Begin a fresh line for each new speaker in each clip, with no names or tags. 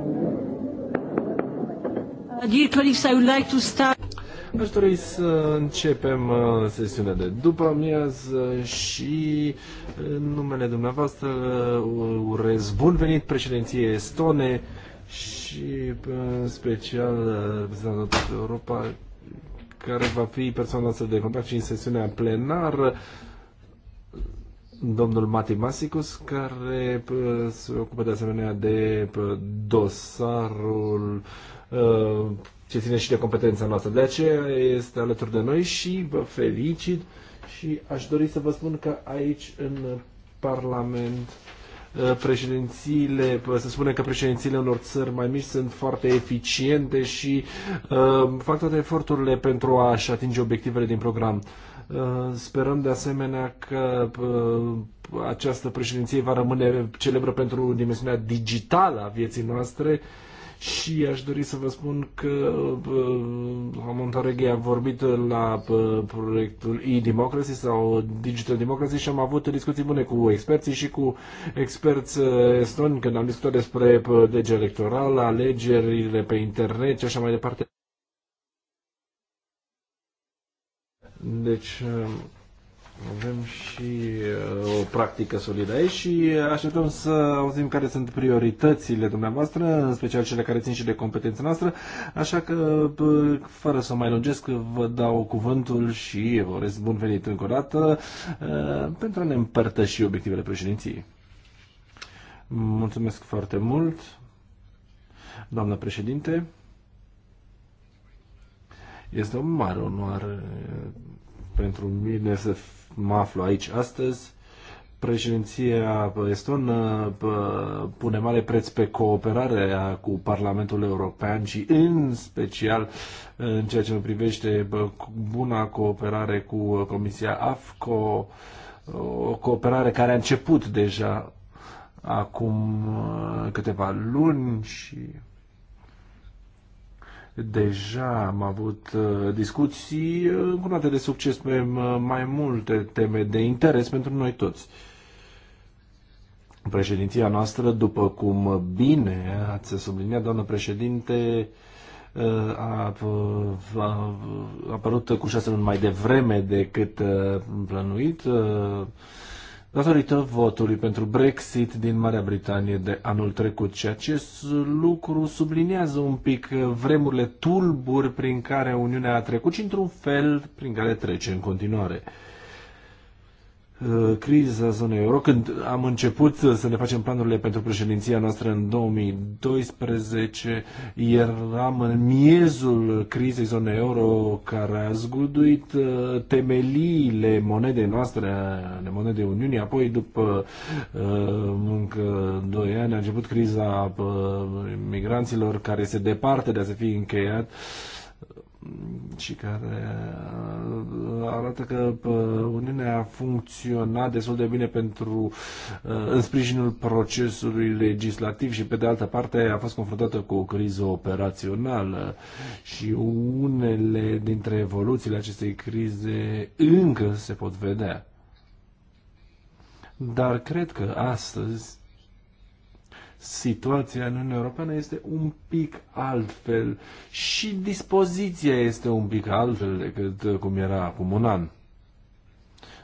Uh, Aș dori
să începem uh, sesiunea de după amiază și uh, în numele dumneavoastră urez bun venit președinție estone și în special reprezentantul Europa care va fi persoana noastră de contact și în sesiunea plenară domnul Mati Masicus, care uh, se ocupă de asemenea de uh, dosarul uh, ce ține și de competența noastră. De aceea este alături de noi și vă felicit și aș dori să vă spun că aici în Parlament președințiile, să spunem că președințiile unor țări mai mici sunt foarte eficiente și uh, fac toate eforturile pentru a-și atinge obiectivele din program. Uh, Uh, sperăm de asemenea că uh, această președinție va rămâne celebră pentru dimensiunea digitală a vieții noastre și aș dori să vă spun că uh, Montareghi a vorbit la proiectul e-democracy sau digital democracy și am avut discuții bune cu experții și cu experți estoni când am discutat despre lege deci electorală, alegerile pe internet și așa mai departe. Deci um, avem și uh, o practică solidă aici și așteptăm să auzim care sunt prioritățile dumneavoastră, în special cele care țin și de competența noastră, așa că fără să mai lungesc vă dau cuvântul și vă urez bun venit încă o dată uh, pentru a ne împărtăși obiectivele președinției. Mulțumesc foarte mult, doamnă președinte. Este o mare onoare pentru mine să mă aflu aici astăzi. Președinția estonă pune mare preț pe cooperarea cu Parlamentul European și în special în ceea ce privește buna cooperare cu Comisia AFCO, o cooperare care a început deja acum câteva luni și Deja am avut uh, discuții uh, încunate de succes pe uh, mai multe teme de interes pentru noi toți. Președinția noastră, după cum bine ați subliniat, doamnă președinte, a, a apărut cu șase luni mai devreme decât plănuit datorită votului pentru Brexit din Marea Britanie de anul trecut. Și acest lucru subliniază un pic vremurile tulburi prin care Uniunea a trecut și într-un fel prin care trece în continuare. Uh, criza zonei euro, când am început să ne facem planurile pentru președinția noastră în 2012, eram în miezul crizei zonei euro care a zguduit uh, temeliile monedei noastre, ale monedei Uniunii, apoi după uh, încă 2 ani a început criza migranților care se departe de a se fi încheiat și care uh, arată că uh, Uniunea a funcționat destul de bine pentru uh, în sprijinul procesului legislativ și pe de altă parte a fost confruntată cu o criză operațională și unele dintre evoluțiile acestei crize încă se pot vedea. Dar cred că astăzi situația în Uniunea Europeană este un pic altfel și dispoziția este un pic altfel decât cum era acum un an.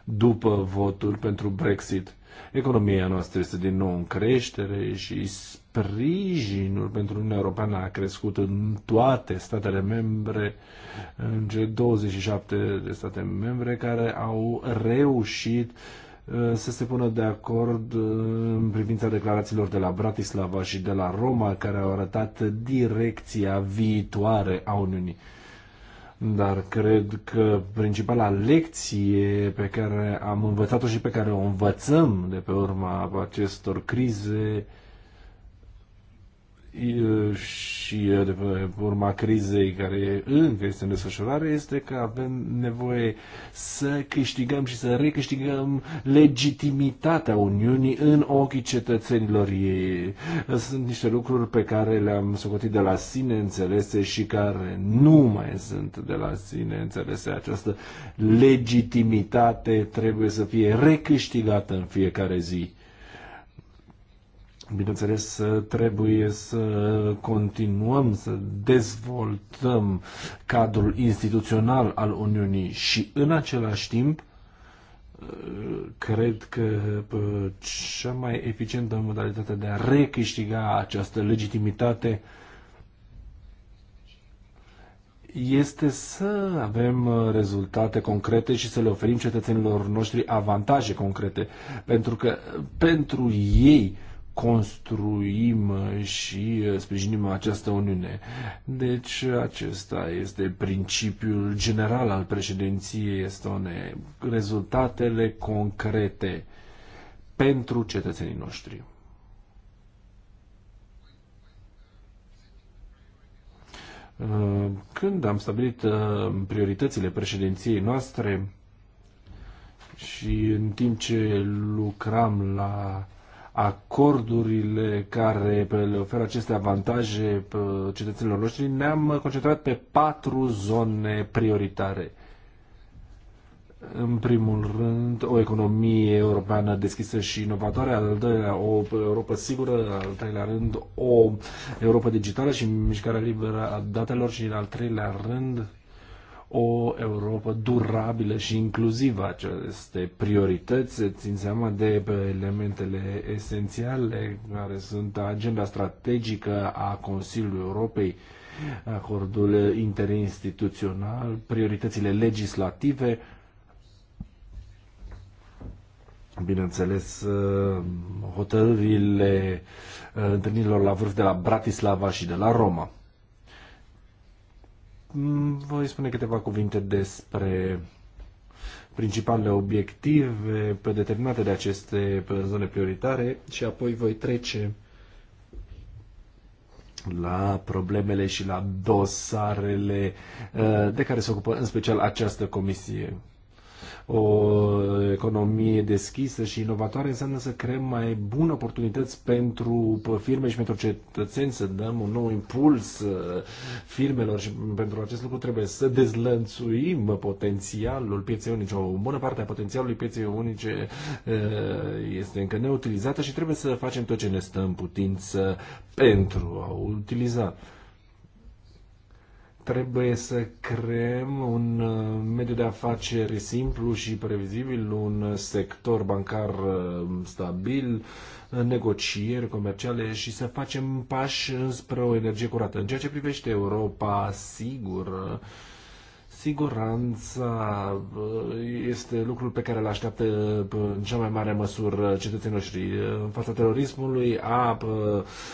După votul pentru Brexit, economia noastră este din nou în creștere și sprijinul pentru Uniunea Europeană a crescut în toate statele membre, în cele 27 de state membre care au reușit uh, Eh, să se pună de acord eh, în privința declarațiilor de la Bratislava și de la Roma, care au arătat direcția viitoare a Uniunii. Dar cred că principala lecție pe care am învățat-o și pe care o învățăm de pe urma acestor crize și uh, de pe urma crizei care încă este în desfășurare este că avem nevoie să câștigăm și să recâștigăm legitimitatea Uniunii în ochii cetățenilor ei. Sunt niște lucruri pe care le-am socotit de la sine înțelese și care nu mai sunt de la sine înțelese. Această legitimitate trebuie să fie recâștigată în fiecare zi Bineînțeles, trebuie să continuăm să dezvoltăm cadrul instituțional al Uniunii și în același timp cred că cea mai eficientă modalitate de a recâștiga această legitimitate este să avem rezultate concrete și să le oferim cetățenilor noștri avantaje concrete, pentru că pentru ei construim și uh, sprijinim această Uniune. Deci acesta este principiul general al președinției estone. Rezultatele concrete pentru cetățenii noștri. Uh, când am stabilit uh, prioritățile președinției noastre și în timp ce lucram la acordurile care le oferă aceste avantaje cetățenilor noștri, ne-am concentrat pe patru zone prioritare. În primul rând, o economie europeană deschisă și inovatoare, al doilea, o Europa sigură, al treilea rând, o Europa digitală și mișcarea liberă a datelor și, în al treilea rând, o Europa durabilă și inclusivă. Aceste priorități țin seama de elementele esențiale care sunt agenda strategică a Consiliului Europei, acordul interinstituțional, prioritățile legislative, bineînțeles, hotărârile uh, întâlnirilor la vârf de la Bratislava și de la Roma. Mm, voi spune câteva cuvinte despre principalele obiective predeterminate de aceste zone prioritare și apoi voi trece la problemele și la dosarele uh, de care se ocupă în special această comisie. O economie deschisă și inovatoare înseamnă să creăm mai bune oportunități pentru firme și pentru cetățeni, să dăm un nou impuls uh, firmelor și pentru acest lucru trebuie să dezlănțuim potențialul pieței unice. O bună parte a potențialului pieței unice uh, este încă neutilizată și trebuie să facem tot ce ne stă în putință pentru a o utiliza. Trebuie să creăm un uh, mediu de afaceri simplu și previzibil, un sector bancar uh, stabil, uh, negocieri comerciale și să facem pași spre o energie curată. În ceea ce privește Europa sigur. uh, Siguranța uh, este lucrul pe care îl așteaptă uh, în cea mai mare măsură cetățenii noștri uh, în fața terorismului, a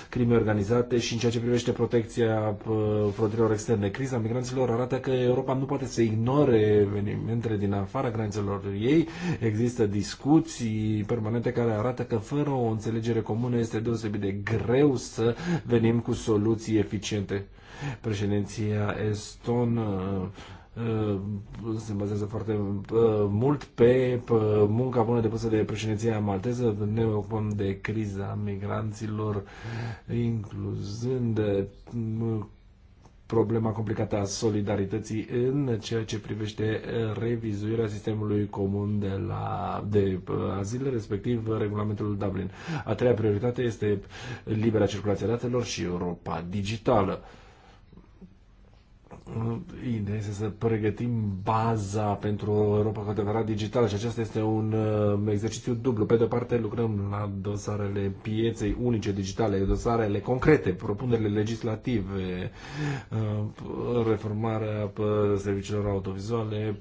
crimei organizate și în ceea ce privește protecția frontierelor externe. Criza migranților arată că Europa nu poate să ignore evenimentele din afara granițelor ei. Există discuții permanente care arată că fără o înțelegere comună este deosebit de greu să venim cu soluții eficiente. Președinția estonă Uh, se bazează foarte uh, mult pe munca bună depusă de președinția malteză. Ne ocupăm de criza migranților, incluzând uh, problema complicată a solidarității în ceea ce privește revizuirea sistemului comun de, la, de azil, respectiv regulamentul Dublin. A treia prioritate este libera circulație datelor și Europa digitală. Uh, ideea este să pregătim baza pentru Europa cu adevărat digitală și acesta este un uh, exercițiu dublu. Pe de-o parte lucrăm la dosarele pieței unice digitale, dosarele concrete, propunerile legislative, uh, reformarea serviciilor audiovizuale,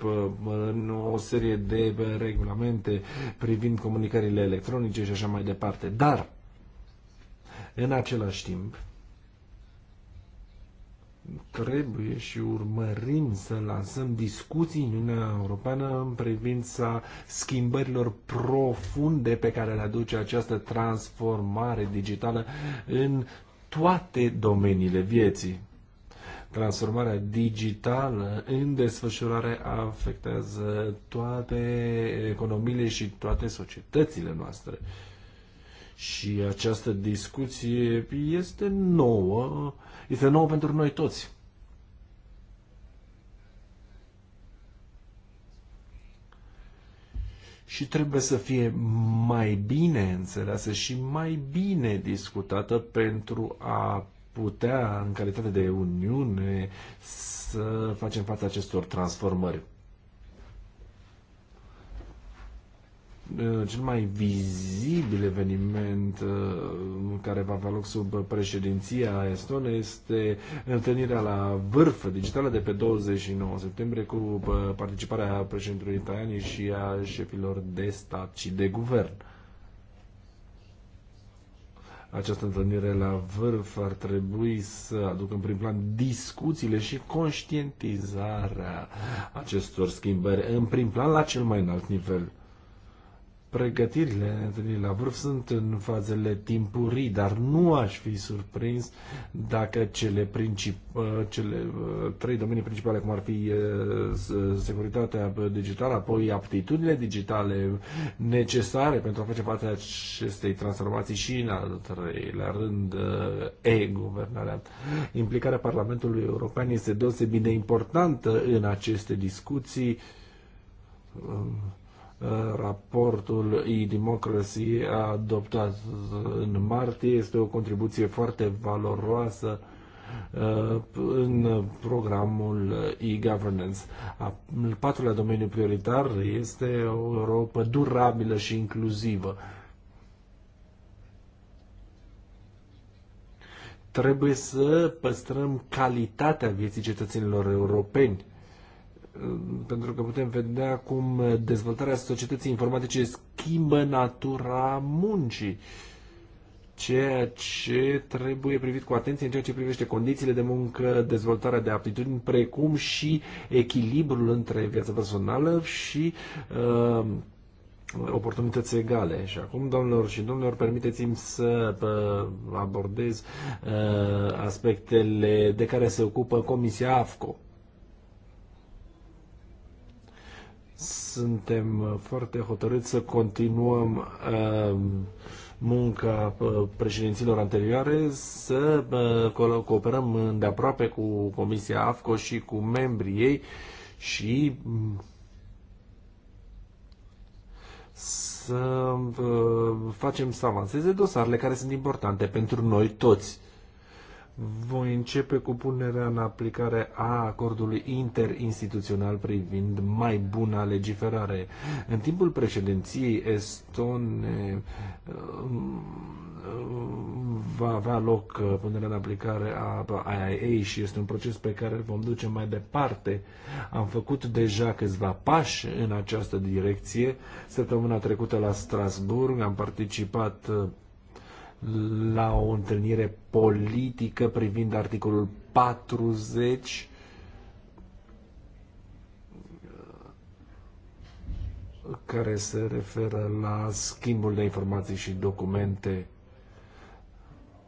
o serie de regulamente privind comunicările electronice și așa mai departe. Dar, în același timp, trebuie și urmărim să lansăm discuții în Uniunea Europeană în privința schimbărilor profunde pe care le aduce această transformare digitală în toate domeniile vieții. Transformarea digitală în desfășurare afectează toate economiile și toate societățile noastre. Și această discuție este nouă, este nou pentru noi toți. și trebuie să fie mai bine înțeleasă și mai bine discutată pentru a putea, în calitate de Uniune, să facem față acestor transformări. Uh, cel mai vizibil eveniment uh, care va avea loc sub președinția estonă este întâlnirea la vârf digitală de pe 29 septembrie cu uh, participarea președintelui Tajani și a șefilor de stat și de guvern această întâlnire la vârf ar trebui să aducă în prim plan discuțiile și conștientizarea acestor schimbări în prim plan la cel mai înalt nivel. Pregătirile întâlnirii la vârf sunt în fazele timpurii, dar nu aș fi surprins dacă cele, princip- uh, cele uh, trei domenii principale, cum ar fi uh, securitatea digitală, apoi aptitudinile digitale necesare pentru a face parte acestei transformații și, în al treilea rând, e-guvernarea. Implicarea Parlamentului European este deosebit de importantă în aceste discuții um, Raportul e-democracy adoptat în martie este o contribuție foarte valoroasă uh, în programul e-governance. Al patrulea domeniu prioritar este o Europa durabilă și inclusivă. Trebuie să păstrăm calitatea vieții cetățenilor europeni Uh, pentru că putem vedea cum dezvoltarea societății informatice schimbă natura muncii ceea ce trebuie privit cu atenție în ceea ce privește condițiile de muncă, dezvoltarea de aptitudini, precum și echilibrul între viața personală și uh, oportunități egale. Și acum, domnilor și domnilor, permiteți-mi să uh, abordez uh, aspectele de care se ocupă Comisia AFCO. Suntem uh, foarte hotărâți să continuăm uh, munca uh, președinților anterioare, să cooperăm îndeaproape cu Comisia AFCO și cu membrii ei și mm, să facem să avanseze dosarele care sunt importante pentru noi toți. Voi începe cu punerea în aplicare a acordului interinstituțional privind mai buna legiferare. În timpul președinției estone uh, va avea loc uh, punerea în aplicare a IIA și este un proces pe care îl vom duce mai departe. Am făcut deja câțiva pași în această direcție. Săptămâna trecută la Strasburg am participat uh, la o întâlnire politică privind articolul 40 care se referă la schimbul de informații și documente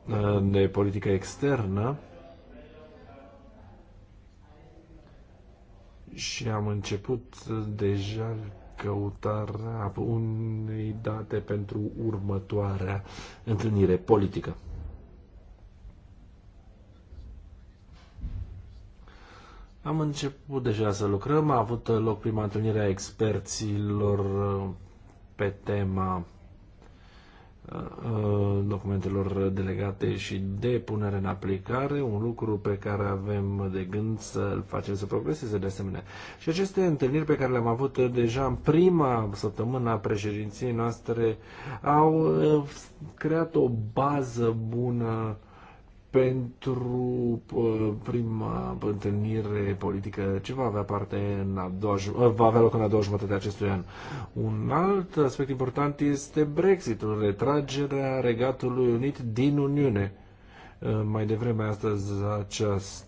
uh, de politică externă și am început deja căutarea unei date pentru următoarea întâlnire politică. Am început deja să lucrăm, a avut loc prima întâlnire a experților pe tema Uh, documentelor delegate și de punere în aplicare, un lucru pe care avem de gând să-l facem să progreseze de asemenea. Și aceste întâlniri pe care le-am avut deja în prima săptămână a președinției noastre au uh, creat o bază bună uh, pentru uh, prima întâlnire politică ce va avea parte în a doua, uh, va avea loc în a doua jumătate de acestui an. Un alt aspect important este Brexitul, retragerea Regatului Unit din Uniune. Uh, mai devreme astăzi această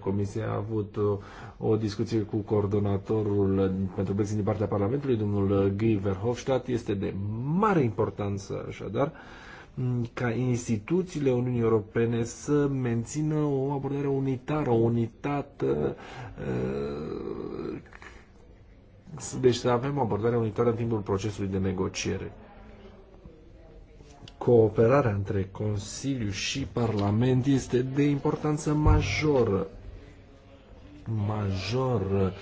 Comisia a avut o discuție cu coordonatorul pentru Brexit din partea Parlamentului, domnul Guy Verhofstadt. Este de mare importanță, așadar, ca instituțiile Uniunii Europene să mențină o abordare unitară, o unitate uh, deci să avem o abordare unitară în timpul procesului de negociere. Cooperarea între Consiliu și Parlament este de importanță majoră major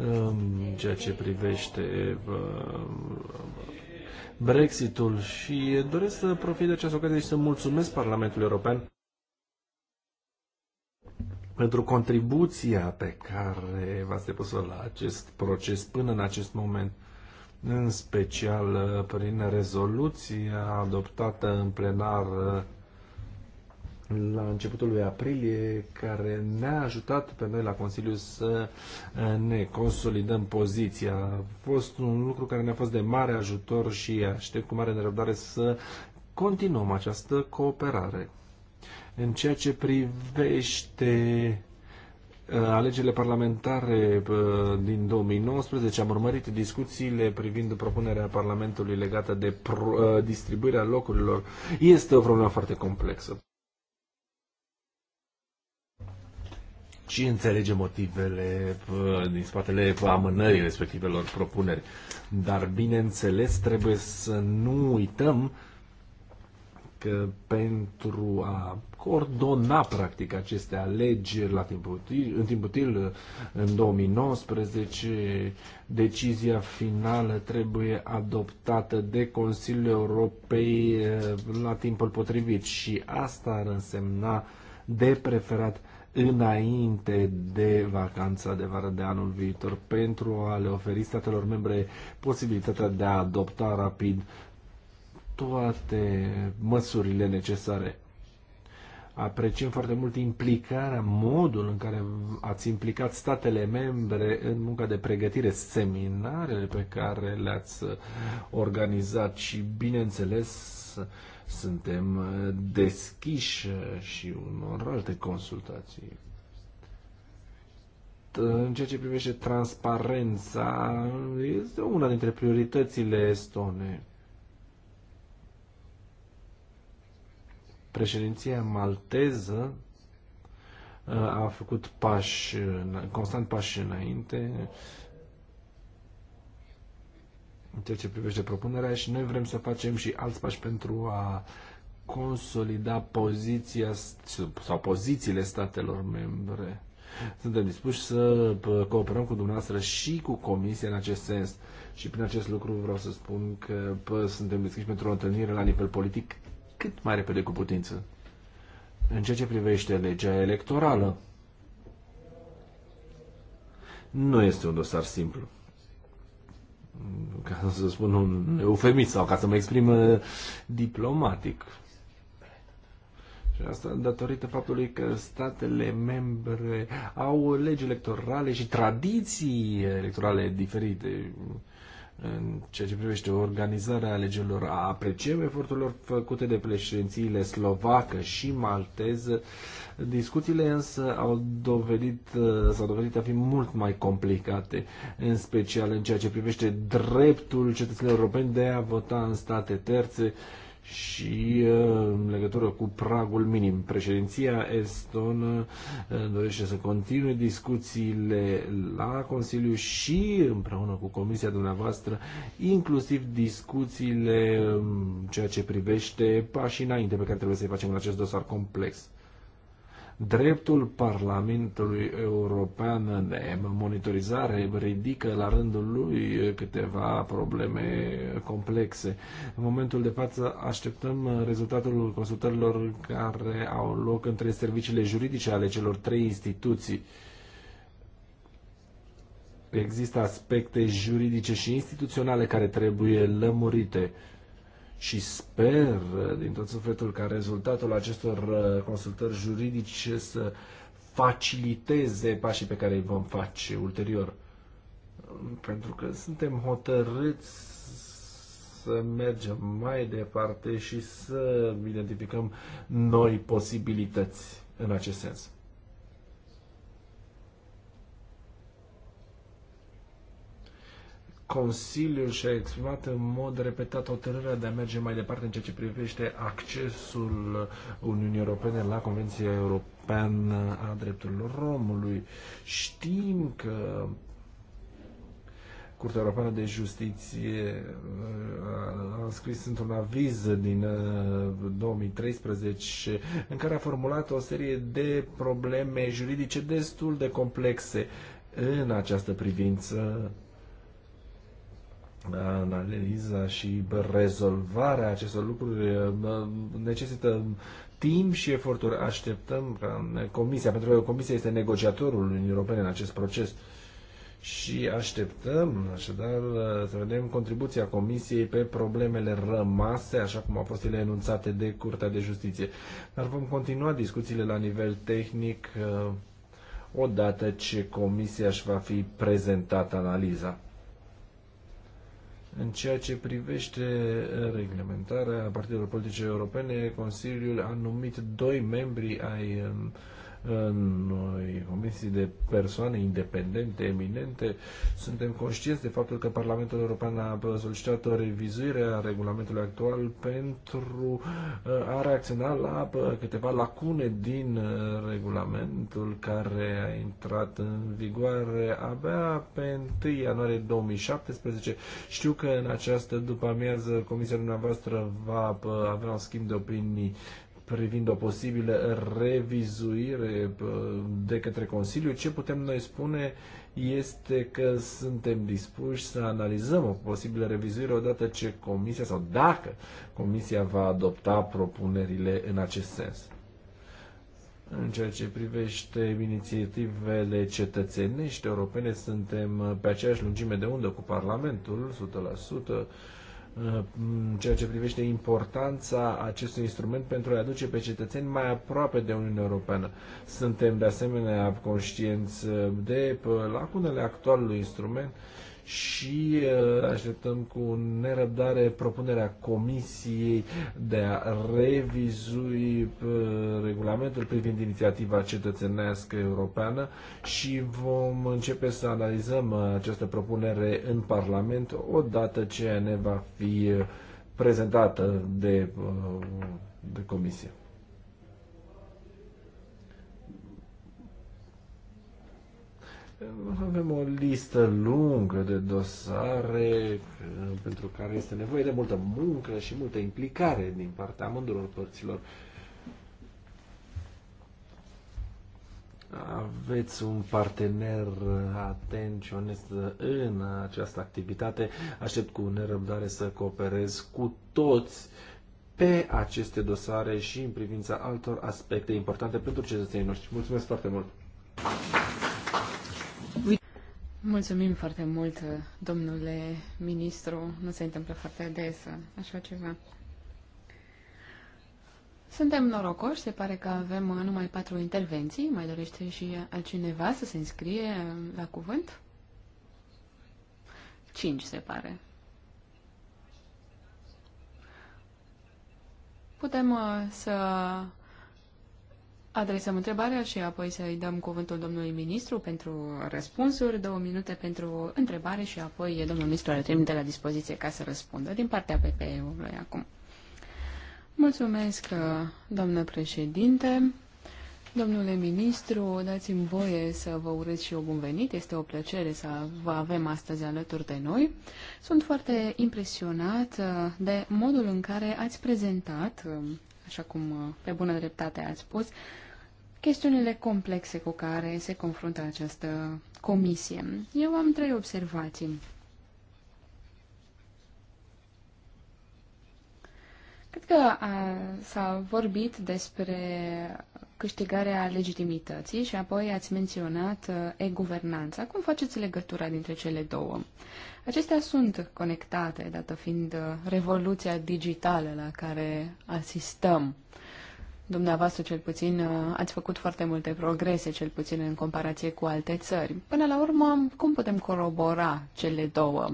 um, în ceea ce privește uh, Brexitul și doresc să profit de această ocazie și să mulțumesc Parlamentului European pentru contribuția pe care v-ați depus-o la acest proces până în acest moment, în special prin rezoluția adoptată în plenar la începutul lui aprilie, care ne-a ajutat pe noi la Consiliu să eh, ne consolidăm poziția. A fost un lucru care ne-a fost de mare ajutor și aștept cu mare nerăbdare să continuăm această cooperare. În ceea ce privește eh, alegerile parlamentare eh, din 2019 am urmărit discuțiile privind propunerea Parlamentului legată de distribuirea locurilor. Este o problemă foarte complexă. și înțelege motivele din spatele amânării respectivelor propuneri. Dar, bineînțeles, trebuie să nu uităm că pentru a coordona practic aceste alegeri la timp util, în timp util în 2019 decizia finală trebuie adoptată de Consiliul Europei eh, la timpul potrivit și asta ar însemna de preferat înainte de vacanța de vară de anul viitor pentru a le oferi statelor membre posibilitatea de a adopta rapid toate măsurile necesare. Apreciem foarte mult implicarea, modul în care ați implicat statele membre în munca de pregătire, seminarele pe care le-ați organizat și, bineînțeles, suntem uh, deschiși uh, și unor alte consultații. În ceea ce privește transparența, este una dintre prioritățile estone. Președinția malteză uh, a făcut pași, constant pași înainte în ceea ce privește propunerea și noi vrem să facem și alți pași pentru a consolida poziția sau pozițiile statelor membre. Suntem dispuși să cooperăm cu dumneavoastră și cu Comisia în acest sens. Și prin acest lucru vreau să spun că pă, suntem deschiși pentru o întâlnire la nivel politic cât mai repede cu putință. În ceea ce privește legea electorală, nu este un dosar simplu ca să spun un eufemist sau ca să mă exprim uh, diplomatic. Și asta datorită faptului că statele membre au legi electorale și tradiții electorale diferite în ceea ce privește organizarea alegerilor. Apreciem eforturilor făcute de președințiile slovacă și malteză. Discuțiile însă au dovedit, uh, s-au dovedit a fi mult mai complicate, în special în ceea ce privește dreptul cetățenilor europeni de a vota în state terțe și uh, în legătură cu pragul minim. Președinția estonă uh, dorește să continue discuțiile la Consiliu și împreună cu Comisia dumneavoastră, inclusiv discuțiile ceea ce privește pașii înainte pe care trebuie să-i facem în acest dosar complex. Dreptul Parlamentului European în monitorizare ridică la rândul lui câteva probleme complexe. În momentul de față așteptăm rezultatul consultărilor care au loc între serviciile juridice ale celor trei instituții există aspecte juridice și instituționale care trebuie lămurite și sper din tot sufletul ca rezultatul acestor uh, consultări juridice să faciliteze pașii pe care îi vom face ulterior. Pentru că suntem hotărâți să mergem mai departe și să identificăm noi posibilități în acest sens. Consiliul și-a exprimat în mod repetat hotărârea de a merge mai departe în ceea ce privește accesul Uniunii Europene la Convenția Europeană a Drepturilor Omului. Știm că Curtea Europeană de Justiție uh, a scris într-un aviz din 2013 uh, în care a formulat o serie de probleme juridice destul de complexe în această privință analiza și rezolvarea acestor lucruri uh, uh, necesită timp și eforturi. Așteptăm ca Comisia, pentru că Comisia este negociatorul Uniunii Europene în acest proces și așteptăm, așadar, uh, să vedem contribuția Comisiei pe problemele rămase, așa cum au fost ele enunțate de Curtea de Justiție. Dar vom continua discuțiile la nivel tehnic odată ce Comisia își va fi prezentat analiza. În ceea ce privește uh, reglementarea partidelor politice europene, Consiliul a numit doi membri ai um, noi, comisii de persoane independente, eminente, suntem conștienți de faptul că Parlamentul European a solicitat o revizuire a regulamentului actual pentru uh, a reacționa la uh, câteva lacune din uh, regulamentul care a intrat în vigoare abia pe 1 ianuarie 2017. Știu că în această după amiază Comisia dumneavoastră va avea un schimb de opinii privind o posibilă revizuire de către Consiliu, ce putem noi spune este că suntem dispuși să analizăm o posibilă revizuire odată ce Comisia sau dacă Comisia va adopta propunerile în acest sens. În ceea ce privește inițiativele cetățenești europene, suntem pe aceeași lungime de undă cu Parlamentul, 100%, Uh, în ceea ce privește importanța acestui instrument pentru a aduce pe cetățeni mai aproape de Uniunea Europeană. Suntem de asemenea conștienți de uh, lacunele actualului instrument și uh, așteptăm cu nerăbdare propunerea Comisiei de a revizui uh, regulamentul privind inițiativa cetățenească europeană și vom începe să analizăm uh, această propunere în Parlament odată ce ne va fi prezentată de, de Comisie. Avem o listă lungă de dosare uh, pentru care este nevoie de multă muncă și multă implicare din partea amânduror părților. aveți un partener atent și onest în această activitate. Aștept cu nerăbdare să cooperez cu toți pe aceste dosare și în privința altor aspecte importante pentru cetățenii noștri. Mulțumesc foarte mult!
Mulțumim foarte mult, domnule ministru. Nu se întâmplă foarte des așa ceva. Suntem norocoși, se pare că avem numai patru intervenții. Mai dorește și altcineva să se înscrie la cuvânt? Cinci, se pare. Putem uh, să adresăm întrebarea și apoi să-i dăm cuvântul domnului ministru pentru răspunsuri, două minute pentru întrebare și apoi domnul ministru are trimite la dispoziție ca să răspundă din partea PPE-ului acum. Mulțumesc, doamnă președinte. Domnule ministru, dați-mi voie să vă urez și eu bun venit. Este o plăcere să vă avem astăzi alături de noi. Sunt foarte impresionat uh, de modul în care ați prezentat, uh, așa cum uh, pe bună dreptate ați spus, chestiunile complexe cu care se confruntă această comisie. Eu am trei observații. Cred că s-a vorbit despre câștigarea legitimității și apoi ați menționat uh, e-guvernanța. Cum faceți legătura dintre cele două? Acestea sunt conectate, dată fiind uh, revoluția digitală la care asistăm. Uh, Dumneavoastră, cel puțin, uh, ați făcut foarte multe progrese, cel puțin în comparație cu alte țări. Până la urmă, cum putem corobora cele două?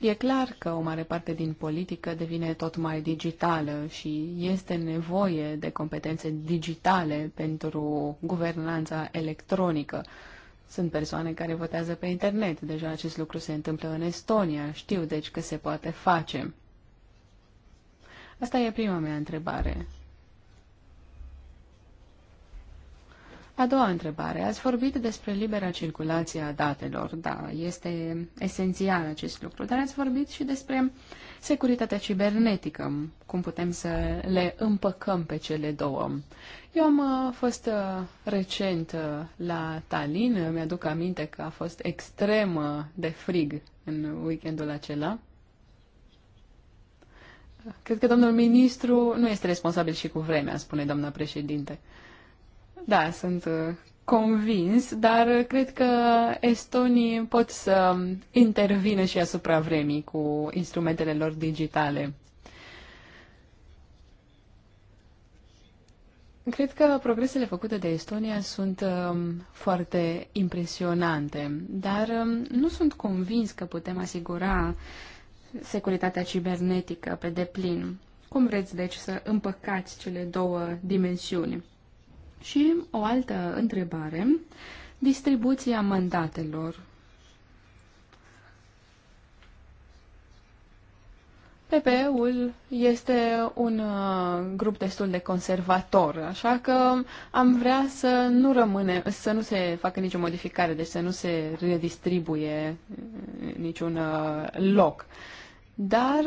E clar că o mare parte din politică devine tot mai digitală și este nevoie de competențe digitale pentru guvernanța electronică. Sunt persoane care votează pe internet. Deja acest lucru se întâmplă în Estonia. Știu deci că se poate face. Asta e prima mea întrebare. A doua întrebare. Ați vorbit despre libera circulație a datelor. Da, este esențial acest lucru, dar ați vorbit și despre securitatea cibernetică, cum putem să le împăcăm pe cele două. Eu am uh, fost uh, recent uh, la Tallinn, mi-aduc aminte că a fost extrem de frig în weekendul acela. Cred că domnul ministru nu este responsabil și cu vremea, spune doamna președinte. Uh, da, sunt uh, convins, dar uh, cred că estonii pot să intervină și asupra vremii cu instrumentele lor digitale. Cred că progresele făcute de Estonia sunt um, foarte impresionante, dar um, nu sunt convins că putem asigura securitatea cibernetică pe deplin. Cum vreți, deci, să împăcați cele două dimensiuni? Și o altă întrebare, distribuția mandatelor. PP-ul este un uh, grup destul de conservator, așa că am vrea să nu rămâne, să nu se facă nicio modificare, deci să nu se redistribuie uh, niciun uh, loc. Dar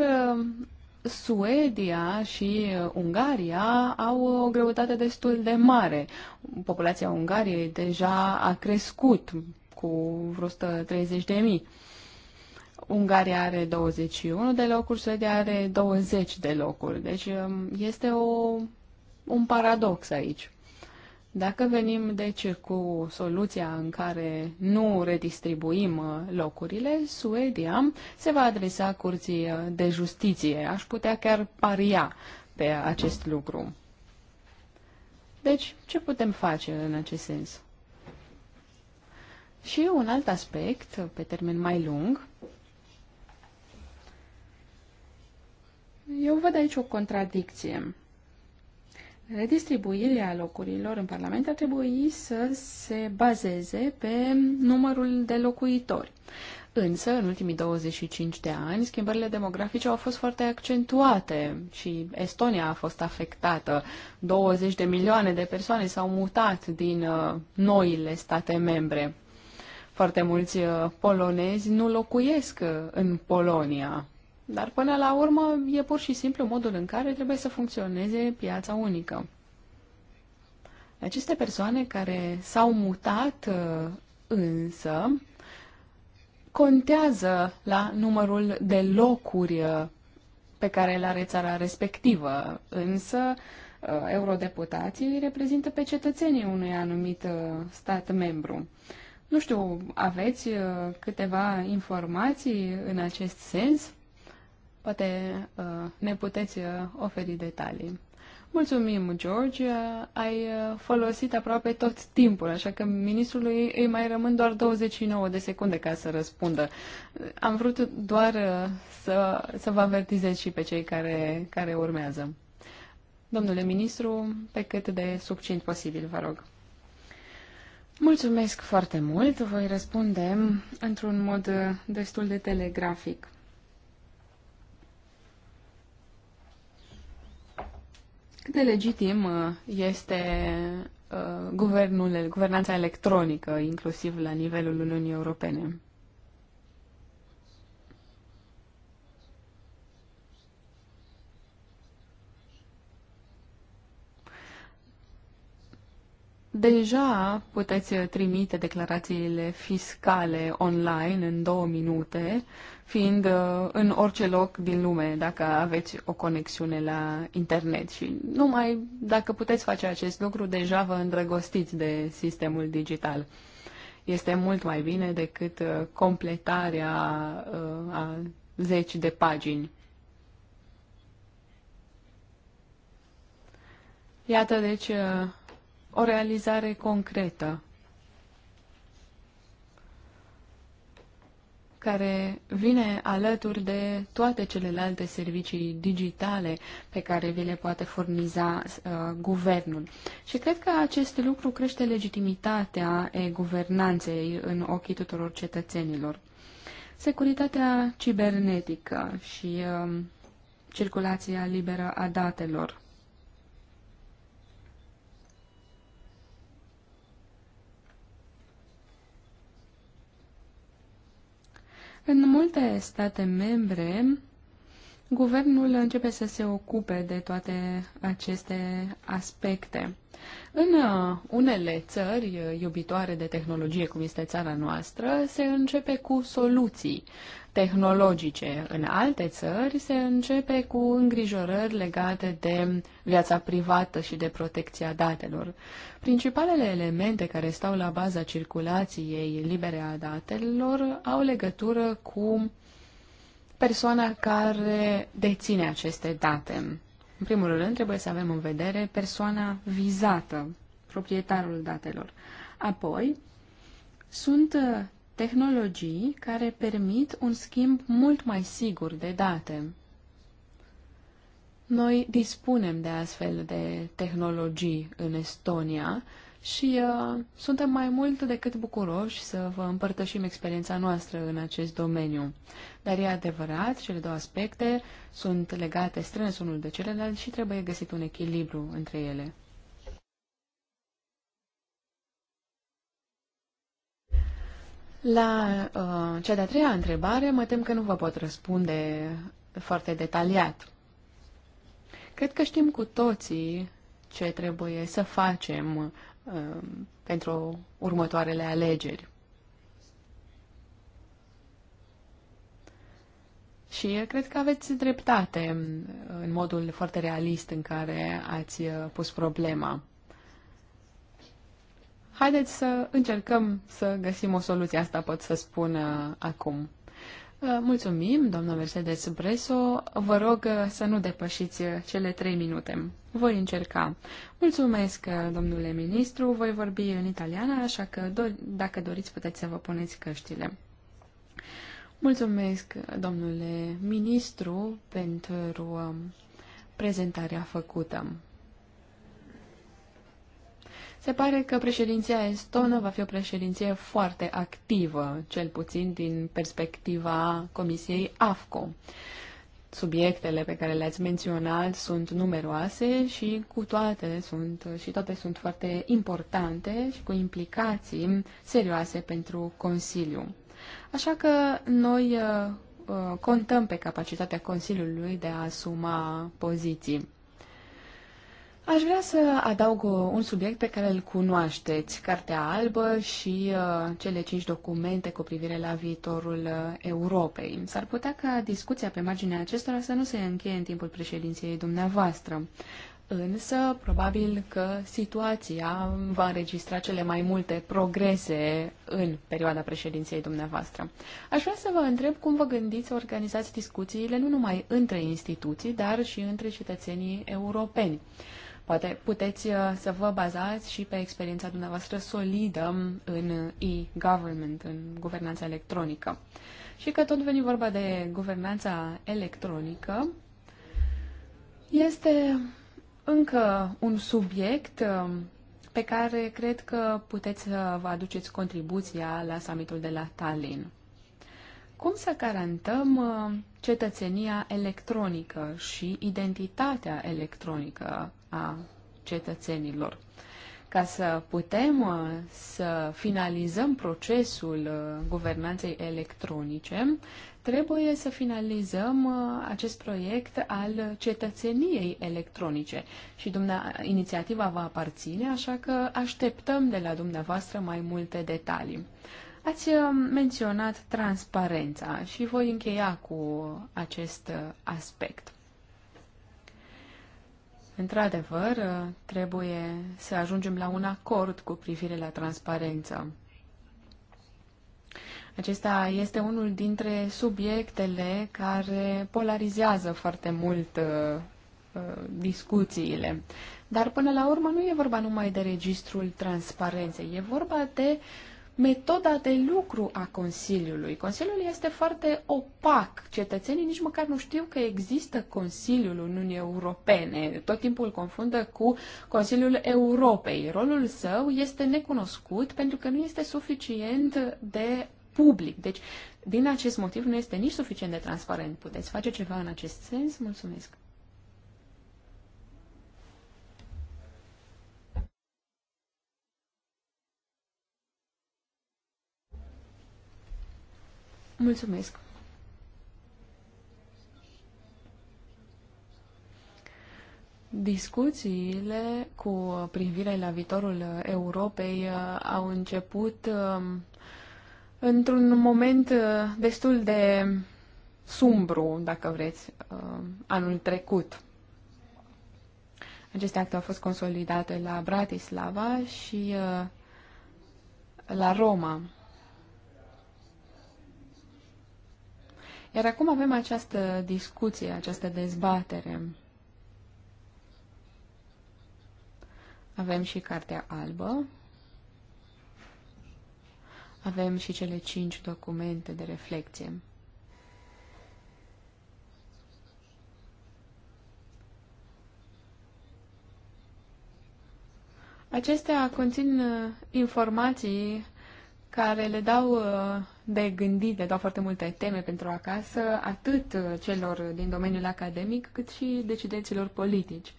Suedia și uh, Ungaria au o greutate destul de mare. Populația Ungariei deja a crescut cu vreo 130 de mii. Ungaria are 21 de locuri, Suedia are 20 de locuri. Deci um, este o, un paradox aici. Dacă venim, deci, cu soluția în care nu redistribuim uh, locurile, Suedia se va adresa curții uh, de justiție. Aș putea chiar paria pe acest lucru. Deci, ce putem face în acest sens? Și un alt aspect, uh, pe termen mai lung, eu văd aici o contradicție. Redistribuirea locurilor în Parlament ar trebui să se bazeze pe numărul de locuitori. Însă, în ultimii 25 de ani, schimbările demografice au fost foarte accentuate și Estonia a fost afectată. 20 de milioane de persoane s-au mutat din uh, noile state membre. Foarte mulți uh, polonezi nu locuiesc uh, în Polonia dar până la urmă e pur și simplu modul în care trebuie să funcționeze piața unică. Aceste persoane care s-au mutat uh, însă contează la numărul de locuri uh, pe care le are țara respectivă, însă uh, eurodeputații reprezintă pe cetățenii unui anumit stat membru. Nu știu, aveți câteva informații în acest sens? Poate uh, ne puteți uh, oferi detalii. Mulțumim, George. Ai uh, folosit aproape tot timpul, așa că ministrului îi mai rămân doar 29 de secunde ca să răspundă. Am vrut doar să, să vă avertizez și pe cei care, care urmează. Domnule ministru, pe cât de succint posibil, vă rog. Mulțumesc foarte mult. Voi răspunde într-un mod destul de telegrafic. Cât de legitim uh, este uh, guvernul, guvernanța electronică, inclusiv la nivelul Uniunii Europene? Deja puteți trimite declarațiile fiscale online în două minute fiind uh, în orice loc din lume, dacă aveți o conexiune la internet. Și numai dacă puteți face acest lucru, deja vă îndrăgostiți de sistemul digital. Este mult mai bine decât uh, completarea uh, a zeci de pagini. Iată, deci, o realizare concretă care vine alături de toate celelalte servicii digitale pe care vi le poate furniza uh, guvernul. Și cred că acest lucru crește legitimitatea e guvernanței în ochii tuturor cetățenilor. Securitatea cibernetică și uh, circulația liberă a datelor În multe state membre, guvernul începe să se ocupe de toate aceste aspecte. În uh, unele țări uh, iubitoare de tehnologie, cum este țara noastră, se începe cu soluții tehnologice. În alte țări se începe cu îngrijorări legate de viața privată și de protecția datelor. Principalele elemente care stau la baza circulației libere a datelor au legătură cu persoana care deține aceste date. În primul rând, trebuie să avem în vedere persoana vizată, proprietarul datelor. Apoi, sunt tehnologii care permit un schimb mult mai sigur de date. Noi dispunem de astfel de tehnologii în Estonia și uh, suntem mai mult decât bucuroși să vă împărtășim experiența noastră în acest domeniu. Dar e adevărat, cele două aspecte sunt legate strâns unul de celălalt și trebuie găsit un echilibru între ele. La uh, cea de-a treia întrebare, mă tem că nu vă pot răspunde foarte detaliat. Cred că știm cu toții ce trebuie să facem uh, pentru următoarele alegeri. Și cred că aveți dreptate uh, în modul foarte realist în care ați uh, pus problema. Haideți să încercăm să găsim o soluție, asta pot să spun uh, acum. Uh, mulțumim, doamna Mercedes Breso. Vă rog uh, să nu depășiți cele trei minute. Voi încerca. Mulțumesc, domnule ministru. Voi vorbi în italiană, așa că do- dacă doriți puteți să vă puneți căștile. Mulțumesc, domnule ministru, pentru prezentarea făcută. Se pare că președinția estonă va fi o președinție foarte activă, cel puțin din perspectiva Comisiei AFCO. Subiectele pe care le-ați menționat sunt numeroase și cu toate sunt, și toate sunt foarte importante și cu implicații serioase pentru Consiliu. Așa că noi uh, contăm pe capacitatea Consiliului de a asuma poziții. Aș vrea să adaug uh, un subiect pe care îl cunoașteți, Cartea Albă și uh, cele cinci documente cu privire la viitorul uh, Europei. S-ar putea ca discuția pe marginea acestora să nu se încheie în timpul președinției dumneavoastră. Însă, probabil că situația va înregistra cele mai multe progrese în perioada președinției dumneavoastră. Aș vrea să vă întreb cum vă gândiți să organizați discuțiile nu numai între instituții, dar și între cetățenii europeni. Poate puteți uh, să vă bazați și pe experiența dumneavoastră solidă în e-government, în guvernanța electronică. Și că tot veni vorba de guvernanța electronică, este încă un subiect uh, pe care cred că puteți să vă aduceți contribuția la summitul de la Tallinn. Cum să garantăm uh, cetățenia electronică și identitatea electronică a cetățenilor. Ca să putem uh, să finalizăm procesul uh, guvernanței electronice, trebuie să finalizăm uh, acest proiect al cetățeniei electronice și dumne- inițiativa va aparține, așa că așteptăm de la dumneavoastră mai multe detalii. Ați menționat transparența și voi încheia cu acest aspect. Într-adevăr, trebuie să ajungem la un acord cu privire la transparență. Acesta este unul dintre subiectele care polarizează foarte mult uh, uh discuțiile. Dar până la urmă nu e vorba numai de registrul transparenței, e vorba de uh, metoda de lucru a Consiliului. Consiliul este foarte opac. Cetățenii nici măcar nu știu că există Consiliul Uniunii Europene. Tot timpul îl confundă cu Consiliul Europei. Rolul său este necunoscut pentru că nu este suficient de public. Deci, din acest motiv, nu este nici suficient de transparent. Puteți face ceva în acest sens? Mulțumesc! Mulțumesc! Discuțiile cu privire la viitorul Europei uh, au început um, într-un moment uh, destul de sumbru, dacă vreți, uh, anul trecut. Aceste acte au fost consolidate la Bratislava și la Roma. Iar acum avem această discuție, această dezbatere. Avem și cartea albă. Avem și cele cinci documente de reflecție. Acestea conțin uh, informații care le dau uh, de gândit, le dau foarte multe teme pentru acasă, atât celor din domeniul academic, cât și decidenților politici.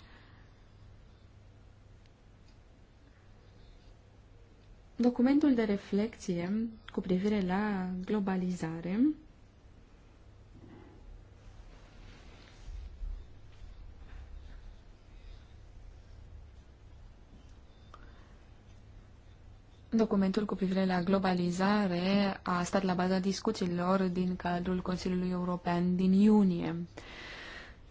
Documentul de reflexie cu privire la globalizare Documentul cu privire la globalizare a stat la baza discuțiilor din cadrul Consiliului European din iunie,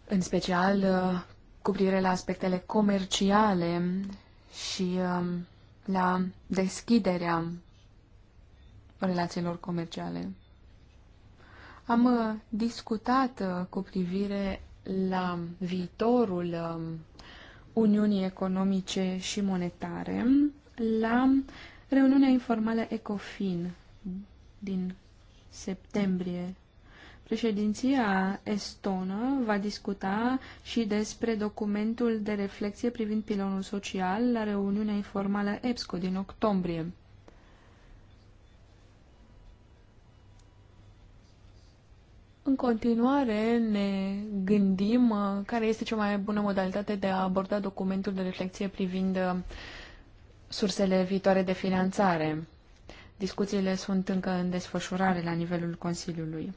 în special uh, cu privire la aspectele comerciale și um, la deschiderea relațiilor comerciale. Am uh, discutat uh, cu privire la viitorul um, Uniunii Economice și Monetare la reuniunea informală ECOFIN din septembrie. Președinția estonă va discuta și despre documentul de reflexie privind pilonul social la reuniunea informală EPSCO din octombrie. În continuare ne gândim uh, care este cea mai bună modalitate de a aborda documentul de reflexie privind uh, sursele viitoare de finanțare. Discuțiile sunt încă în desfășurare la nivelul Consiliului.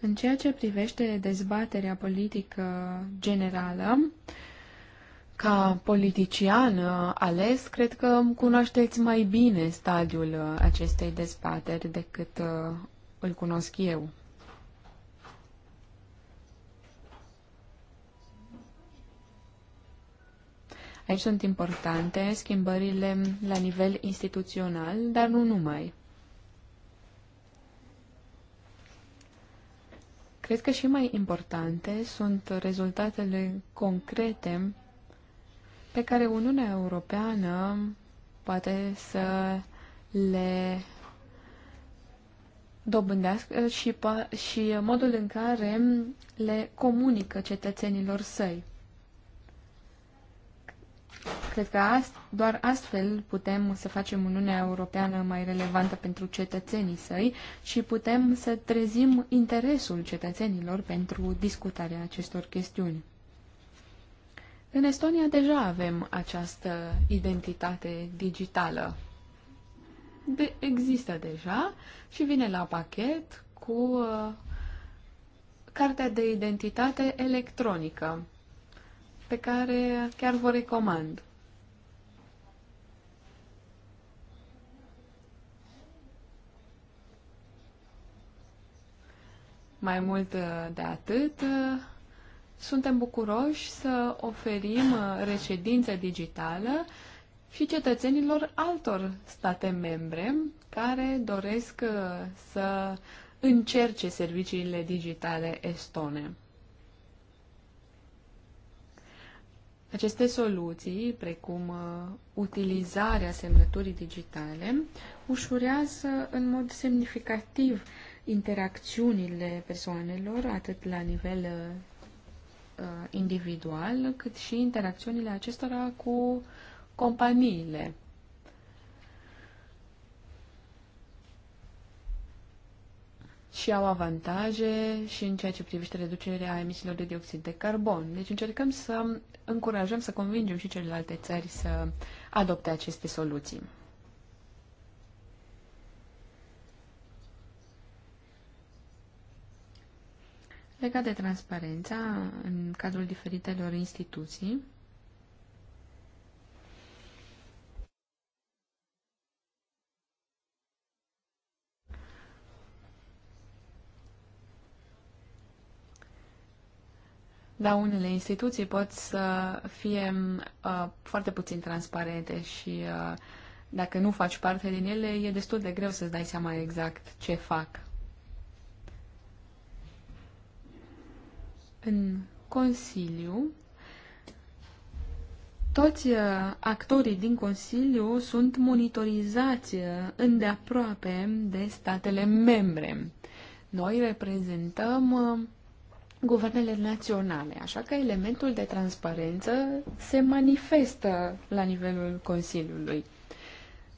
În ceea ce privește dezbaterea politică generală, ca politician uh, ales, cred că cunoașteți mai bine stadiul uh, acestei dezbateri decât uh, îl cunosc eu. Aici sunt importante schimbările la nivel instituțional, dar nu numai. Cred că și mai importante sunt rezultatele concrete pe care Uniunea Europeană poate să le dobândească și, și modul în care le comunică cetățenilor săi. Cred că ast- doar astfel putem să facem Uniunea Europeană mai relevantă pentru cetățenii săi și putem să trezim interesul cetățenilor pentru discutarea acestor chestiuni. În Estonia deja avem această identitate digitală. De- există deja și vine la pachet cu uh, cartea de identitate electronică pe care chiar vă recomand. Mai mult uh, de atât, uh, suntem bucuroși să oferim uh, reședință digitală și cetățenilor altor state membre care doresc să încerce serviciile digitale estone. Aceste soluții, precum uh, utilizarea semnăturii digitale, ușurează în mod semnificativ interacțiunile persoanelor, atât la nivel uh, uh, individual, cât și interacțiunile acestora cu companiile. și au avantaje și în ceea ce privește reducerea emisiilor de dioxid de carbon. Deci încercăm să încurajăm, să convingem și celelalte țări să adopte aceste soluții. Legat de transparența în cadrul diferitelor instituții, da, unele instituții pot să fie uh, foarte puțin transparente și uh, dacă nu faci parte din ele, e destul de greu să-ți dai seama exact ce fac. În Consiliu, toți uh, actorii din Consiliu sunt monitorizați uh, îndeaproape de statele membre. Noi reprezentăm uh, guvernele naționale. Așa că elementul de transparență se manifestă la nivelul Consiliului.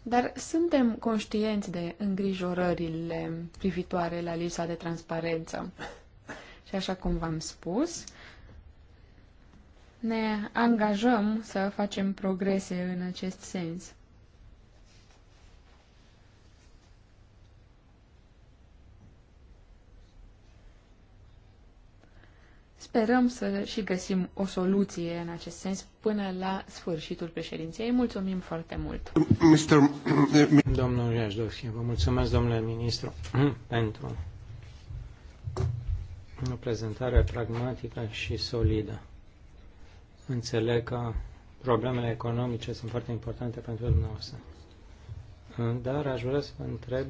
Dar suntem conștienți de îngrijorările privitoare la lipsa de transparență. Și așa cum v-am spus, ne angajăm să facem progrese în acest sens. Sperăm să și găsim o soluție în acest sens până la sfârșitul președinției. Mulțumim foarte mult!
Mister... Domnul Iașdovski, vă mulțumesc, domnule ministru, pentru o prezentare pragmatică și solidă. Înțeleg că problemele economice sunt foarte importante pentru dumneavoastră. Dar aș vrea să vă întreb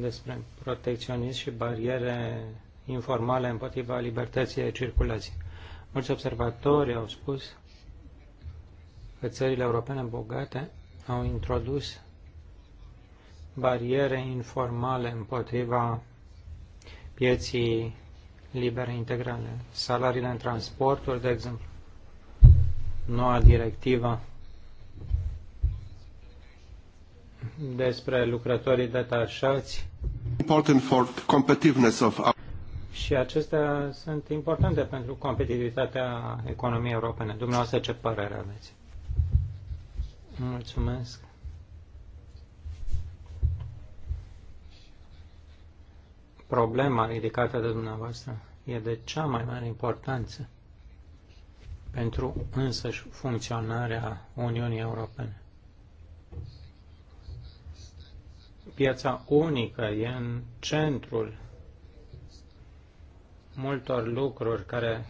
despre protecționism și bariere informale împotriva libertății de circulație. Mulți observatori au spus că țările europene bogate au introdus bariere informale împotriva pieții libere integrale. Salariile în transporturi, de exemplu, noua directivă despre lucrătorii detașați
important for
competitiveness of
și acestea sunt importante pentru competitivitatea economiei europene. Dumneavoastră, ce părere aveți? Mulțumesc. Problema ridicată de dumneavoastră e de cea mai mare importanță pentru însăși funcționarea Uniunii Europene. Piața unică e în centrul multor lucruri care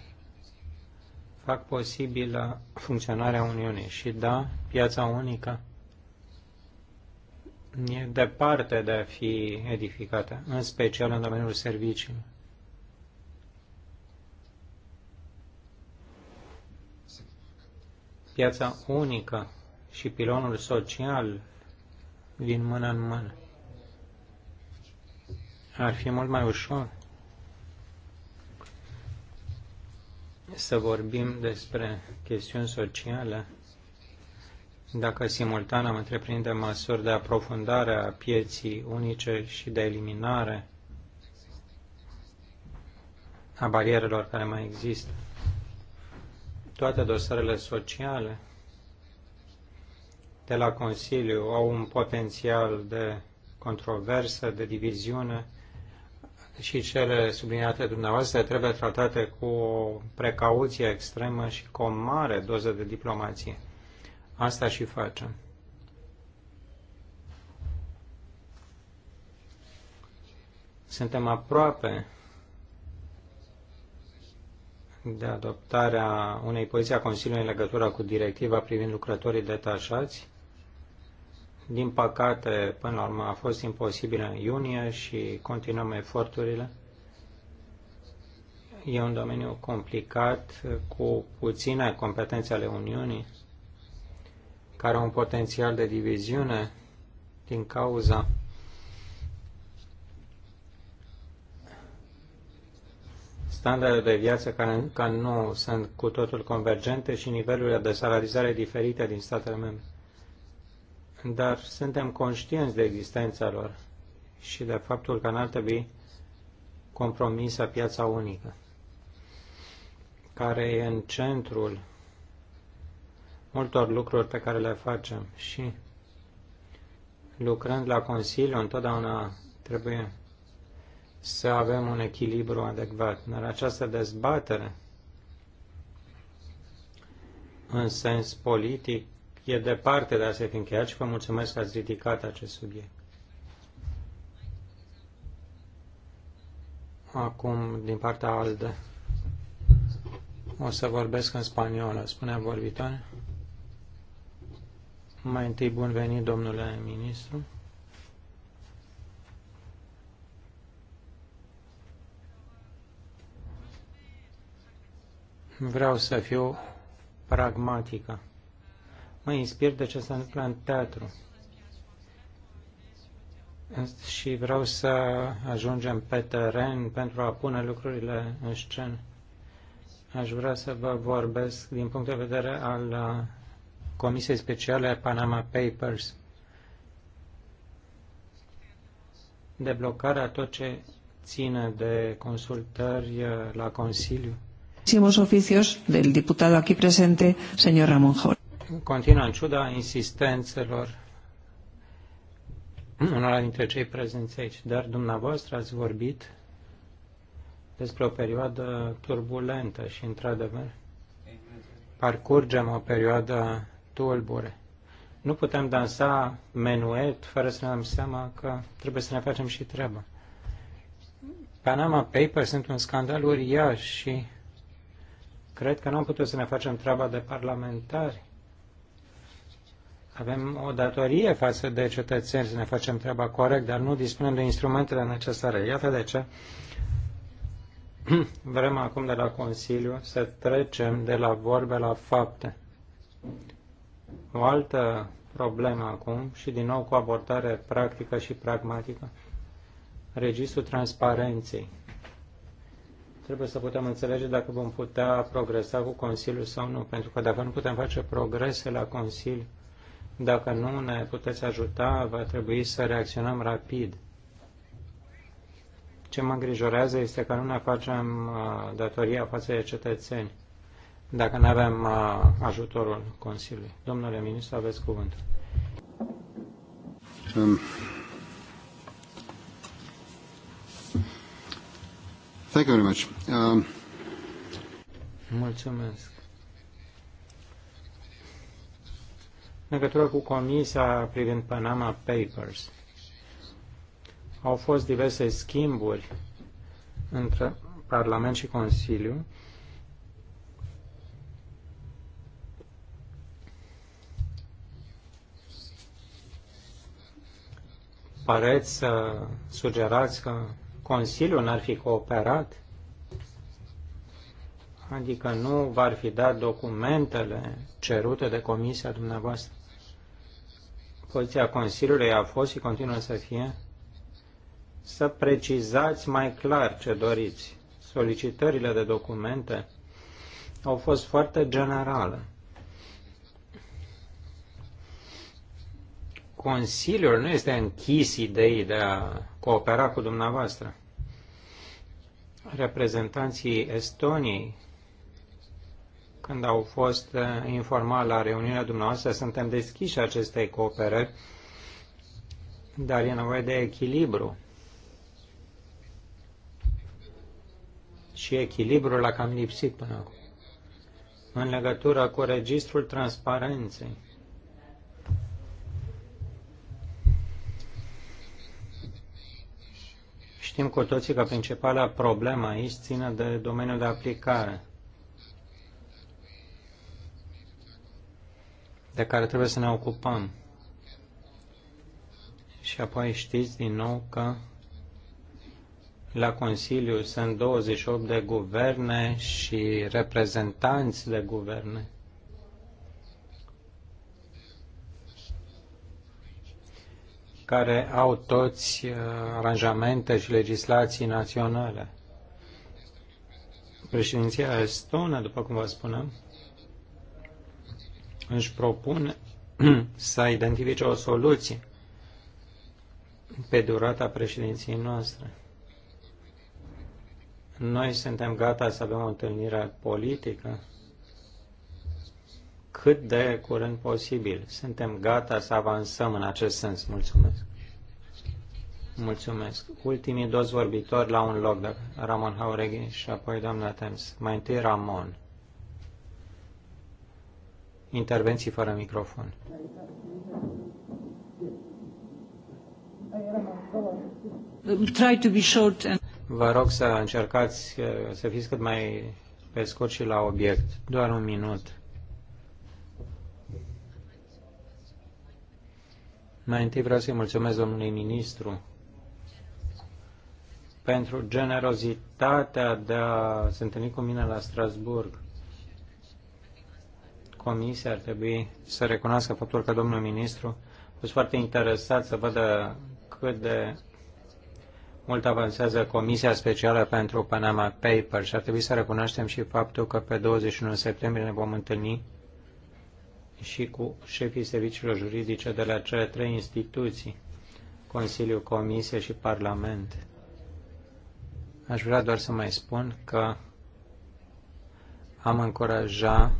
fac posibilă funcționarea Uniunii. Și da, piața unică e departe de a fi edificată, în special în domeniul serviciilor. Piața unică și pilonul social vin mână în mână. Ar fi mult mai ușor să vorbim despre chestiuni sociale dacă simultan am întreprinde măsuri de aprofundare a pieții unice și de eliminare a barierelor care mai există. Toate dosarele sociale de la Consiliu au un potențial de controversă, de diviziune, și cele subliniate dumneavoastră trebuie tratate cu o precauție extremă și cu o mare doză de diplomație. Asta și facem. Suntem aproape de adoptarea unei poziții a Consiliului în legătură cu directiva privind lucrătorii detașați din păcate, până la urmă, a fost imposibil în iunie și continuăm eforturile. E un domeniu complicat, cu puține competențe ale Uniunii, care au un potențial de diviziune din cauza standardele de viață care încă nu sunt cu totul convergente și nivelurile de salarizare diferite din statele membre dar suntem conștienți de existența lor și de faptul că n-ar trebui compromisă piața unică, care e în centrul multor lucruri pe care le facem și lucrând la Consiliu întotdeauna trebuie să avem un echilibru adecvat. Dar această dezbatere în sens politic e departe de a se fi încheiat și vă mulțumesc că ați ridicat acest subiect. Acum, din partea altă, o să vorbesc în spaniolă, spunea vorbitoare. Mai întâi, bun venit, domnule ministru. Vreau să fiu pragmatică mă inspir de ce s-a întâmplat în teatru. Și vreau să ajungem pe teren pentru a pune lucrurile în scenă. Aș vrea să vă vorbesc din punct de vedere al uh, Comisiei Speciale Panama Papers. Deblocarea tot ce ține de consultări uh, la Consiliu.
Simos Oficios del diputado aquí presente, señor Ramón Jorge
continuă în ciuda insistențelor unora dintre cei prezenți aici. Dar dumneavoastră ați vorbit despre o perioadă turbulentă și, într-adevăr, parcurgem o perioadă tulbure. Nu putem dansa menuet fără să ne dăm seama că trebuie să ne facem și treaba. Panama Papers sunt un scandal uriaș și cred că n-am putut să ne facem treaba de parlamentari avem o datorie față de cetățeni să ne facem treaba corect, dar nu dispunem de instrumentele necesare. Iată de ce vrem acum de la Consiliu să trecem de la vorbe la fapte. O altă problemă acum și din nou cu abordare practică și pragmatică. Registrul transparenței. Trebuie să putem înțelege dacă vom putea progresa cu Consiliul sau nu, pentru că dacă nu putem face progrese la Consiliu, dacă nu ne puteți ajuta, va trebui să reacționăm rapid. Ce mă îngrijorează este că nu ne facem uh, datoria față de cetățeni dacă nu avem uh, ajutorul Consiliului. Domnule ministru, aveți cuvântul. Um. Thank you very much. Um. Mulțumesc. în legătură cu Comisia privind Panama Papers. Au fost diverse schimburi între Parlament și Consiliu. Pareți să sugerați că Consiliul n-ar fi cooperat? Adică nu v-ar fi dat documentele cerute de comisia dumneavoastră? Poziția Consiliului a fost și continuă să fie să precizați mai clar ce doriți. Solicitările de documente au fost foarte generale. Consiliul nu este închis ideii de a coopera cu dumneavoastră. Reprezentanții Estoniei când au fost uh, informat la reuniunea dumneavoastră, suntem deschiși acestei cooperări, dar e nevoie de echilibru. Și echilibrul la cam lipsit până acum. În legătură cu registrul transparenței. Știm cu toții că principala problemă aici ține de domeniul de aplicare. de care trebuie să ne ocupăm. Și apoi știți din nou că la Consiliu sunt 28 de guverne și reprezentanți de guverne. care au toți uh, aranjamente și legislații naționale. Președinția estonă, după cum vă spunem, își propun să identifice o soluție pe durata președinției noastre. Noi suntem gata să avem o întâlnire politică cât de curând posibil. Suntem gata să avansăm în acest sens. Mulțumesc. Mulțumesc. Ultimii doi vorbitori la un loc, Ramon Haureghi și apoi doamna Thames. Mai întâi Ramon. Intervenții fără microfon.
Try to be short and...
Vă rog să încercați să fiți cât mai pe scurt și la obiect. Doar un minut. Mai întâi vreau să-i mulțumesc domnului ministru pentru generozitatea de a se întâlni cu mine la Strasburg. Comisia ar trebui să recunoască faptul că domnul ministru a fost foarte interesat să vadă cât de mult avansează Comisia Specială pentru Panama Papers și ar trebui să recunoaștem și faptul că pe 21 septembrie ne vom întâlni și cu șefii serviciilor juridice de la cele trei instituții, Consiliu, Comisie și Parlament. Aș vrea doar să mai spun că am încurajat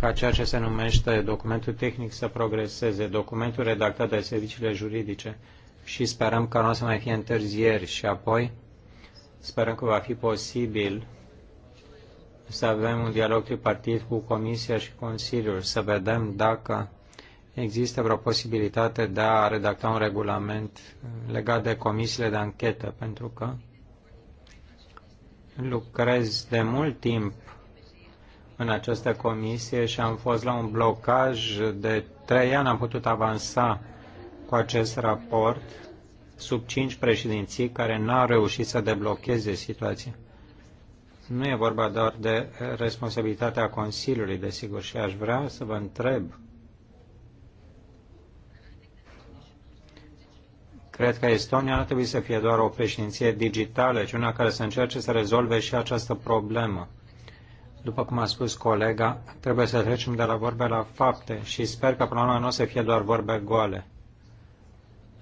ca ceea ce se numește documentul tehnic să progreseze, documentul redactat de serviciile juridice și sperăm că nu o să mai fie întârzieri și apoi sperăm că va fi posibil să avem un dialog tripartit cu Comisia și Consiliul, să vedem dacă există vreo posibilitate de a redacta un regulament legat de comisiile de anchetă, pentru că lucrez de mult timp în această comisie și am fost la un blocaj de trei ani, am putut avansa cu acest raport sub cinci președinții care n-au reușit să deblocheze situația. Nu e vorba doar de responsabilitatea Consiliului, desigur, și aș vrea să vă întreb. Cred că Estonia nu trebuie să fie doar o președinție digitală, ci una care să încerce să rezolve și această problemă după cum a spus colega, trebuie să trecem de la vorbe la fapte și sper că problema nu o să fie doar vorbe goale,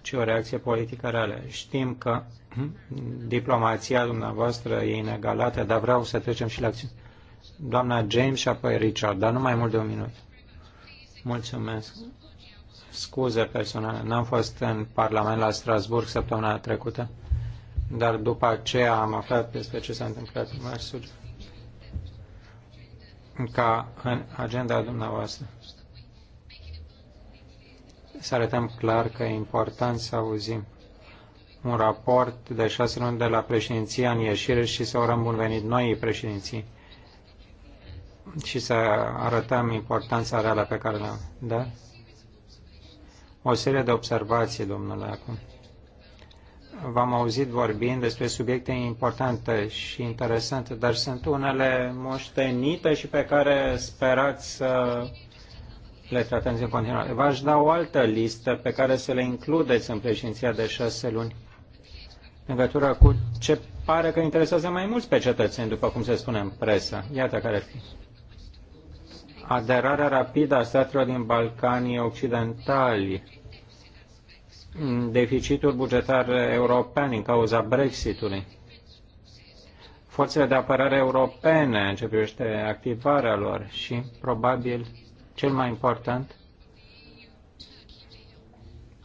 ci o reacție politică reală. Știm că diplomația dumneavoastră e inegalată, dar vreau să trecem și la acțiune. Doamna James și apoi Richard, dar nu mai mult de un minut. Mulțumesc scuze personale. N-am fost în Parlament la Strasburg săptămâna trecută, dar după aceea am aflat despre ce s-a întâmplat ca în agenda dumneavoastră să arătăm clar că e important să auzim un raport de șase luni de la președinția în ieșire și să urăm bun venit noii președinții și să arătăm importanța reală pe care le-am. Da? O serie de observații, domnule, acum v-am auzit vorbind despre subiecte importante și interesante, dar sunt unele moștenite și pe care sperați să le tratați în continuare. V-aș da o altă listă pe care să le includeți în președinția de șase luni în legătură cu ce pare că interesează mai mulți pe cetățeni, după cum se spune în presă. Iată care ar fi. Aderarea rapidă a statelor din Balcanii Occidentali, deficitul bugetar european din cauza Brexitului. Forțele de apărare europene începește activarea lor și, probabil, cel mai important,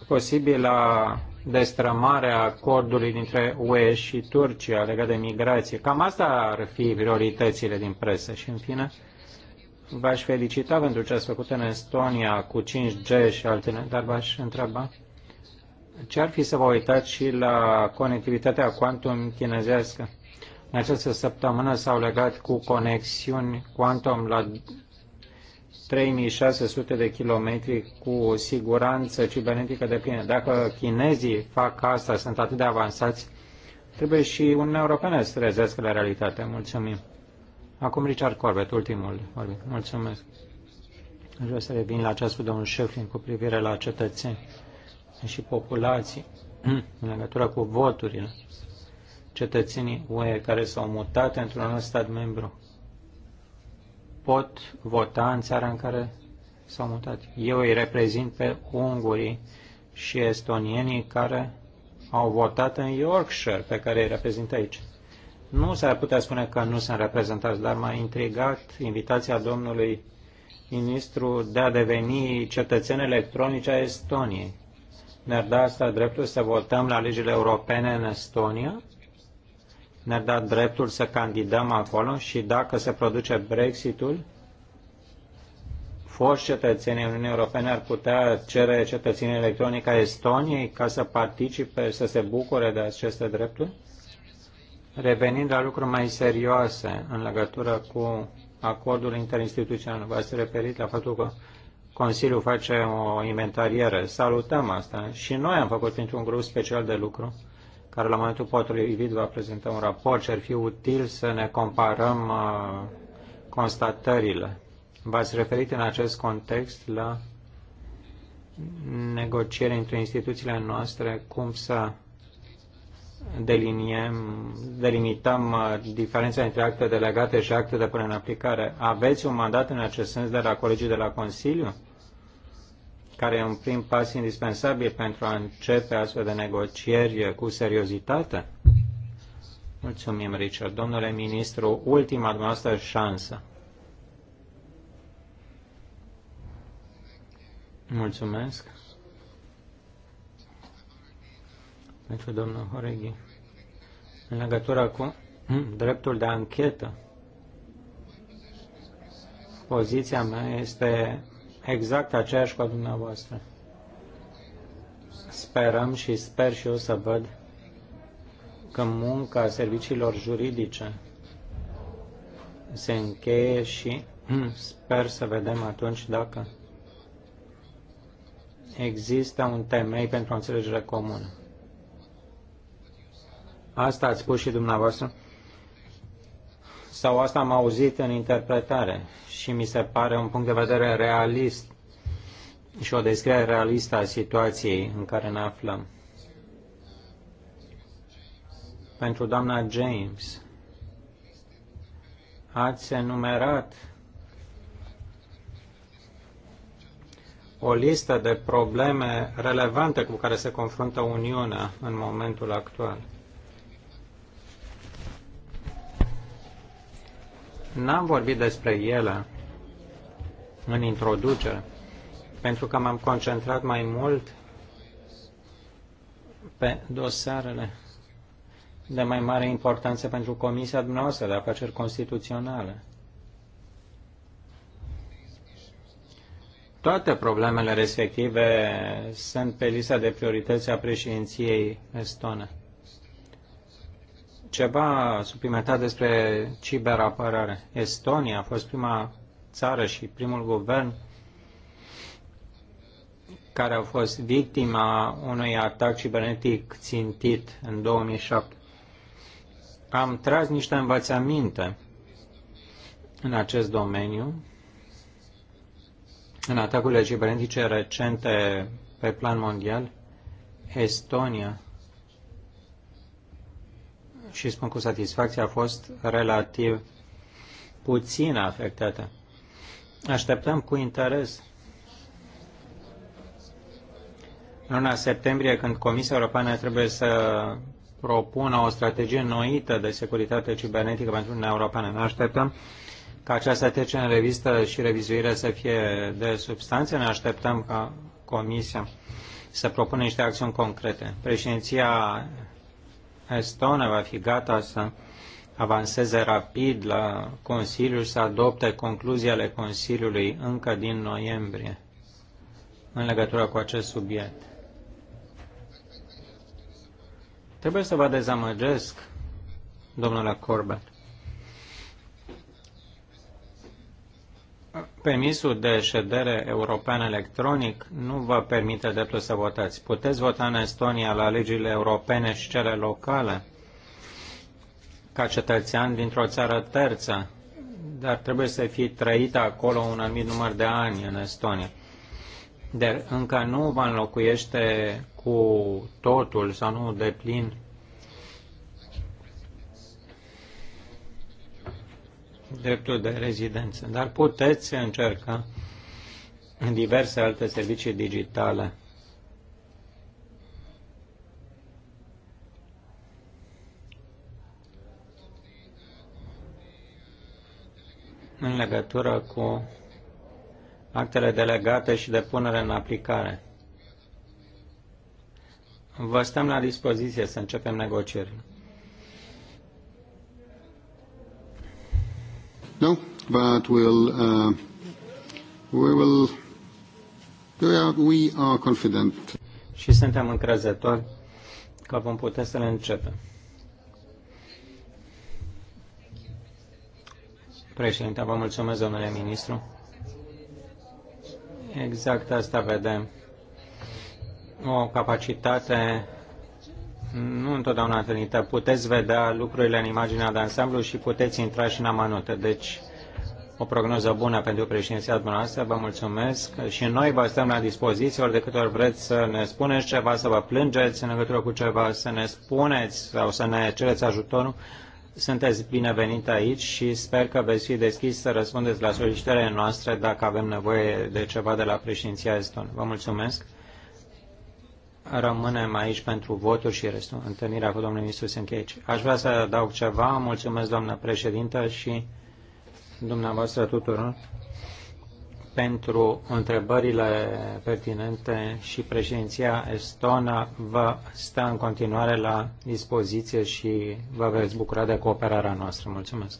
posibila destrămarea acordului dintre UE și Turcia legat de migrație. Cam asta ar fi prioritățile din presă. Și, în fine, v-aș felicita pentru ce ați făcut în Estonia cu 5G și altele, dar v-aș întreba ce ar fi să vă uitați și la conectivitatea quantum chinezească? În această săptămână s-au legat cu conexiuni quantum la 3600 de kilometri cu siguranță cibernetică de plină. Dacă chinezii fac asta, sunt atât de avansați, trebuie și Uniunea Europeană să trezească la realitate. Mulțumim. Acum Richard Corbett, ultimul vorbit. Mulțumesc. Aș vrea să revin la această domnul Șeflin cu privire la cetățeni și populații în legătură cu voturile cetățenii UE care s-au mutat într-un alt stat membru pot vota în țara în care s-au mutat. Eu îi reprezint pe ungurii și estonienii care au votat în Yorkshire, pe care îi reprezint aici. Nu s-ar putea spune că nu sunt reprezentați, dar m-a intrigat invitația domnului ministru de a deveni cetățen electronic a Estoniei. Ne-ar da asta dreptul să votăm la legile europene în Estonia? Ne-ar da dreptul să candidăm acolo și dacă se produce Brexitul, foști cetățenii Uniunii Europene ar putea cere cetățenii electronic a Estoniei ca să participe, să se bucure de aceste drepturi? Revenind la lucruri mai serioase în legătură cu acordul interinstituțional, v-ați referit la faptul că Consiliul face o inventariere. Salutăm asta și noi am făcut pentru un grup special de lucru care la momentul potrivit va prezenta un raport și ar fi util să ne comparăm uh, constatările. V-ați referit în acest context la negociere între instituțiile noastre, cum să deliniem, delimităm uh, diferența între acte delegate și acte de până în aplicare. Aveți un mandat în acest sens de la colegii de la Consiliu? care e un prim pas indispensabil pentru a începe astfel de negocieri cu seriozitate? Mulțumim, Richard. Domnule ministru, ultima dumneavoastră șansă. Mulțumesc. Pentru domnul Horeghi. În legătură cu dreptul de anchetă, poziția mea este exact aceeași ca dumneavoastră. Sperăm și sper și eu să văd că munca serviciilor juridice se încheie și sper să vedem atunci dacă există un temei pentru o înțelegere comună. Asta ați spus și dumneavoastră sau asta am auzit în interpretare și mi se pare un punct de vedere realist și o descriere realistă a situației în care ne aflăm. Pentru doamna James, ați enumerat o listă de probleme relevante cu care se confruntă Uniunea în momentul actual. N-am vorbit despre ele în introducere, pentru că m-am concentrat mai mult pe dosarele de mai mare importanță pentru Comisia dumneavoastră de afaceri constituționale. Toate problemele respective sunt pe lista de priorități a președinției estone. Ceva suplimentar despre ciberapărare. Estonia a fost prima țară și primul guvern care a fost victima unui atac cibernetic țintit în 2007. Am tras niște învățăminte în acest domeniu, în atacurile cibernetice recente pe plan mondial. Estonia și spun cu satisfacție, a fost relativ puțin afectată. Așteptăm cu interes în luna septembrie, când Comisia Europeană trebuie să propună o strategie noită de securitate cibernetică pentru Uniunea Europeană. Ne așteptăm ca această trecere în revistă și revizuire să fie de substanță. Ne așteptăm ca Comisia să propună niște acțiuni concrete. Președinția estonă va fi gata să avanseze rapid la Consiliu și să adopte concluziile ale Consiliului încă din noiembrie în legătură cu acest subiect. Trebuie să vă dezamăgesc, domnule Corbett. permisul de ședere european electronic nu vă permite dreptul să votați. Puteți vota în Estonia la legile europene și cele locale ca cetățean dintr-o țară terță, dar trebuie să fi trăit acolo un anumit număr de ani în Estonia. Dar încă nu vă înlocuiește cu totul sau nu de plin dreptul de rezidență, dar puteți încerca în diverse alte servicii digitale. în legătură cu actele delegate și de punere în aplicare. Vă stăm la dispoziție să începem negocierile.
No, but we'll,
uh, we will, we are, we are confident. Și suntem încrezători că vom putea să le începem. Președinte, vă mulțumesc, domnule ministru. Exact asta vedem. O capacitate nu întotdeauna întâlnită. Puteți vedea lucrurile în imaginea de ansamblu și puteți intra și în amănunte. Deci, o prognoză bună pentru președinția dumneavoastră. Vă mulțumesc și noi vă stăm la dispoziție ori de câte ori vreți să ne spuneți ceva, să vă plângeți în legătură cu ceva, să ne spuneți sau să ne cereți ajutorul. Sunteți binevenit aici și sper că veți fi deschis să răspundeți la solicitările noastre dacă avem nevoie de ceva de la președinția Eston. Vă mulțumesc! rămânem aici pentru voturi și restul. Întâlnirea cu domnul ministru se încheie aici. Aș vrea să adaug ceva. Mulțumesc, doamnă președintă, și dumneavoastră tuturor pentru întrebările pertinente și președinția estonă vă stă în continuare la dispoziție și vă veți bucura de cooperarea noastră. Mulțumesc!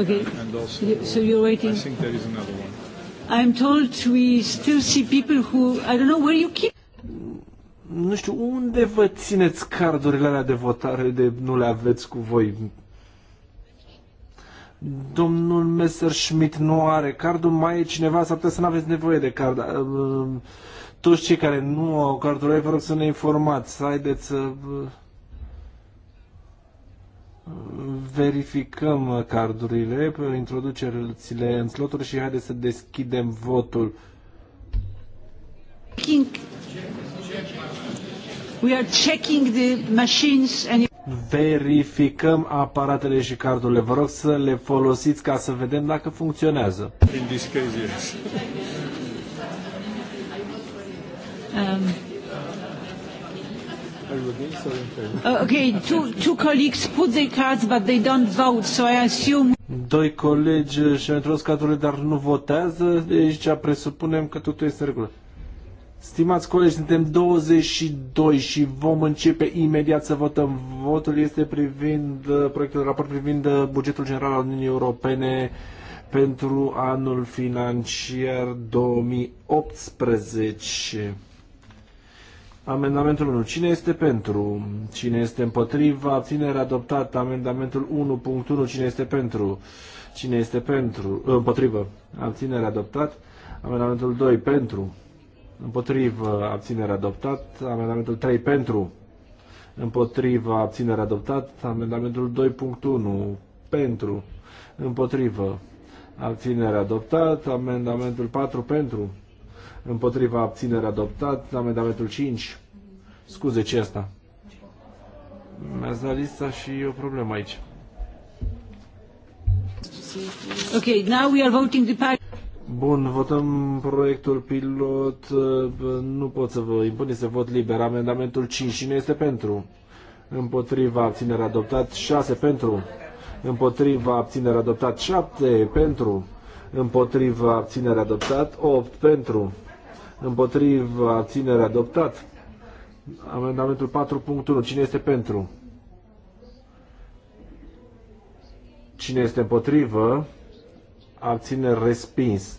Okay. And also, yeah, so you're waiting. I think there is another one. I'm told we still see people who I don't know where you keep. Nu știu unde vă țineți cardurile alea
de votare de nu le aveți cu voi. Domnul Messerschmidt nu are cardul, mai e cineva, s-ar putea să nu aveți nevoie de card. Uh, toți cei care nu au cardul vă rog să ne informați, să haideți să uh, verificăm cardurile, introducerile în sloturi și haideți să deschidem votul.
We are checking the machines
and... Verificăm aparatele și cardurile. Vă rog să le folosiți ca să vedem dacă funcționează. In this case,
yes. um.
Uh, okay, two,
two colleagues put their cards, but they don't vote, so I assume...
Doi colegi uh, și-au introdus cardurile, dar nu votează, deci presupunem că totul este în regulă. Stimați colegi, suntem 22 și vom începe imediat să votăm. Votul este privind uh, proiectul de raport privind bugetul general al Uniunii Europene pentru anul financiar 2018. Amendamentul 1. Cine este pentru? Cine este împotriva? Abținere adoptat. Amendamentul 1.1. Cine este pentru? Cine este pentru? Ă, împotrivă. Abținere adoptat. Amendamentul 2. Pentru. Împotrivă. Abținere adoptat. Amendamentul 3. Pentru. Împotrivă. Abținere adoptat. Amendamentul 2.1. Pentru. Împotrivă. Abținere adoptat. Amendamentul 4. Pentru împotriva abținere adoptat, amendamentul 5, scuze ce asta. Mi-ați dat lista și e o problemă aici.
Ok, now we are voting the
Bun, votăm proiectul pilot. Nu pot să vă impun să vot liber. Amendamentul 5 nu este pentru? Împotriva abținere adoptat 6 pentru. Împotriva abținere adoptat 7 pentru. Împotriva abținere adoptat 8 pentru împotriva, ținerea adoptat. Amendamentul 4.1. Cine este pentru? Cine este împotrivă? Abțineri, respins.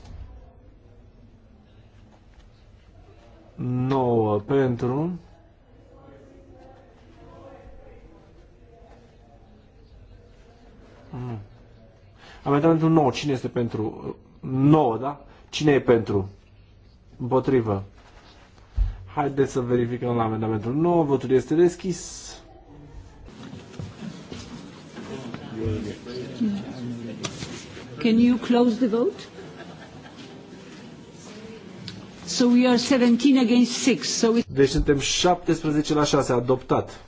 9 pentru. Hmm. Amendamentul 9. Cine este pentru? 9, da? Cine e pentru? Împotrivă. Haideți să verificăm la amendamentul 9. Votul este deschis.
Can you close the vote? So we are 17 against 6. So we... Deci
suntem 17 la 6, adoptat.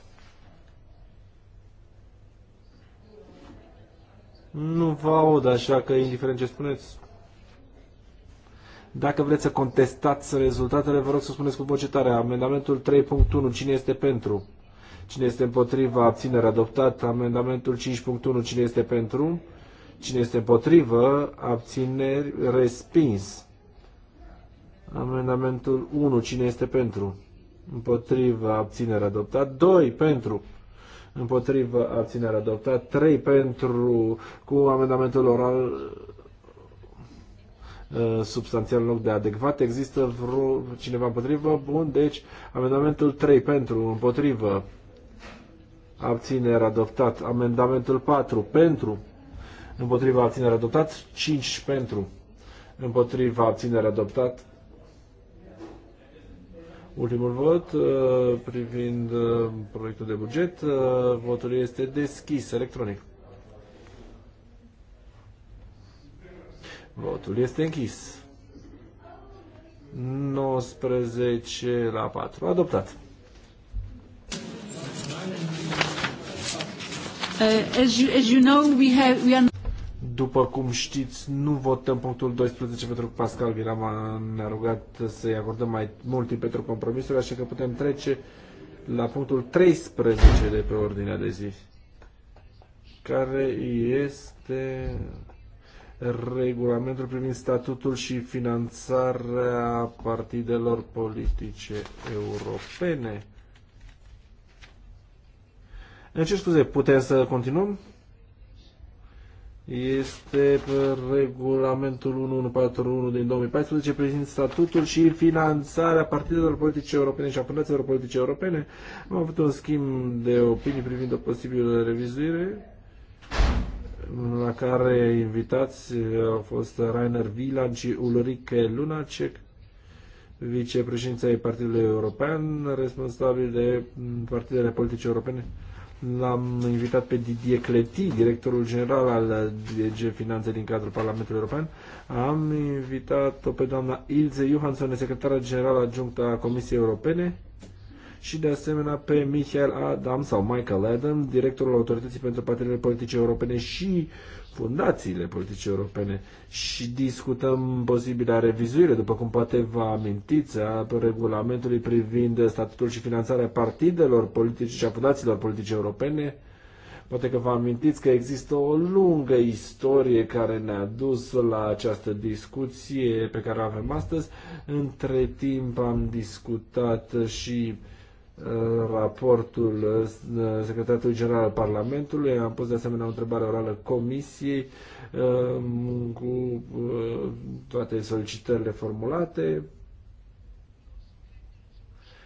Nu vă aud, așa că indiferent ce spuneți, dacă vreți să contestați rezultatele, vă rog să spuneți cu voce tare. Amendamentul 3.1. Cine este pentru? Cine este împotriva? Abținere adoptat. Amendamentul 5.1. Cine este pentru? Cine este împotrivă? Abțineri respins. Amendamentul 1. Cine este pentru? Împotrivă. Abținere adoptat. 2. Pentru împotrivă abținere adoptat, 3 pentru cu amendamentul oral Uh, substanțial în loc de adecvat. Există vreo cineva împotrivă? Bun, deci amendamentul 3 pentru, împotrivă, abținere adoptat. Amendamentul 4 pentru, împotriva abținere adoptat. 5 pentru, împotriva abținere adoptat. Ultimul vot uh, privind uh, proiectul de buget. Votul este deschis electronic. Votul este închis. 19 la 4. Adoptat. După cum știți, nu votăm punctul 12 pentru că Pascal Virama ne-a rugat să-i acordăm mai mult timp pentru compromisuri, așa că putem trece la punctul 13 de pe ordinea de zi, care este regulamentul privind statutul și finanțarea partidelor politice europene. În ce scuze, putem să continuăm? Este regulamentul 1141 din 2014 prezint statutul și finanțarea partidelor politice europene și a fundațiilor politice europene. Am avut un schimb de opinii privind o posibilă revizuire la care invitați au fost Rainer Wieland și Ulrike Lunacek, vicepreședința ai Partidului European, responsabil de partidele politice europene. L-am invitat pe Didier Cleti, directorul general al DG Finanțe din cadrul Parlamentului European. Am invitat-o pe doamna Ilze Johansson, secretară generală adjunctă a Comisiei Europene și de asemenea pe Michael Adam sau Michael Adam, directorul Autorității pentru Partidele Politice Europene și fundațiile politice europene și discutăm posibilă revizuire, după cum poate vă amintiți, a regulamentului privind statutul și finanțarea partidelor politice și a fundațiilor politice europene. Poate că vă amintiți că există o lungă istorie care ne-a dus la această discuție pe care o avem astăzi. Între timp am discutat și uh, raportul secretarului General al Parlamentului. Am pus de asemenea o întrebare orală Comisiei um, cu uh, toate solicitările formulate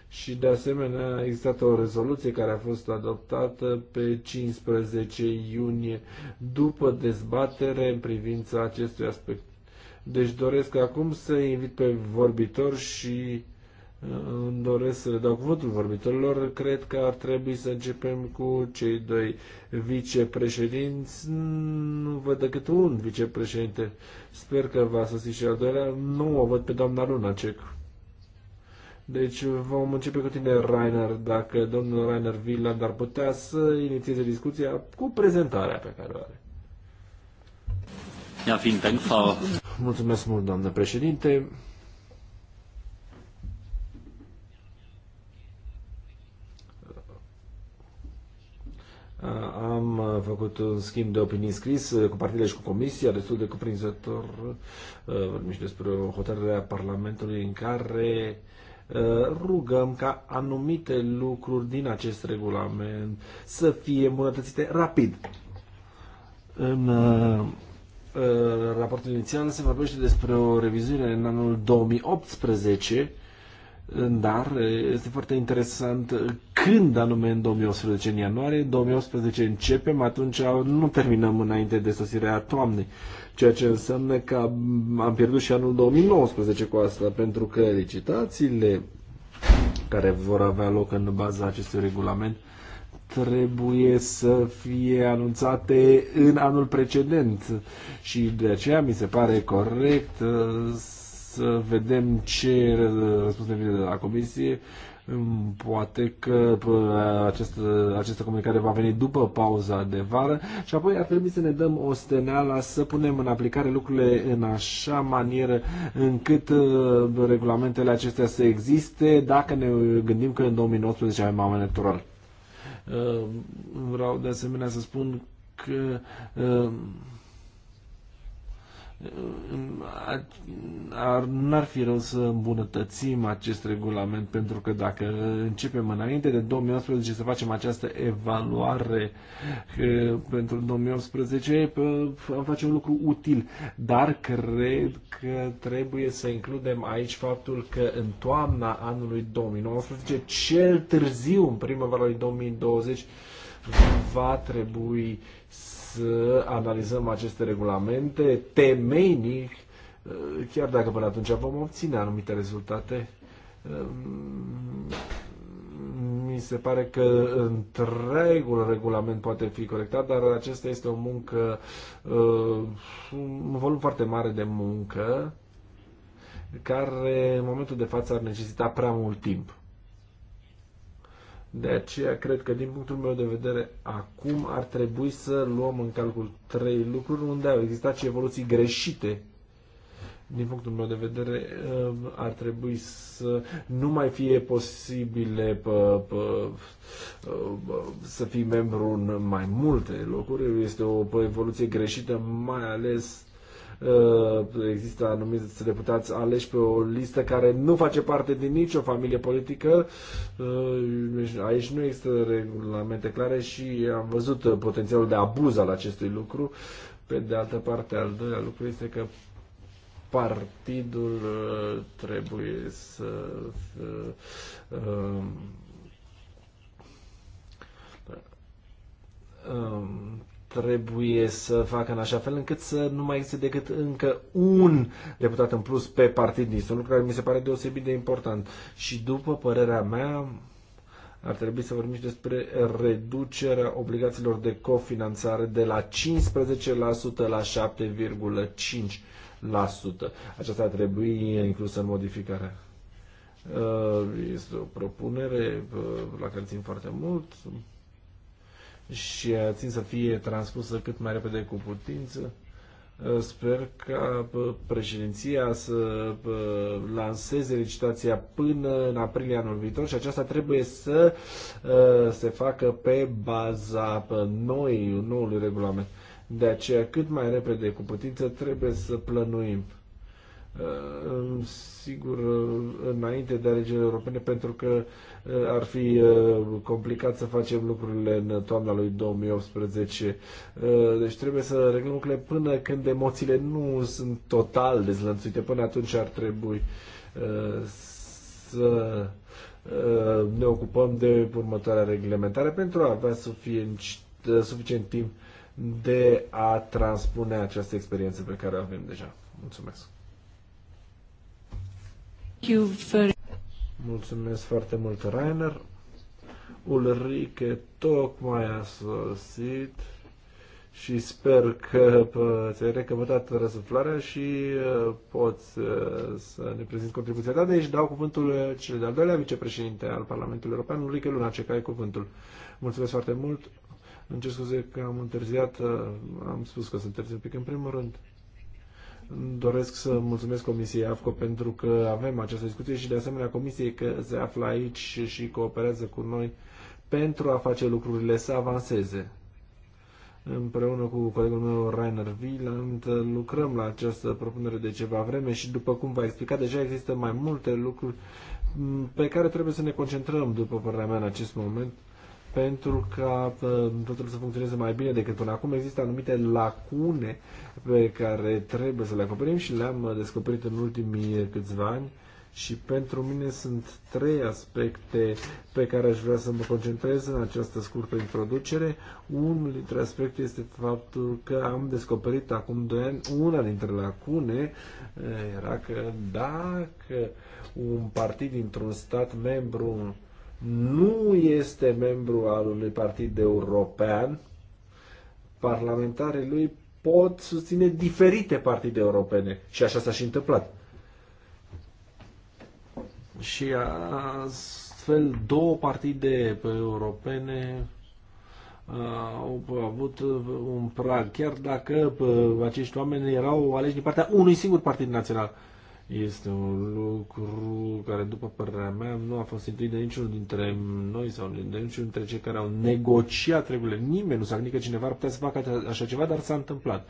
și de asemenea a existat o rezoluție care a fost adoptată pe 15 iunie după dezbatere în privința acestui aspect. Deci doresc acum să invit pe vorbitor și uh, îmi doresc să le dau cuvântul vorbitorilor. Cred că ar trebui să începem cu cei doi vicepreședinți. Nu văd decât un vicepreședinte. Sper că va sosi și al doilea. Nu o văd pe doamna Lunacek. Deci vom începe cu tine, Rainer, dacă domnul Rainer Villand ar putea să inițieze discuția cu prezentarea pe care o are.
Ja, vielen Dank, Frau.
Mulțumesc mult, doamnă președinte. Am făcut un schimb de opinii scris cu partidele și cu comisia, destul de cuprinzător. Vorbim și despre o hotărâre a Parlamentului în care rugăm ca anumite lucruri din acest regulament să fie îmbunătățite rapid. În raportul inițial se vorbește despre o revizuire în anul 2018 dar este foarte interesant când anume în 2018, în ianuarie 2018 începem, atunci nu terminăm înainte de sosirea toamnei, ceea ce înseamnă că am pierdut și anul 2019 cu asta, pentru că licitațiile care vor avea loc în baza acestui regulament trebuie să fie anunțate în anul precedent și de aceea mi se pare corect uh, să vedem ce uh, răspunde vine de la comisie Poate că această, această comunicare va veni după pauza de vară și apoi ar trebui să ne dăm o steneală să punem în aplicare lucrurile în așa manieră încât uh, regulamentele acestea să existe dacă ne gândim că în 2019 avem amendament electoral. Uh, vreau de asemenea să spun că uh, ar, n-ar fi rău să îmbunătățim acest regulament, pentru că dacă începem înainte de 2018 să facem această evaluare pentru 2018, am face un lucru util. Dar cred că trebuie să includem aici faptul că în toamna anului 2019, cel târziu, în primăvara lui 2020, va trebui uh, să analizăm aceste regulamente temeinic, uh, chiar dacă până atunci vom obține anumite rezultate. Um, mi se pare că întregul regulament poate fi corectat, dar acesta este o muncă, uh, un volum foarte mare de muncă, care în momentul de față ar necesita prea mult timp. De aceea cred că din punctul meu de vedere acum ar trebui să luăm în calcul trei lucruri unde au existat și evoluții greșite din punctul meu de vedere, um, ar trebui să nu mai fie posibile pă, pă, um, să fii membru în mai multe locuri. Este o evoluție greșită, mai ales Uh, există anumiți deputați aleși pe o listă care nu face parte din nicio familie politică. Uh, aici nu există regulamente clare și am văzut potențialul de abuz al acestui lucru. Pe de altă parte, al doilea lucru este că partidul uh, trebuie să, să um, um trebuie să facă în așa fel încât să nu mai existe decât încă un deputat în plus pe partid. Este un lucru care mi se pare deosebit de important. Și după părerea mea, ar trebui să vorbim și despre reducerea obligațiilor de cofinanțare de la 15% la 7,5%. Aceasta ar trebui inclusă în modificare. Uh, este o propunere uh, la care țin foarte mult și țin să fie transpusă cât mai repede cu putință. Uh, sper ca uh, președinția să uh, lanseze licitația până în aprilie anul viitor și aceasta trebuie să se facă pe baza noi, noului regulament. De aceea, cât mai repede cu putință, trebuie să plănuim. Sigur, înainte de alegerile europene, pentru că Eh, ar fi eh, complicat să facem lucrurile în toamna lui 2018. Eh, deci trebuie să reglăm lucrurile până când emoțiile nu sunt total dezlănțuite. Până atunci ar trebui să ne ocupăm de următoarea reglementare pentru a avea suficient, suficient timp de a transpune această experiență pe care o avem deja. Mulțumesc! Mulțumesc foarte mult, Rainer. Ulrike tocmai a sosit și sper că ți-ai recăpătat răsuflarea și ă, poți ă, să ne prezinți contribuția ta. Deci dau cuvântul ă, cel de-al doilea vicepreședinte al Parlamentului European, Ulrike Lunacek, ai cuvântul. Mulțumesc foarte mult. Îmi cer scuze că am întârziat, am spus că sunt întârziat un pic. În primul rând, Doresc să mulțumesc Comisiei AFCO pentru că avem această discuție și de asemenea Comisiei că se află aici și cooperează cu noi pentru a face lucrurile să avanseze. Împreună cu colegul meu Rainer Wieland lucrăm la această propunere de ceva vreme și după cum v-a explicat, deja există mai multe lucruri pe care trebuie să ne concentrăm, după părerea mea, în acest moment pentru ca uh, totul să funcționeze mai bine decât până acum. Există anumite lacune pe care trebuie să le acoperim și le-am uh, descoperit în ultimii uh, câțiva ani și pentru mine sunt trei aspecte pe care aș vrea să mă concentrez în această scurtă introducere. Unul dintre aspecte este faptul că am descoperit acum 2 ani una dintre lacune era că dacă un partid dintr-un stat membru nu este membru al unui partid european, parlamentarii lui pot susține diferite partide europene și așa s-a și întâmplat. Și astfel două partide europene uh, au avut un prag, chiar dacă uh, acești oameni erau aleși din partea unui singur partid național. Este un lucru care, după părerea mea, nu a fost intuit de niciunul dintre noi sau de niciunul dintre cei care au negociat regulile. Nimeni nu s-a gândit că cineva ar putea să facă așa ceva, dar s-a întâmplat.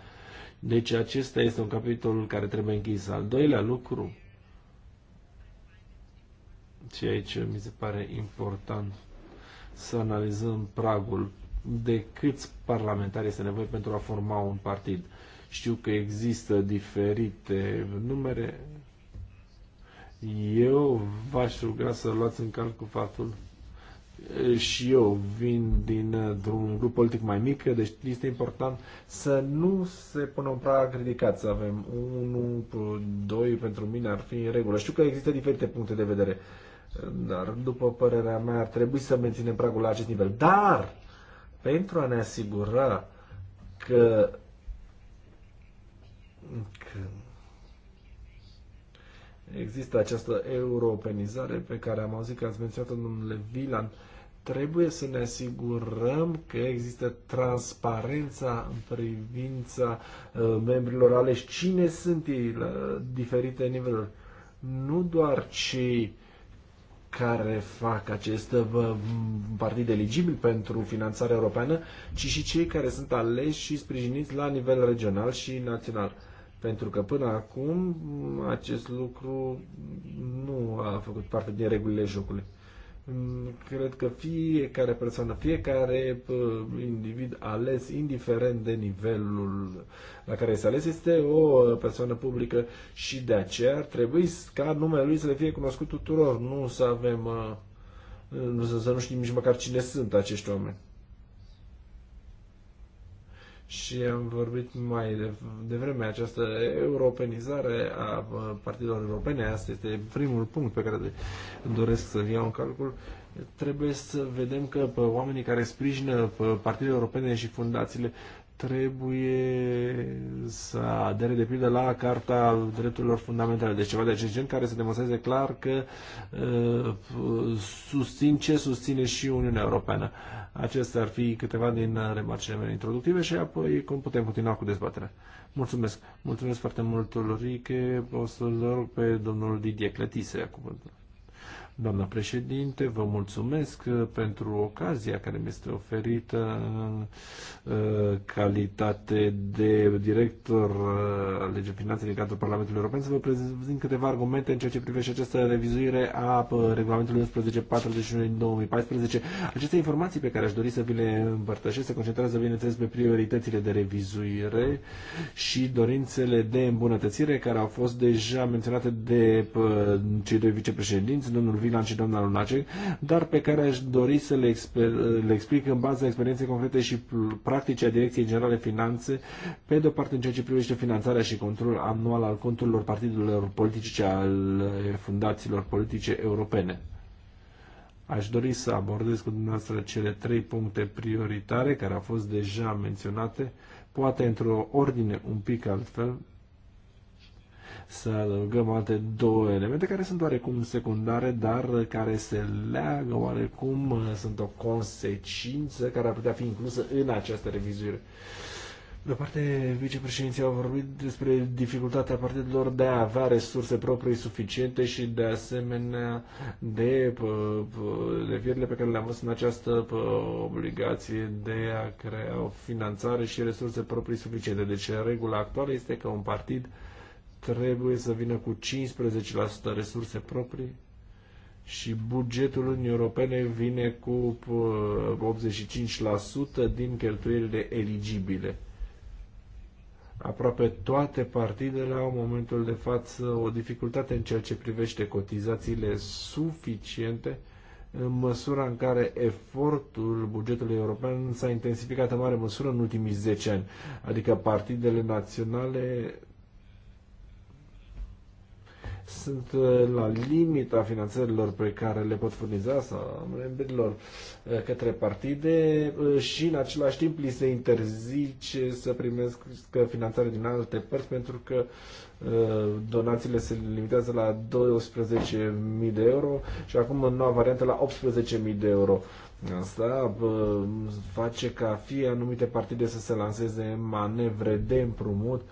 Deci acesta este un capitol care trebuie închis. Al doilea lucru, și aici mi se pare important să analizăm pragul de câți parlamentari este nevoie pentru a forma un partid. Știu că există diferite numere, eu v-aș ruga să luați în calcul faptul și eu vin din uh, un grup politic mai mic, deci este important să nu se pună un prag ridicat, să avem unul, doi pentru mine ar fi în regulă. Știu că există diferite puncte de vedere, dar după părerea mea ar trebui să menținem pragul la acest nivel. Dar pentru a ne asigura că, că Există această europenizare pe care am auzit că ați menționat-o domnule Vilan. Trebuie să ne asigurăm că există transparența în privința uh, membrilor aleși. Cine sunt ei la diferite niveluri? Nu doar cei care fac acest uh, partid eligibil pentru finanțarea europeană, ci și cei care sunt aleși și sprijiniți la nivel regional și național. Pentru că până acum acest lucru nu a făcut parte din regulile jocului. Mm, cred că fiecare persoană, fiecare individ ales, indiferent de nivelul la care este ales, este o uh, persoană publică și de aceea ar trebui ca numele lui să le fie cunoscut tuturor, nu să avem, uh, nu să nu știm nici măcar cine sunt acești oameni și am vorbit mai de, această europenizare a partidelor europene, asta este primul punct pe care doresc să-l iau în calcul, trebuie să vedem că oamenii care sprijină partidele europene și fundațiile trebuie să adere de pildă la Carta Drepturilor Fundamentale, deci ceva de acest gen care să demonstreze clar că uh, susțin ce susține și Uniunea Europeană. Acestea ar fi câteva din remarcile mele introductive și apoi cum putem continua cu dezbaterea. Mulțumesc! Mulțumesc foarte mult, Ulrike. O să-l rog pe domnul Didier Cletise, cuvântul. Doamna președinte, vă mulțumesc uh, pentru ocazia care mi este oferită în uh, uh, calitate de director al legii finanței cadrul Parlamentului European să vă prezint câteva argumente în ceea ce privește această revizuire a regulamentului 1141 din 2014. Aceste informații pe care aș dori să vi le împărtășesc se concentrează, bineînțeles, pe prioritățile de revizuire și dorințele de îmbunătățire care au fost deja menționate de cei doi vicepreședinți, domnul Wieland și doamna Lunacek, dar pe care aș dori să le, exper- le explic în baza experienței concrete și practice a Direcției Generale Finanțe, pe de-o parte în ceea ce privește finanțarea și controlul anual al conturilor partidelor politice și al eh, fundațiilor politice europene. Aș dori să abordez cu dumneavoastră cele trei puncte prioritare care au fost deja menționate, poate într-o ordine un pic altfel, să adăugăm alte două elemente care sunt oarecum secundare, dar care se leagă oarecum, sunt o consecință care ar putea fi inclusă în această revizuire. De parte, vicepreședinții au vorbit despre dificultatea partidelor de a avea resurse proprii suficiente și de asemenea de devierile pe care le-am văzut în această obligație de a crea o finanțare și resurse proprii suficiente. Deci regula actuală este că un partid trebuie să vină cu 15% resurse proprii și bugetul Uniunii Europene vine cu 85% uh, din cheltuielile eligibile. Aproape toate partidele au în momentul de față o dificultate în ceea ce privește cotizațiile suficiente în măsura în care efortul bugetului european s-a intensificat în mare măsură în ultimii 10 ani. Adică partidele naționale sunt uh, la limita finanțărilor pe care le pot furniza sau membrilor uh, către partide uh, și în același timp li se interzice să primesc finanțare din alte părți pentru că donațiile se limitează la 12.000 de euro și acum în noua variantă la 18.000 de euro. Asta face ca fie anumite partide să se lanseze manevre de împrumut uh,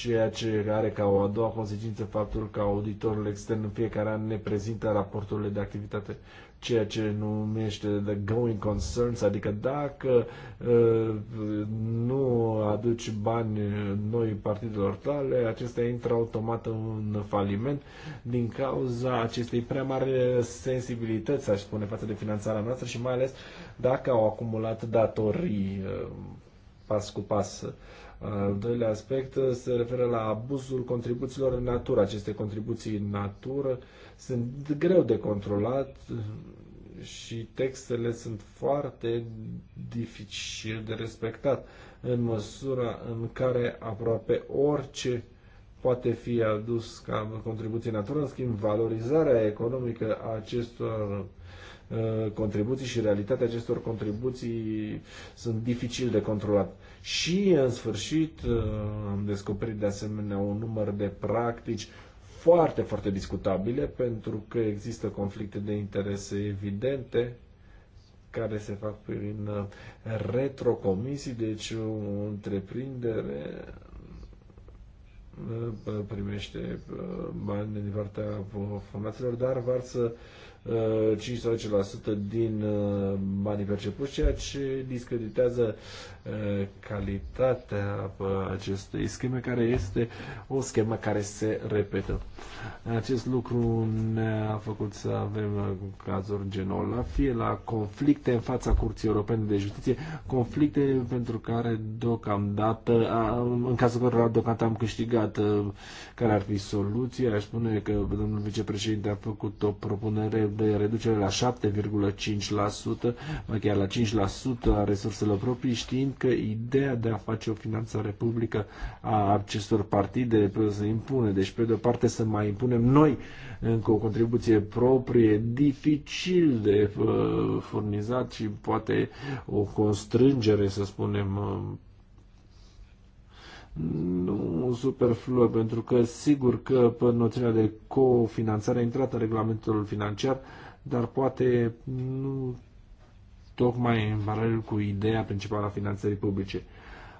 ceea ce are ca o a doua consecință faptul că auditorul extern în fiecare an ne prezintă raporturile de activitate, ceea ce numește the going concerns, adică dacă uh, nu aduci bani noi partidelor tale, acestea intră automat în faliment din cauza acestei prea mari sensibilități, aș spune, față de finanțarea noastră și mai ales dacă au acumulat datorii uh, pas cu pas. Uh, al doilea aspect se referă la abuzul contribuțiilor în natură. Aceste contribuții în natură sunt greu de controlat și textele sunt foarte dificil de respectat în măsura în care aproape orice poate fi adus ca contribuție natură, în schimb valorizarea economică a acestor uh, contribuții și realitatea acestor contribuții sunt dificil de controlat și, în sfârșit, uh, am descoperit de asemenea un număr de practici foarte, foarte discutabile, pentru că există conflicte de interese evidente care se fac prin uh, retrocomisii, deci o întreprindere uh, primește bani din partea fundațiilor, dar varsă 5 sau 10% din banii percepuți, ceea ce discreditează Uh, calitatea uh, acestei scheme, care este o schemă care se repetă. Acest lucru ne-a făcut să avem uh, cazuri genul la fie la conflicte în fața Curții Europene de Justiție, conflicte pentru care deocamdată, în cazul cărora deocamdată am câștigat care ar fi soluția, aș spune că domnul vicepreședinte a făcut o propunere de reducere la 7,5%, chiar la 5% a resurselor proprii, știind convins că ideea de a face o finanțare publică a acestor partide se impune. Deci, pe de-o parte, să mai impunem noi încă uh, o contribuție proprie, dificil de uh, furnizat și poate o constrângere, să spunem, uh, nu superfluă, pentru că sigur că pe noțiunea de cofinanțare a intrat în regulamentul financiar, dar poate nu tocmai în paralel cu ideea principală a finanțării publice.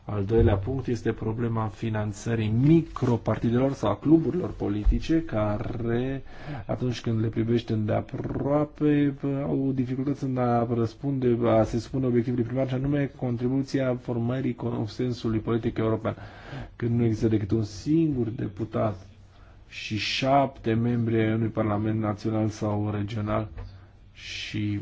Al doilea punct este problema finanțării micropartidelor sau a cluburilor politice care, atunci când le privește îndeaproape, au dificultăți în a răspunde, a se spune obiectivului primar, și anume contribuția formării consensului politic european. Când nu există decât un singur deputat și șapte membri ai unui parlament național sau regional și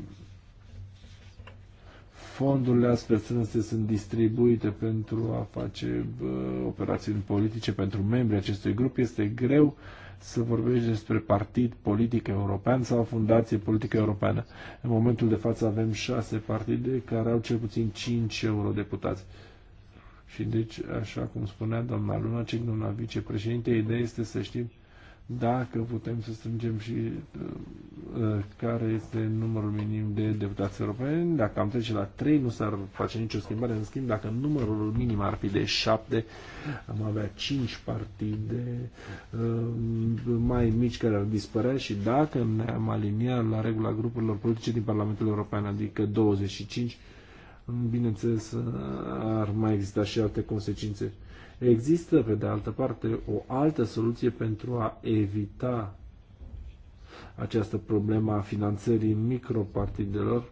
fondurile astfel strânse sunt distribuite pentru a face uh, operațiuni politice pentru membrii acestui grup. Este greu să vorbești despre partid politic european sau fundație politică europeană. În momentul de față avem șase partide care au cel puțin cinci eurodeputați. Și deci, așa cum spunea doamna Luna, cei doamna vicepreședinte, ideea este să știm dacă putem să strângem și uh, uh, care este numărul minim de deputați europeni. Dacă am trece la 3, nu s-ar face nicio schimbare. În schimb, dacă numărul minim ar fi de 7, am avea 5 partide uh, mai mici care ar dispărea și dacă ne-am aliniat la regula grupurilor politice din Parlamentul European, adică 25, bineînțeles uh, ar mai exista și alte consecințe Există, pe de altă parte, o altă soluție pentru a evita această problemă a finanțării micropartidelor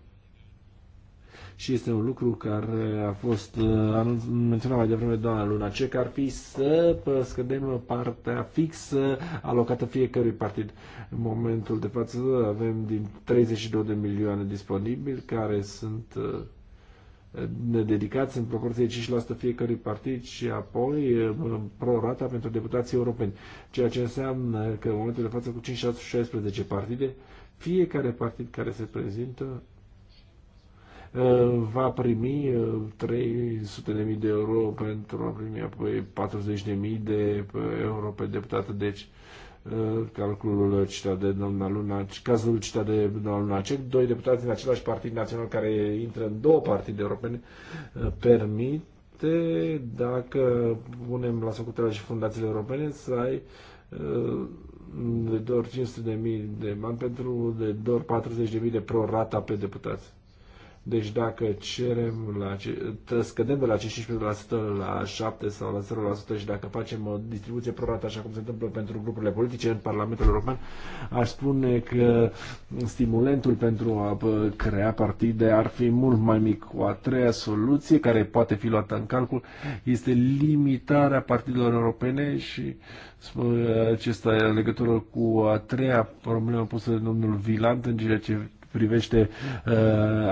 și este un lucru care a fost uh, anunț, menționat mai devreme doamna Luna, ce ar fi să scădem partea fixă alocată fiecărui partid. În momentul de față avem din 32 de milioane disponibili care sunt uh, dedicați în proporție de 5% fiecărui partid și apoi prorata pentru deputații europeni, ceea ce înseamnă că în momentul de față cu 5-16 partide, fiecare partid care se prezintă va primi 300.000 de euro pentru a primi apoi 40.000 de euro pe deputată, Deci Uh, calculul citat de doamna Luna, cazul citat de doamna Lunacek, doi deputați din același partid național care intră în două partide europene uh, permite, dacă punem la socotele și fundațiile europene, să ai uh, de doar 500.000 de bani pentru de doar 40.000 de prorata pe deputați. Deci dacă cerem la, scădem de la 15% la 7 sau la 0% și dacă facem o distribuție prorată așa cum se întâmplă pentru grupurile politice în Parlamentul European, aș spune că stimulentul pentru a crea partide ar fi mult mai mic. O a treia soluție care poate fi luată în calcul este limitarea partidelor europene și acesta e legătură cu a treia problemă pusă de domnul Vilant în ceea ce privește uh,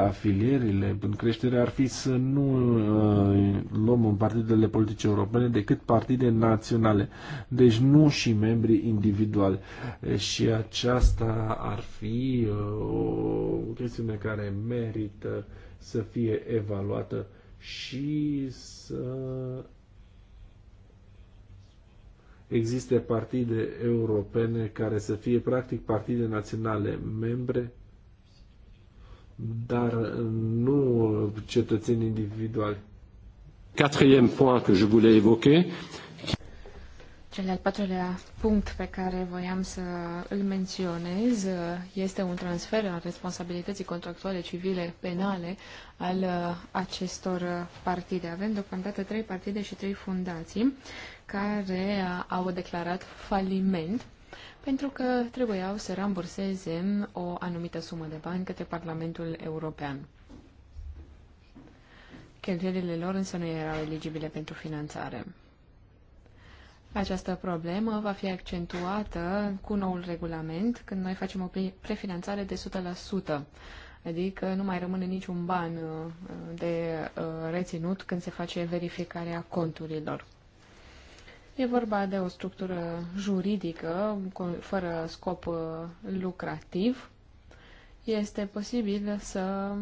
afilierile în creștere ar fi să nu uh, luăm în partidele politice europene decât partide naționale, deci nu și membrii individuali. Și aceasta ar fi uh, o chestiune care merită să fie evaluată și să existe partide europene care să fie practic partide naționale membre dar uh, nu uh, cetățeni individuali.
Quatrième point que je voulais évoquer.
Cel al patrulea punct pe care voiam să îl menționez uh, este un transfer al responsabilității contractuale civile penale al acestor partide. Avem deocamdată trei partide și trei fundații care au declarat faliment pentru că trebuiau să ramburseze o anumită sumă de bani către Parlamentul European. Cheltuielile lor însă nu erau eligibile pentru finanțare. Această problemă va fi accentuată cu noul regulament când noi facem o prefinanțare de 100%, adică nu mai rămâne niciun ban uh, de uh, reținut când se face verificarea conturilor. E vorba de o structură juridică fără scop uh, lucrativ. Este posibil să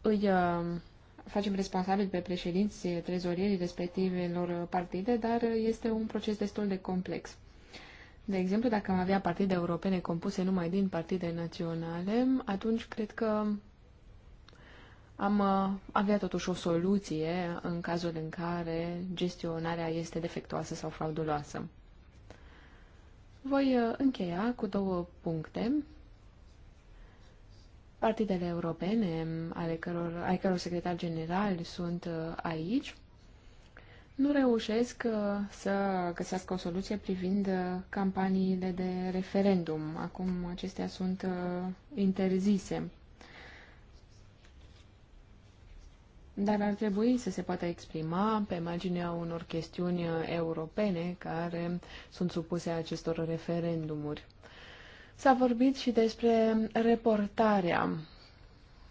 îi uh, facem responsabil pe președinții trezorierii respectivelor partide, dar este un proces destul de complex. De exemplu, dacă am avea partide europene compuse numai din partide naționale, atunci cred că am uh, avea totuși o soluție în cazul în care gestionarea este defectuoasă sau frauduloasă. Voi uh, încheia cu două puncte. Partidele europene, ale căror, ai căror secretar general sunt uh, aici, nu reușesc să găsească o soluție privind campaniile de referendum. Acum acestea sunt interzise. dar ar trebui să se poată exprima pe marginea unor chestiuni europene care sunt supuse acestor referendumuri. S-a vorbit și despre reportarea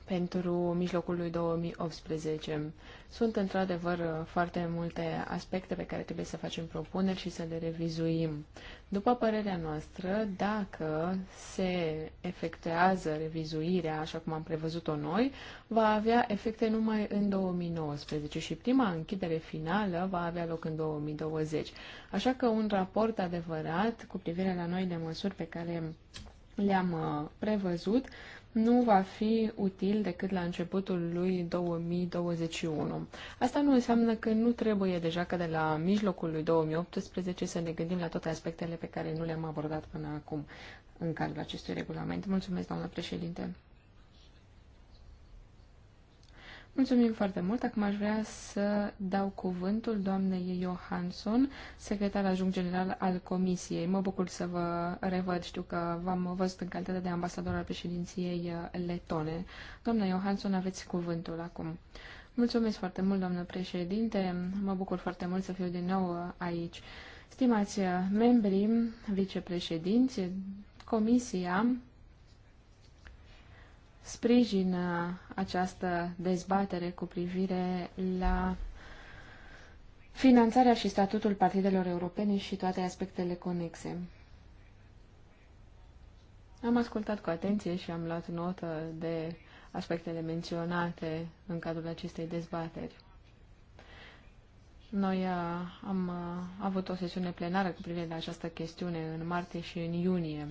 pentru mijlocul lui 2018. Sunt într-adevăr foarte multe aspecte pe care trebuie să facem propuneri și să le revizuim. După părerea noastră, dacă se efectuează revizuirea așa cum am prevăzut-o noi, va avea efecte numai în 2019 și prima închidere finală va avea loc în 2020. Așa că un raport adevărat cu privire la noile măsuri pe care le-am uh, prevăzut nu va fi util decât la începutul lui 2021. Asta nu înseamnă că nu trebuie deja că de la mijlocul lui 2018 să ne gândim la toate aspectele pe care nu le-am abordat până acum în cadrul acestui regulament. Mulțumesc, doamnă președinte. Mulțumim foarte mult. Acum aș vrea să dau cuvântul doamnei Johansson, secretar adjunct general al Comisiei. Mă bucur să vă revăd. Știu că v-am văzut în calitate de ambasador al președinției uh, letone. Doamna Johansson, aveți cuvântul acum. Mulțumesc foarte mult, doamnă președinte. Mă bucur foarte mult să fiu din nou uh, aici. Stimați uh, membri, vicepreședinți, Comisia sprijină această dezbatere cu privire la finanțarea și statutul partidelor europene și toate aspectele conexe. Am ascultat cu atenție și am luat notă de aspectele menționate în cadrul acestei dezbateri. Noi uh, am uh, avut o sesiune plenară cu privire la această chestiune în martie și în iunie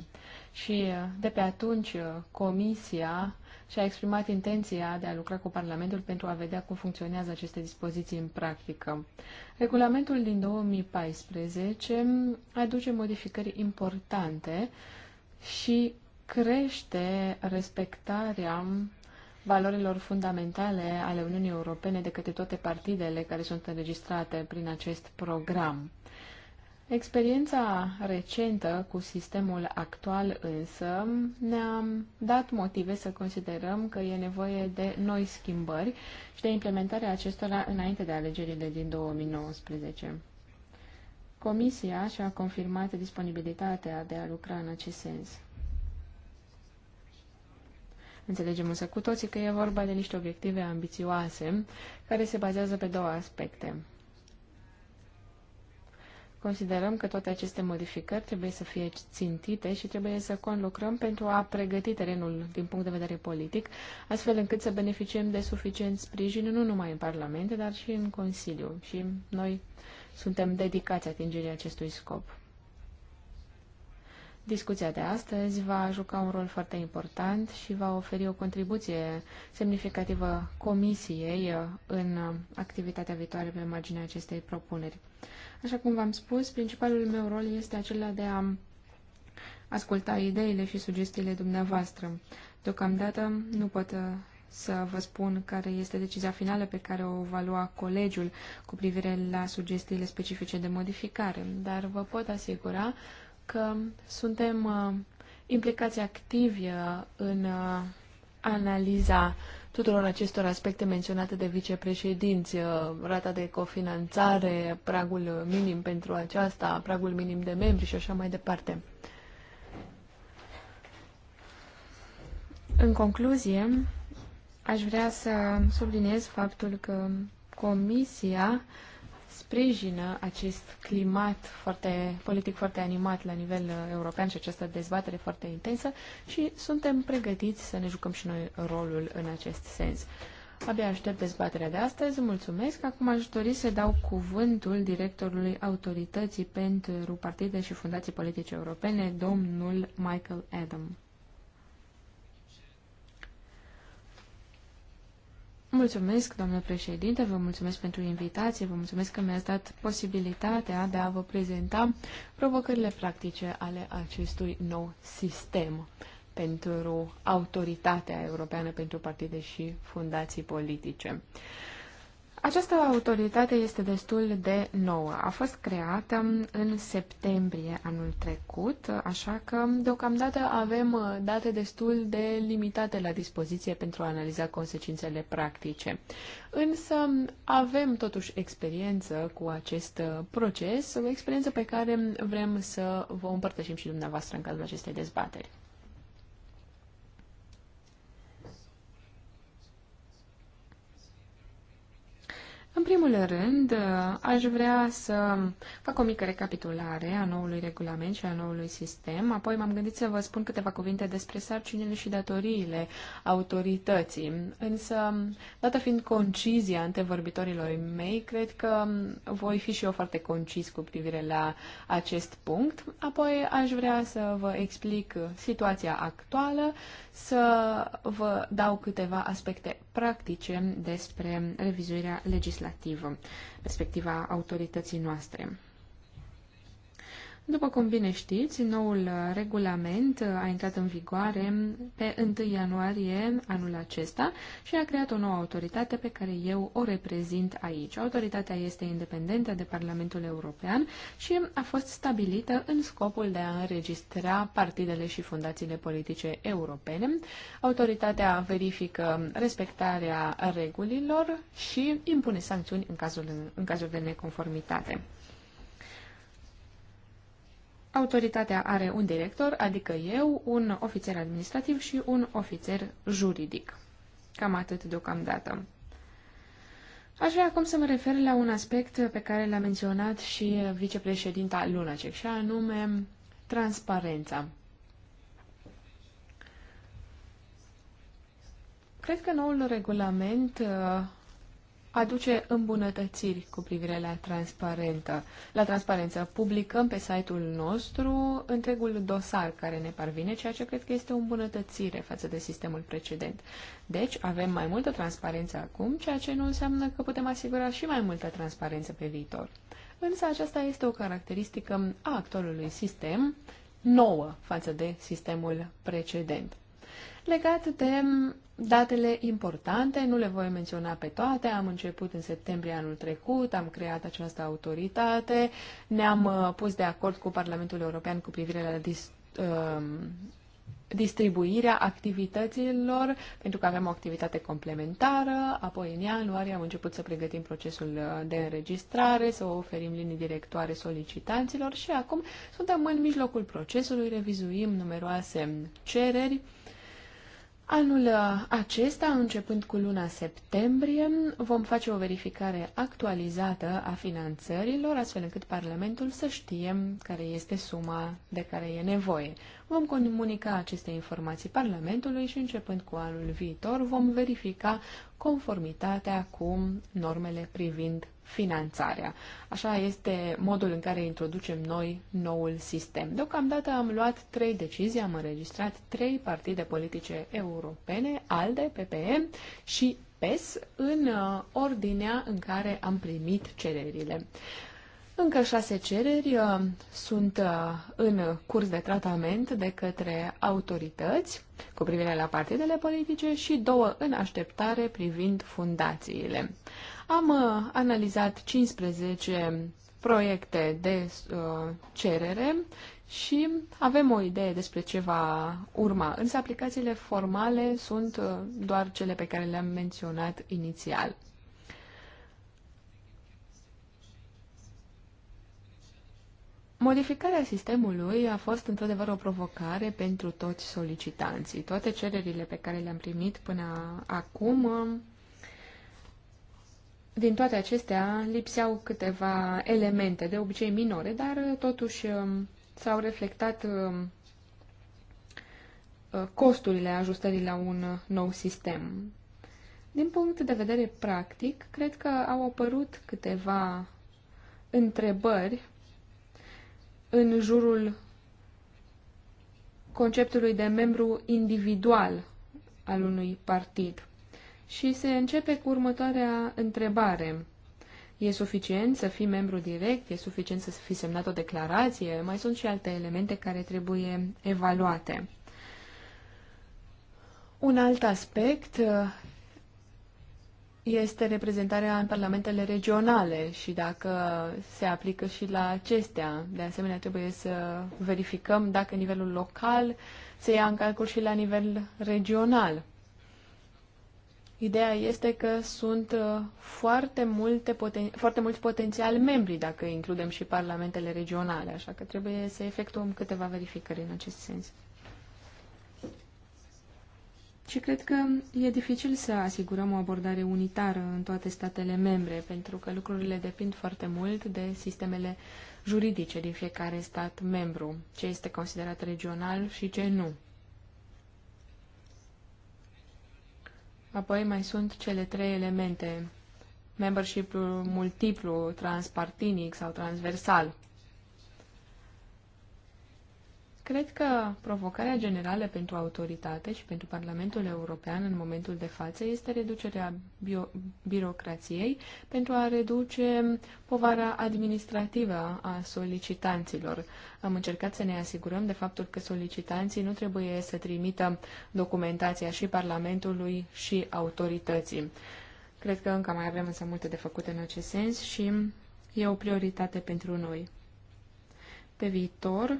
și uh, de pe atunci Comisia și a exprimat intenția de a lucra cu Parlamentul pentru a vedea cum funcționează aceste dispoziții în practică. Regulamentul din 2014 aduce modificări importante și crește respectarea valorilor fundamentale ale Uniunii Europene de către toate partidele care sunt înregistrate prin acest program. Experiența recentă cu sistemul actual însă ne-a dat motive să considerăm că e nevoie de noi schimbări și de implementarea acestora înainte de alegerile din 2019. Comisia și-a confirmat disponibilitatea de a lucra în acest sens. Înțelegem însă cu toții că e vorba de niște obiective ambițioase care se bazează pe două aspecte – Considerăm că toate aceste modificări trebuie să fie țintite și trebuie să conlucrăm pentru a pregăti terenul din punct de vedere politic, astfel încât să beneficiem de suficient sprijin nu numai în Parlament, dar și în Consiliu. Și noi suntem dedicați atingerii acestui scop. Discuția de astăzi va juca un rol foarte important și va oferi o contribuție semnificativă Comisiei uh, în uh, activitatea viitoare pe marginea acestei propuneri. Așa cum v-am spus, principalul meu rol este acela de a asculta ideile și sugestiile dumneavoastră. Deocamdată nu pot uh, să vă spun care este decizia finală pe care o va lua colegiul cu privire la sugestiile specifice de modificare, dar vă pot asigura că suntem uh, implicați activ uh, în uh, analiza tuturor acestor aspecte menționate de vicepreședinți, rata de cofinanțare, pragul minim pentru aceasta, pragul minim de membri și așa mai departe. În concluzie, aș vrea să subliniez faptul că Comisia uh, sprijină acest climat foarte, politic foarte animat la nivel uh, european și această dezbatere foarte intensă și suntem pregătiți să ne jucăm și noi rolul în acest sens. Abia aștept dezbaterea de astăzi. Mulțumesc. Acum aș dori să dau cuvântul directorului Autorității pentru Partide și Fundații Politice Europene, domnul Michael Adam. Mulțumesc, domnule președinte, vă mulțumesc pentru invitație, vă mulțumesc că mi-ați dat posibilitatea de a vă prezenta provocările practice ale acestui nou sistem pentru autoritatea europeană pentru partide și fundații politice. Această autoritate este destul de nouă. A fost creată în septembrie anul trecut, așa că deocamdată avem date destul de limitate la dispoziție pentru a analiza consecințele practice. Însă avem totuși experiență cu acest proces, o experiență pe care vrem să vă împărtășim și dumneavoastră în cazul acestei dezbateri. În primul rând, aș vrea să fac o mică recapitulare a noului regulament și a noului sistem, apoi m-am gândit să vă spun câteva cuvinte despre sarcinile și datoriile autorității. Însă, dată fiind concizia antevorbitorilor mei, cred că voi fi și eu foarte concis cu privire la acest punct. Apoi aș vrea să vă explic situația actuală, să vă dau câteva aspecte practice despre revizuirea legislației legislativă, perspectiva autorității noastre. După cum bine știți, noul uh, regulament uh, a intrat în vigoare pe 1 ianuarie anul acesta și a creat o nouă autoritate pe care eu o reprezint aici. Autoritatea este independentă de Parlamentul European și a fost stabilită în scopul de a înregistra partidele și fundațiile politice europene. Autoritatea verifică respectarea regulilor și impune sancțiuni în cazul, în cazul de neconformitate. Autoritatea are un director, adică eu, un ofițer administrativ și un ofițer juridic. Cam atât deocamdată. Aș vrea acum să mă refer la un aspect pe care l-a menționat și vicepreședinta Lunacek, și anume transparența. Cred că noul regulament uh, aduce îmbunătățiri cu privire la, transparentă, la transparență. Publicăm pe site-ul nostru întregul dosar care ne parvine, ceea ce cred că este o îmbunătățire față de sistemul precedent. Deci avem mai multă transparență acum, ceea ce nu înseamnă că putem asigura și mai multă transparență pe viitor. Însă aceasta este o caracteristică a actualului sistem nouă față de sistemul precedent legat de datele importante, nu le voi menționa pe toate, am început în septembrie anul trecut, am creat această autoritate, ne-am uh, pus de acord cu Parlamentul European cu privire la dis, uh, distribuirea activităților, pentru că avem o activitate complementară, apoi în ianuarie am început să pregătim procesul uh, de înregistrare, să oferim linii directoare solicitanților și acum suntem în mijlocul procesului, revizuim numeroase cereri, Anul uh, acesta, începând cu luna septembrie, vom face o verificare actualizată a finanțărilor, astfel încât Parlamentul să știe care este suma de care e nevoie. Vom comunica aceste informații Parlamentului și, începând cu anul viitor, vom verifica conformitatea cu normele privind finanțarea. Așa este modul în care introducem noi noul sistem. Deocamdată am luat trei decizii, am înregistrat trei partide politice europene, ALDE, PPM și PES, în uh, ordinea în care am primit cererile. Încă șase cereri uh, sunt uh, în curs de tratament de către autorități cu privire la partidele politice și două în așteptare privind fundațiile. Am uh, analizat 15 proiecte de cerere și avem o idee despre ce va urma. Însă aplicațiile formale sunt doar cele pe care le-am menționat inițial. Modificarea sistemului a fost într-adevăr o provocare pentru toți solicitanții. Toate cererile pe care le-am primit până acum, din toate acestea lipseau câteva elemente, de obicei minore, dar totuși um, s-au reflectat um, uh, costurile ajustării la un nou sistem. Din punct de vedere practic, cred că au apărut câteva întrebări în jurul conceptului de membru individual al unui partid. Și se începe cu următoarea întrebare. E suficient să fii membru direct? E suficient să fi semnat o declarație? Mai sunt și alte elemente care trebuie evaluate. Un alt aspect este reprezentarea în parlamentele regionale și dacă se aplică și la acestea. De asemenea, trebuie să verificăm dacă nivelul local se ia în calcul și la nivel regional. Ideea este că sunt uh, foarte, multe poten- foarte mulți potențiali membri dacă includem și parlamentele regionale, așa că trebuie să efectuăm câteva verificări în acest sens. Și cred că e dificil să asigurăm o abordare unitară în toate statele membre, pentru că lucrurile depind foarte mult de sistemele juridice din fiecare stat membru, ce este considerat regional și ce nu. Apoi mai sunt cele trei elemente, membership multiplu, transpartinic sau transversal. Cred că provocarea generală pentru autoritate și pentru Parlamentul European în momentul de față este reducerea bio- birocrației pentru a reduce povara administrativă a solicitanților. Am încercat să ne asigurăm de faptul că solicitanții nu trebuie să trimită documentația și Parlamentului și autorității. Cred că încă mai avem însă multe de făcut în acest sens și e o prioritate pentru noi. Pe viitor,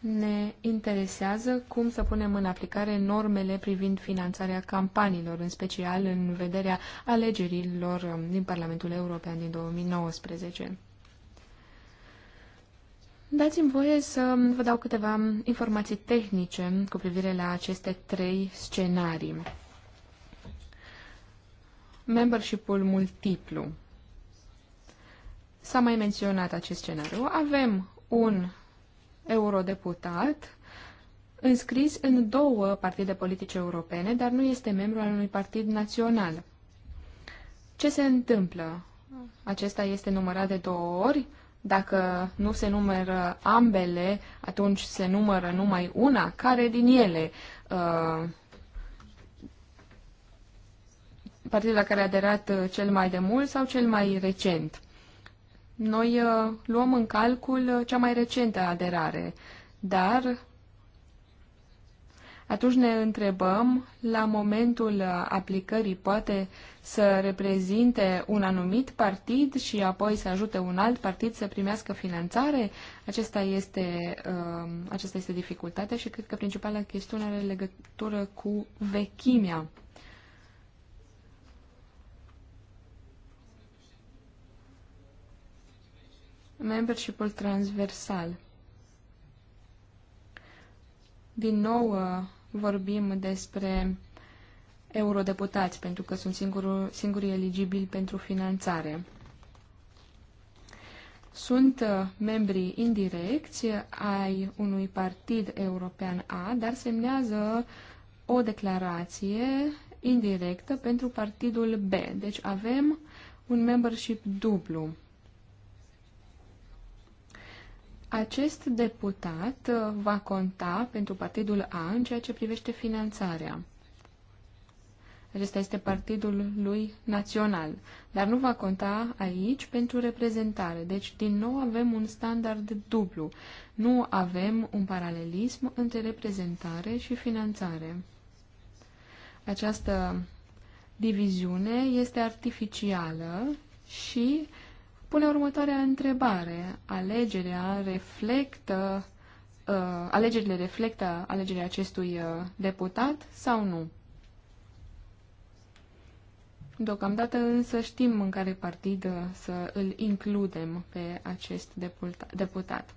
ne interesează cum să punem în aplicare normele privind finanțarea campaniilor, în special în vederea alegerilor um, din Parlamentul European din 2019. Dați-mi voie să vă dau câteva informații tehnice cu privire la aceste trei scenarii. Membership-ul multiplu. S-a mai menționat acest scenariu. Avem un eurodeputat înscris în două partide politice europene, dar nu este membru al unui partid național. Ce se întâmplă? Acesta este numărat de două ori. Dacă nu se numără ambele, atunci se numără numai una. Care din ele? Uh, partidul la care a aderat uh, cel mai de mult sau cel mai recent? Noi uh, luăm în calcul uh, cea mai recentă aderare, dar atunci ne întrebăm, la momentul uh, aplicării poate să reprezinte un anumit partid și apoi să ajute un alt partid să primească finanțare? Acesta este, um, aceasta este dificultatea și cred că principala chestiune are legătură cu vechimea Membershipul transversal. Din nou uh, vorbim despre eurodeputați, pentru că sunt singurul, singurii eligibili pentru finanțare. Sunt uh, membri indirecți ai unui partid european A, dar semnează o declarație indirectă pentru partidul B. Deci avem un membership dublu. Acest deputat uh, va conta pentru partidul A în ceea ce privește finanțarea. Acesta este partidul lui național, dar nu va conta aici pentru reprezentare. Deci, din nou, avem un standard dublu. Nu avem un paralelism între reprezentare și finanțare. Această diviziune este artificială și uh, pune următoarea întrebare. Alegerea reflectă, uh, alegerile reflectă alegerea acestui uh, deputat sau nu? Deocamdată însă știm în care partid să îl includem pe acest deputat.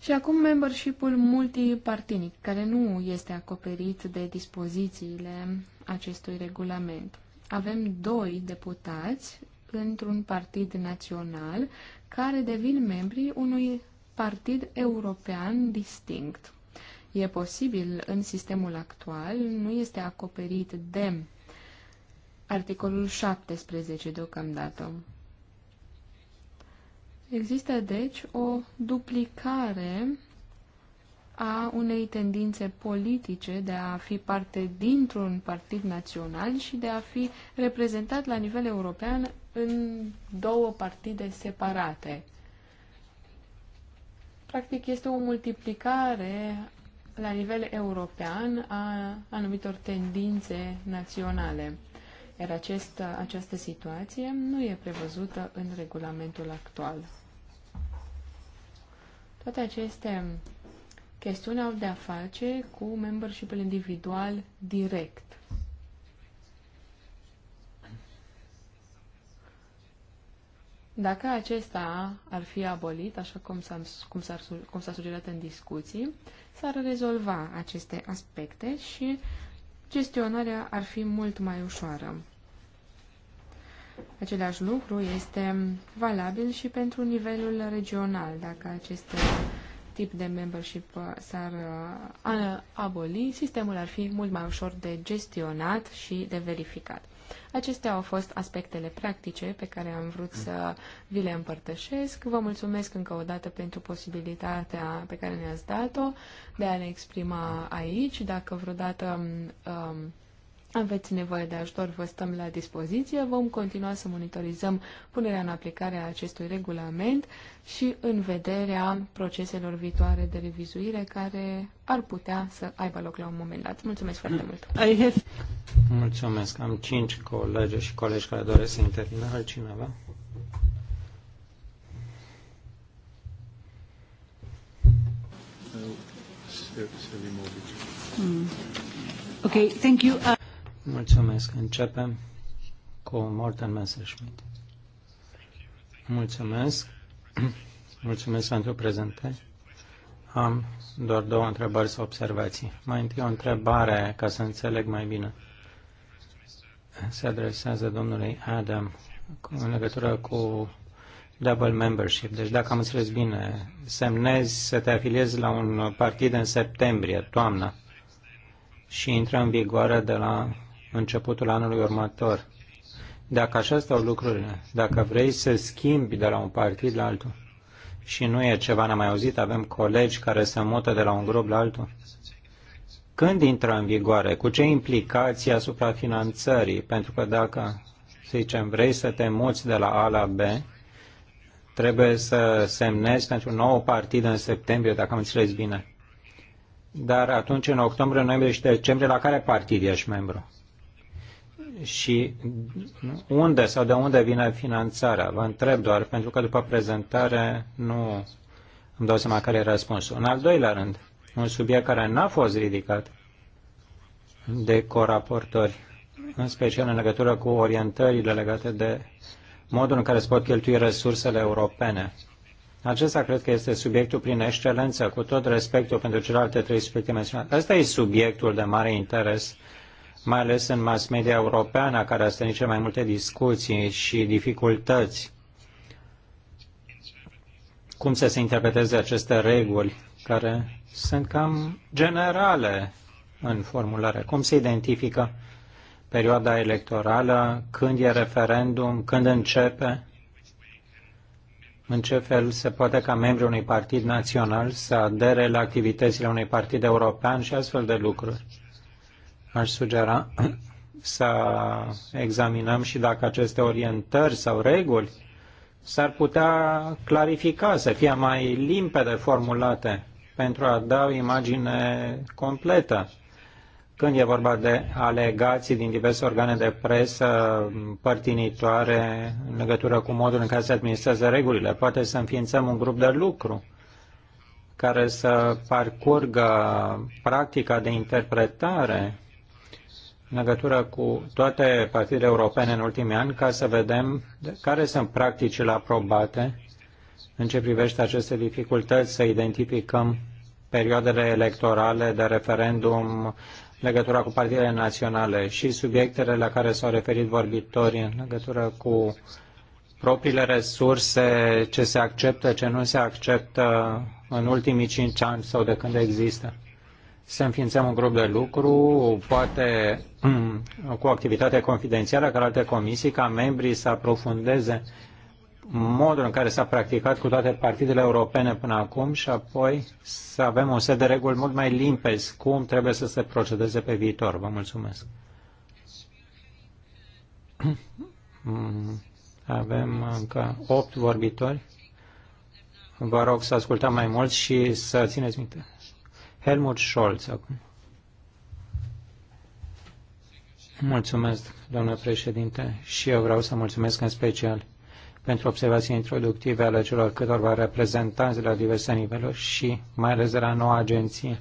Și acum membership-ul multipartinic, care nu este acoperit de dispozițiile acestui regulament. Avem doi deputați într-un partid național care devin membrii unui partid european distinct. E posibil în sistemul actual, nu este acoperit de articolul 17 deocamdată. Există, deci, o duplicare a unei tendințe politice de a fi parte dintr-un partid național și de a fi reprezentat la nivel european în două partide separate. Practic este o multiplicare la nivel european a anumitor tendințe naționale. Iar acest, această situație nu e prevăzută în regulamentul actual. Toate aceste chestiunea au de-a face cu membership individual direct. Dacă acesta ar fi abolit, așa cum s-a, cum, s cum s-a sugerat în discuții, s-ar rezolva aceste aspecte și gestionarea ar fi mult mai ușoară. Același lucru este valabil și pentru nivelul regional. Dacă aceste tip de membership uh, s-ar uh, aboli, sistemul ar fi mult mai ușor de gestionat și de verificat. Acestea au fost aspectele practice pe care am vrut să vi le împărtășesc. Vă mulțumesc încă o dată pentru posibilitatea pe care ne-ați dat-o de a ne exprima aici. Dacă vreodată um, aveți nevoie de ajutor, vă stăm la dispoziție. Vom continua să monitorizăm punerea în aplicare a acestui regulament și în vederea proceselor viitoare de revizuire care ar putea să aibă loc la un moment dat. Mulțumesc foarte mult!
I have... Mulțumesc! Am cinci colegi și colegi care doresc să intervină. Altcineva?
Hmm. Okay, thank
you. Uh... Mulțumesc. Începem cu Morten Messerschmidt. Mulțumesc. Mulțumesc pentru prezentare. Am doar două întrebări sau observații. Mai întâi o întrebare ca să înțeleg mai bine. Se adresează domnului Adam în legătură cu double membership. Deci dacă am înțeles bine, semnezi să te afiliezi la un partid în septembrie, toamna, și intră în vigoare de la începutul anului următor. Dacă așa stau lucrurile, dacă vrei să schimbi de la un partid la altul și nu e ceva n-am mai auzit, avem colegi care se mută de la un grup la altul, când intră în vigoare, cu ce implicații asupra finanțării? Pentru că dacă, să zicem, vrei să te muți de la A la B, trebuie să semnezi pentru nou partid în septembrie, dacă am înțeles bine. Dar atunci, în octombrie, noiembrie și decembrie, la care partid ești membru? și unde sau de unde vine finanțarea. Vă întreb doar, pentru că după prezentare nu îmi dau seama care e răspunsul. În al doilea rând, un subiect care n-a fost ridicat de coraportori, în special în legătură cu orientările legate de modul în care se pot cheltui resursele europene. Acesta cred că este subiectul prin excelență, cu tot respectul pentru celelalte trei subiecte menționate. Asta e subiectul de mare interes mai ales în mass media europeană, care a strânit cele mai multe discuții și dificultăți. Cum să se interpreteze aceste reguli, care sunt cam generale în formulare? Cum se identifică perioada electorală, când e referendum, când începe? În ce fel se poate ca membrii unui partid național să adere la activitățile unui partid european și astfel de lucruri? Aș sugera să examinăm și dacă aceste orientări sau reguli s-ar putea clarifica, să fie mai limpede formulate pentru a da o imagine completă. Când e vorba de alegații din diverse organe de presă părtinitoare în legătură cu modul în care se administrează regulile, poate să înființăm un grup de lucru care să parcurgă practica de interpretare în legătură cu toate partidele europene în ultimii ani ca să vedem care sunt practicile aprobate în ce privește aceste dificultăți să identificăm perioadele electorale de referendum legătura cu partidele naționale și subiectele la care s-au referit vorbitorii în legătură cu propriile resurse, ce se acceptă, ce nu se acceptă în ultimii cinci ani sau de când există să înființăm un grup de lucru, poate cu o activitate confidențială ca alte comisii, ca membrii să aprofundeze modul în care s-a practicat cu toate partidele europene până acum și apoi să avem un set de reguli mult mai limpezi cum trebuie să se procedeze pe viitor. Vă mulțumesc. Avem încă opt vorbitori. Vă rog să ascultăm mai mult și să țineți minte. Helmut Scholz acum. Mulțumesc, doamnă președinte, și eu vreau să mulțumesc în special pentru observații introductive ale celor câtorva reprezentanți de la diverse niveluri și mai ales de la noua agenție.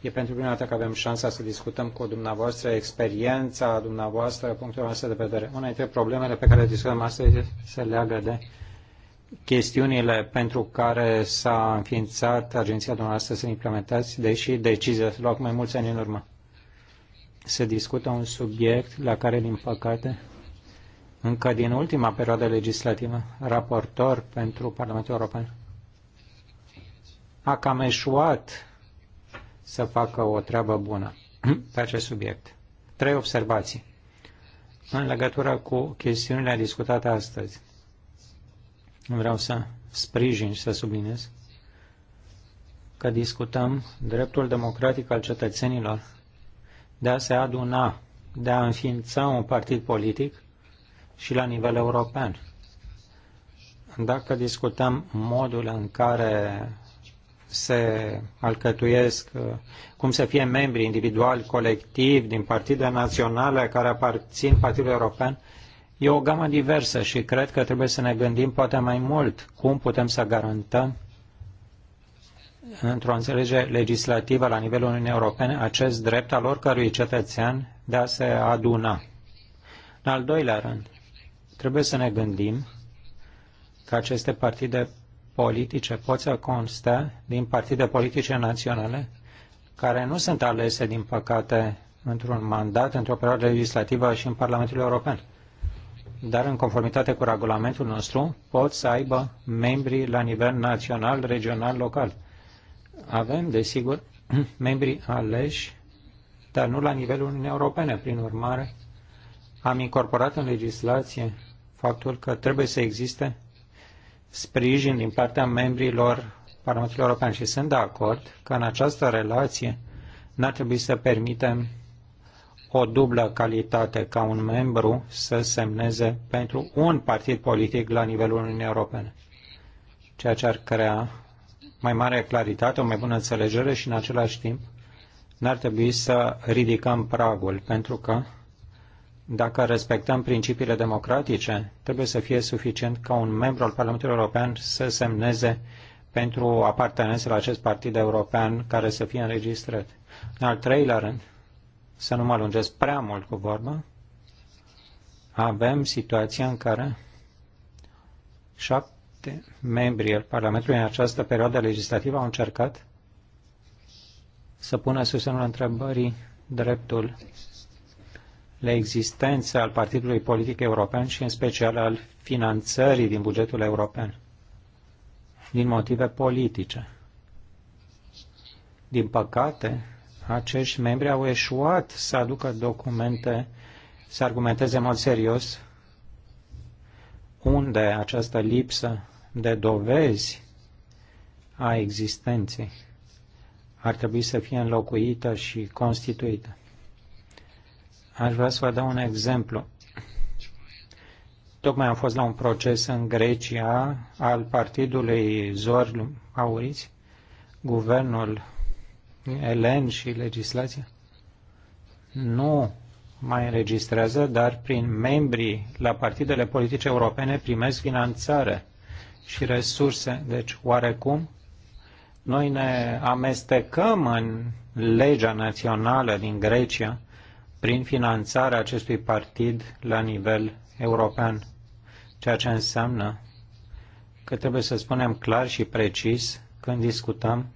E pentru prima dată că avem șansa să discutăm cu dumneavoastră experiența dumneavoastră, punctul noastră de vedere. Una dintre problemele pe care le discutăm astăzi se leagă de chestiunile pentru care s-a înființat agenția dumneavoastră să implementați, deși decizia se luat mai mulți ani în urmă. Se discută un subiect la care, din păcate, încă din ultima perioadă legislativă, raportor pentru Parlamentul European, a cam eșuat să facă o treabă bună pe acest subiect. Trei observații în legătură cu chestiunile discutate astăzi. Vreau să sprijin și să subliniez că discutăm dreptul democratic al cetățenilor de a se aduna, de a înființa un partid politic și la nivel european. Dacă discutăm modul în care se alcătuiesc, cum să fie membri individuali, colectivi, din partide naționale care aparțin Partidului European, E o gamă diversă și cred că trebuie să ne gândim poate mai mult cum putem să garantăm într-o înțelegere legislativă la nivelul Uniunii Europene acest drept al oricărui cetățean de a se aduna. În al doilea rând, trebuie să ne gândim că aceste partide politice pot să constă din partide politice naționale care nu sunt alese, din păcate, într-un mandat, într-o perioadă legislativă și în Parlamentul European dar în conformitate cu regulamentul nostru pot să aibă membri la nivel național, regional, local. Avem, desigur, membri aleși, dar nu la nivelul Uniunii Europene. Prin urmare, am incorporat în legislație faptul că trebuie să existe sprijin din partea membrilor Parlamentului European și sunt de acord că în această relație n-ar trebui să permitem o dublă calitate ca un membru să semneze pentru un partid politic la nivelul Uniunii Europene, ceea ce ar crea mai mare claritate, o mai bună înțelegere și în același timp n-ar trebui să ridicăm pragul, pentru că dacă respectăm principiile democratice, trebuie să fie suficient ca un membru al Parlamentului European să semneze pentru apartenență la acest partid european care să fie înregistrat. În al treilea rând, să nu mă alungesc prea mult cu vorba, avem situația în care șapte membri al Parlamentului în această perioadă legislativă au încercat să pună sub semnul întrebării dreptul la existență al Partidului Politic European și în special al finanțării din bugetul european, din motive politice. Din păcate, acești membri au eșuat să aducă documente, să argumenteze în mod serios unde această lipsă de dovezi a existenței ar trebui să fie înlocuită și constituită. Aș vrea să vă dau un exemplu. Tocmai am fost la un proces în Grecia al partidului Zor Auriți. Guvernul Elen și legislația? Nu mai înregistrează, dar prin membrii la partidele politice europene primesc finanțare și resurse. Deci, oarecum, noi ne amestecăm în legea națională din Grecia prin finanțarea acestui partid la nivel european, ceea ce înseamnă că trebuie să spunem clar și precis când discutăm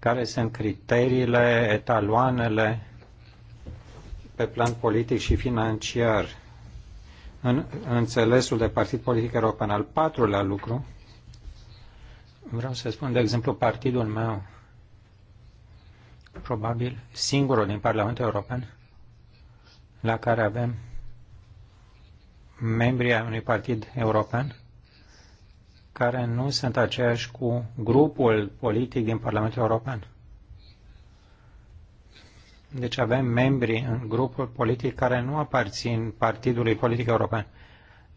care sunt criteriile, etaloanele pe plan politic și financiar în înțelesul de partid politic european. Al patrulea lucru, vreau să spun, de exemplu, partidul meu, probabil singurul din Parlamentul European, la care avem membrii unui partid european, care nu sunt aceeași cu grupul politic din Parlamentul European. Deci avem membri în grupul politic care nu aparțin Partidului Politic European,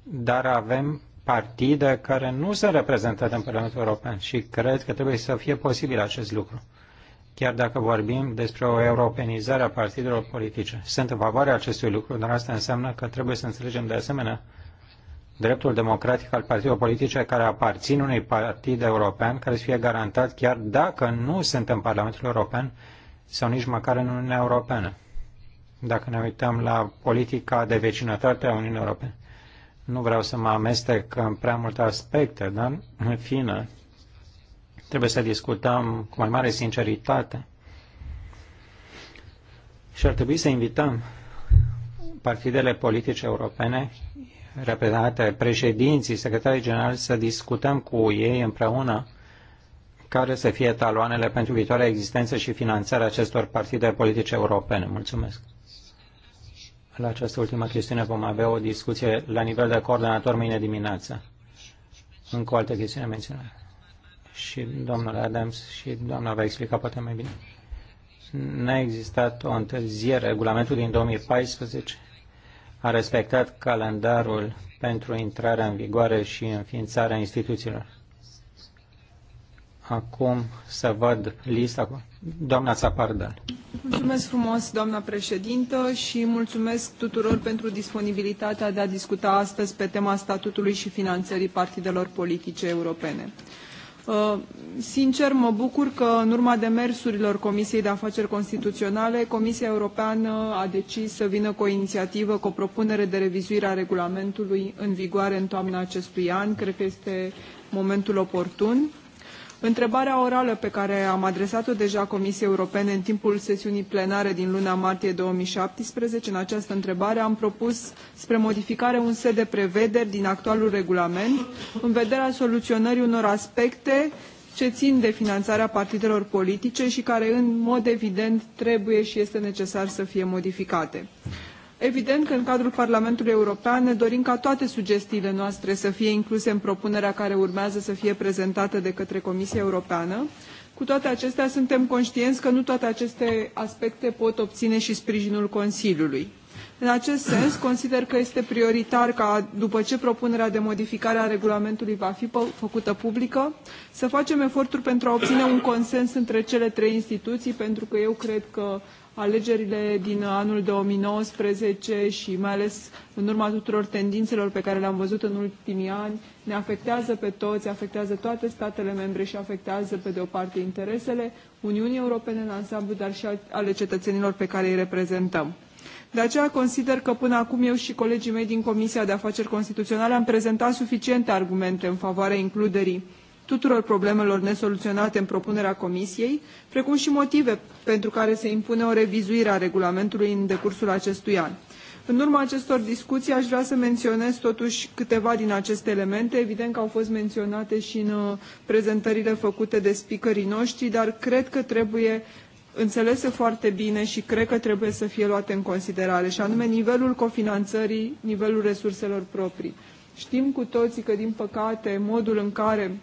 dar avem partide care nu sunt reprezentate în Parlamentul European și cred că trebuie să fie posibil acest lucru. Chiar dacă vorbim despre o europenizare a partidelor politice, sunt în favoarea acestui lucru, dar asta înseamnă că trebuie să înțelegem de asemenea dreptul democratic al partidelor politice care aparțin unui partid european care să fie garantat chiar dacă nu sunt în Parlamentul European sau nici măcar în Uniunea Europeană. Dacă ne uităm la politica de vecinătate a Uniunii Europene, nu vreau să mă amestec în prea multe aspecte, dar în fine trebuie să discutăm cu mai mare sinceritate și ar trebui să invităm partidele politice europene reprezentate președinții, secretarii generali, să discutăm cu ei împreună care să fie taloanele pentru viitoarea existență și finanțarea acestor partide politice europene. Mulțumesc. La această ultimă chestiune vom avea o discuție la nivel de coordonator mâine dimineață. Încă o altă chestiune menționată. Și domnul Adams și doamna va explica poate mai bine. N-a existat o întârziere. Regulamentul din 2014 a respectat calendarul pentru intrarea în vigoare și înființarea instituțiilor. Acum să văd lista. cu Doamna Sapardal.
Mulțumesc frumos, doamna președintă, și mulțumesc tuturor pentru disponibilitatea de a discuta astăzi pe tema statutului și finanțării partidelor politice europene Uh, sincer, mă bucur că în urma demersurilor Comisiei de Afaceri Constituționale, Comisia Europeană a decis să vină cu o inițiativă, cu o propunere de revizuire a regulamentului în vigoare în toamna acestui an. Cred că este momentul oportun. Întrebarea orală pe care am adresat-o deja Comisiei Europene în timpul sesiunii plenare din luna martie 2017, în această întrebare am propus spre modificare un set de prevederi din actualul regulament în vederea soluționării unor aspecte ce țin de finanțarea partidelor politice și care, în mod evident, trebuie și este necesar să fie modificate. Evident că în cadrul Parlamentului European ne dorim ca toate sugestiile noastre să fie incluse în propunerea care urmează să fie prezentată de către Comisia Europeană. Cu toate acestea, suntem conștienți că nu toate aceste aspecte pot obține și sprijinul Consiliului. În acest sens, consider că este prioritar ca, după ce propunerea de modificare a regulamentului va fi făcută publică, să facem eforturi pentru a obține un consens între cele trei instituții, pentru că eu cred că alegerile din anul 2019 și mai ales în urma tuturor tendințelor pe care le-am văzut în ultimii ani, ne afectează pe toți, afectează toate statele membre și afectează, pe de o parte, interesele Uniunii Europene în ansamblu, dar și ale cetățenilor pe care îi reprezentăm. De aceea consider că până acum eu și colegii mei din Comisia de Afaceri Constituționale am prezentat suficiente argumente în favoarea includerii tuturor problemelor nesoluționate în propunerea Comisiei, precum și motive pentru care se impune o revizuire a regulamentului în decursul acestui an. În urma acestor discuții aș vrea să menționez totuși câteva din aceste elemente, evident că au fost menționate și în uh, prezentările făcute de speakerii noștri, dar cred că trebuie înțelese foarte bine și cred că trebuie să fie luate în considerare, și anume nivelul cofinanțării, nivelul resurselor proprii. Știm cu toții că, din păcate, modul în care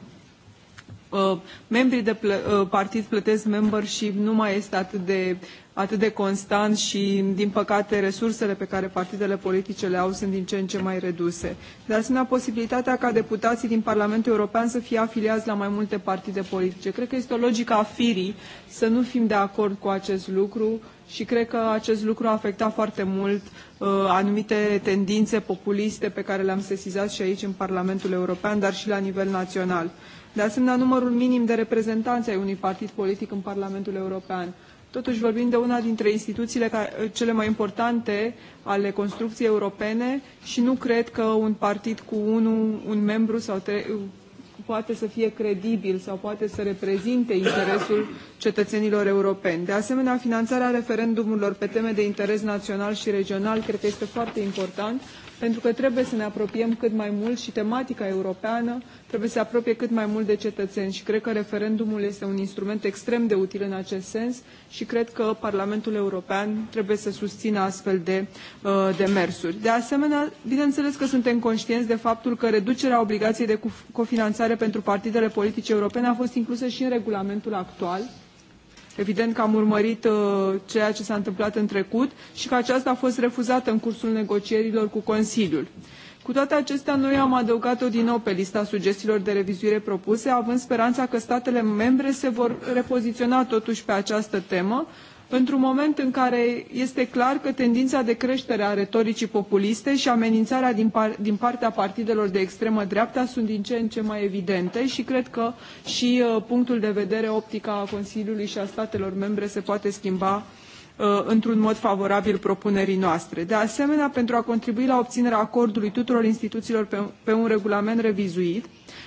Uh, membrii de uh, partid plătesc membership nu mai este atât de, atât de constant și, din păcate, resursele pe care partidele politice le au sunt din ce în ce mai reduse. De asemenea, posibilitatea ca deputații din Parlamentul European să fie afiliați la mai multe partide politice. Cred că este o logică a firii să nu fim de acord cu acest lucru și cred că acest lucru a afectat foarte mult uh, anumite tendințe populiste pe care le-am sesizat și aici în Parlamentul European, dar și la nivel național de asemenea numărul minim de reprezentanți ai unui partid politic în Parlamentul European. Totuși vorbim de una dintre instituțiile eh, cele mai importante ale construcției europene și nu cred că un partid cu unu, un membru sau eh, poate să fie credibil sau poate să reprezinte interesul cetățenilor europeni. De asemenea, finanțarea referendumurilor pe teme de interes național și regional cred că este foarte important pentru că trebuie să ne apropiem cât mai mult și tematica europeană trebuie să se apropie cât mai mult de cetățeni și cred că referendumul este un instrument extrem de util în acest sens și cred că Parlamentul European trebuie să susțină astfel de uh, demersuri. De asemenea, bineînțeles că suntem conștienți de faptul că reducerea obligației de cofinanțare pentru partidele politice europene a fost inclusă și în regulamentul actual. Evident că am urmărit uh, ceea ce s-a întâmplat în trecut și că aceasta a fost refuzată în cursul negocierilor cu Consiliul. Cu toate acestea, noi am adăugat-o din nou pe lista sugestiilor de revizuire propuse, având speranța că statele membre se vor repoziționa totuși pe această temă, într-un moment în care este clar că tendința de creștere a retoricii populiste și amenințarea din, par din partea partidelor de extremă dreapta sunt din ce în ce mai evidente și cred că și uh, punctul de vedere optic al Consiliului și a statelor membre se poate schimba uh, Uh, într-un mod favorabil propunerii noastre. De asemenea, pentru a contribui la obținerea acordului tuturor instituțiilor pe, pe un regulament revizuit,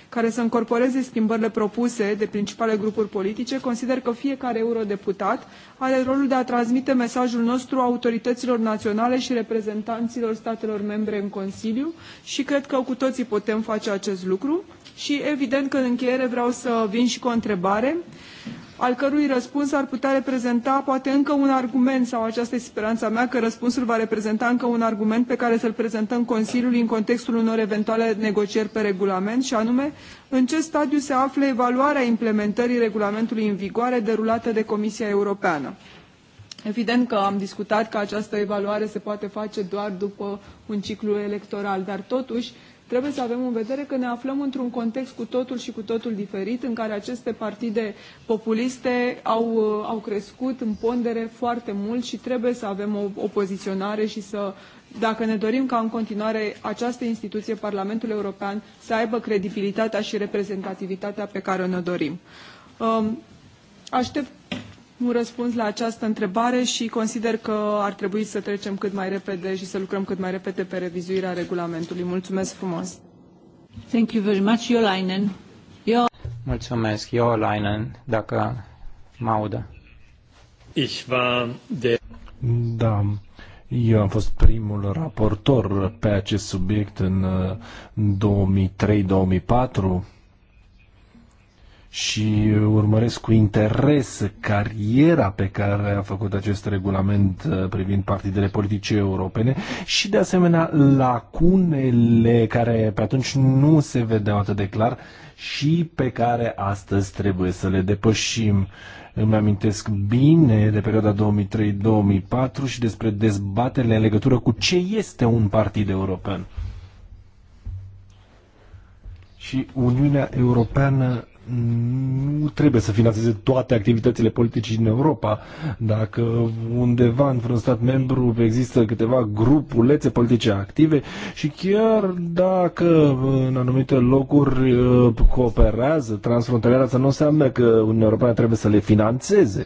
care să încorporeze schimbările propuse de principalele grupuri politice, consider că fiecare eurodeputat are rolul de a transmite mesajul nostru autorităților naționale și reprezentanților statelor membre în Consiliu și cred că cu toții putem face acest lucru. Și evident că în încheiere vreau să vin și cu o întrebare al cărui răspuns ar putea reprezenta poate încă un argument sau aceasta este speranța mea că răspunsul va reprezenta încă un argument pe care să l prezentăm Consiliului în contextul unor eventuale negocieri pe regulament și anume în ce stadiu se află evaluarea implementării regulamentului în vigoare derulată de Comisia Europeană. Evident că am discutat că această evaluare se poate face doar după un ciclu electoral, dar totuși trebuie să avem în vedere că ne aflăm într-un context cu totul și cu totul diferit, în care aceste partide populiste au, uh, au crescut în pondere foarte mult și trebuie să avem o, o poziționare și să dacă ne dorim ca în continuare această instituție, Parlamentul European, să aibă credibilitatea și reprezentativitatea pe care ne dorim. Um, aștept un răspuns la această întrebare și consider că ar trebui să trecem cât mai repede și să lucrăm cât mai repede pe revizuirea regulamentului. Mulțumesc frumos! Thank you very much, Iolainen. Yo.
Mulțumesc, Iolainen, dacă mă audă. Ich
war de...
Da, eu am fost primul raportor pe acest subiect în 2003-2004 uh, și urmăresc cu interes cariera pe care a făcut acest regulament uh, privind partidele politice europene și de asemenea lacunele care pe atunci nu se vedeau atât de clar și pe care astăzi trebuie să le depășim. Îmi amintesc bine de perioada 2003-2004 și despre dezbaterile în legătură cu ce este un partid european. Și Uniunea Europeană nu trebuie să finanțeze toate activitățile politicii din Europa. Dacă undeva în vreun stat membru există câteva grupulețe politice active și chiar dacă în anumite locuri uh, cooperează transfrontalierea asta nu înseamnă că Uniunea Europeană trebuie să le financeze.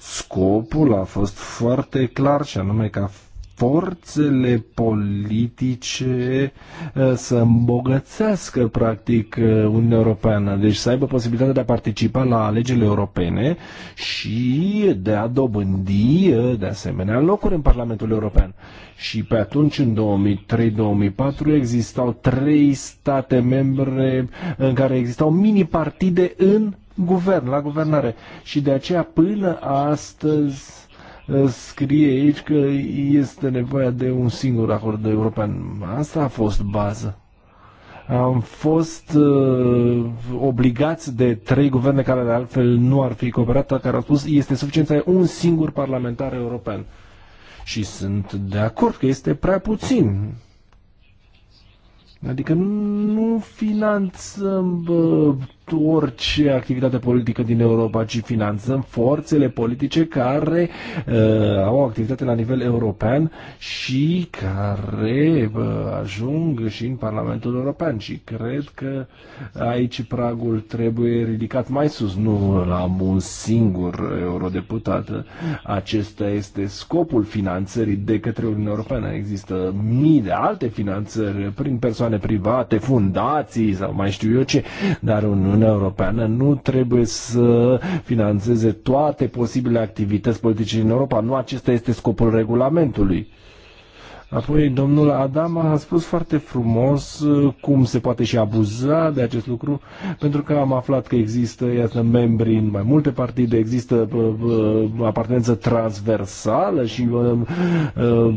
Scopul a fost foarte clar și anume ca forțele politice uh, să îmbogățească practic uh, Uniunea Europeană, deci să aibă posibilitatea de a participa la alegerile europene și de a dobândi uh, de asemenea locuri în Parlamentul European. Și pe atunci, în 2003-2004, existau trei state membre în care existau mini-partide în guvern, la guvernare. Și de aceea până astăzi scrie aici că este nevoie de un singur acord european. Asta a fost bază. Am fost uh, obligați de trei guverne care de altfel nu ar fi cooperat, care au spus este suficient să ai un singur parlamentar european. Și sunt de acord că este prea puțin. Adică nu finanțăm orice activitate politică din Europa, ci finanțăm forțele politice care uh, au activitate la nivel european și care uh, ajung și în Parlamentul European. Și cred că aici pragul trebuie ridicat mai sus, nu la un singur eurodeputat. Acesta este scopul finanțării de către Uniunea Europeană. Există mii de alte finanțări prin persoane private, fundații sau mai știu eu ce, dar un Uniunea Europeană nu trebuie să financeze toate posibile activități politice din Europa. Nu acesta este scopul regulamentului. Apoi domnul Adam a spus foarte frumos uh, cum se poate și abuza de acest lucru, pentru că am aflat că există, iată, membri în mai multe partide, există uh, uh apartenență transversală și uh, uh,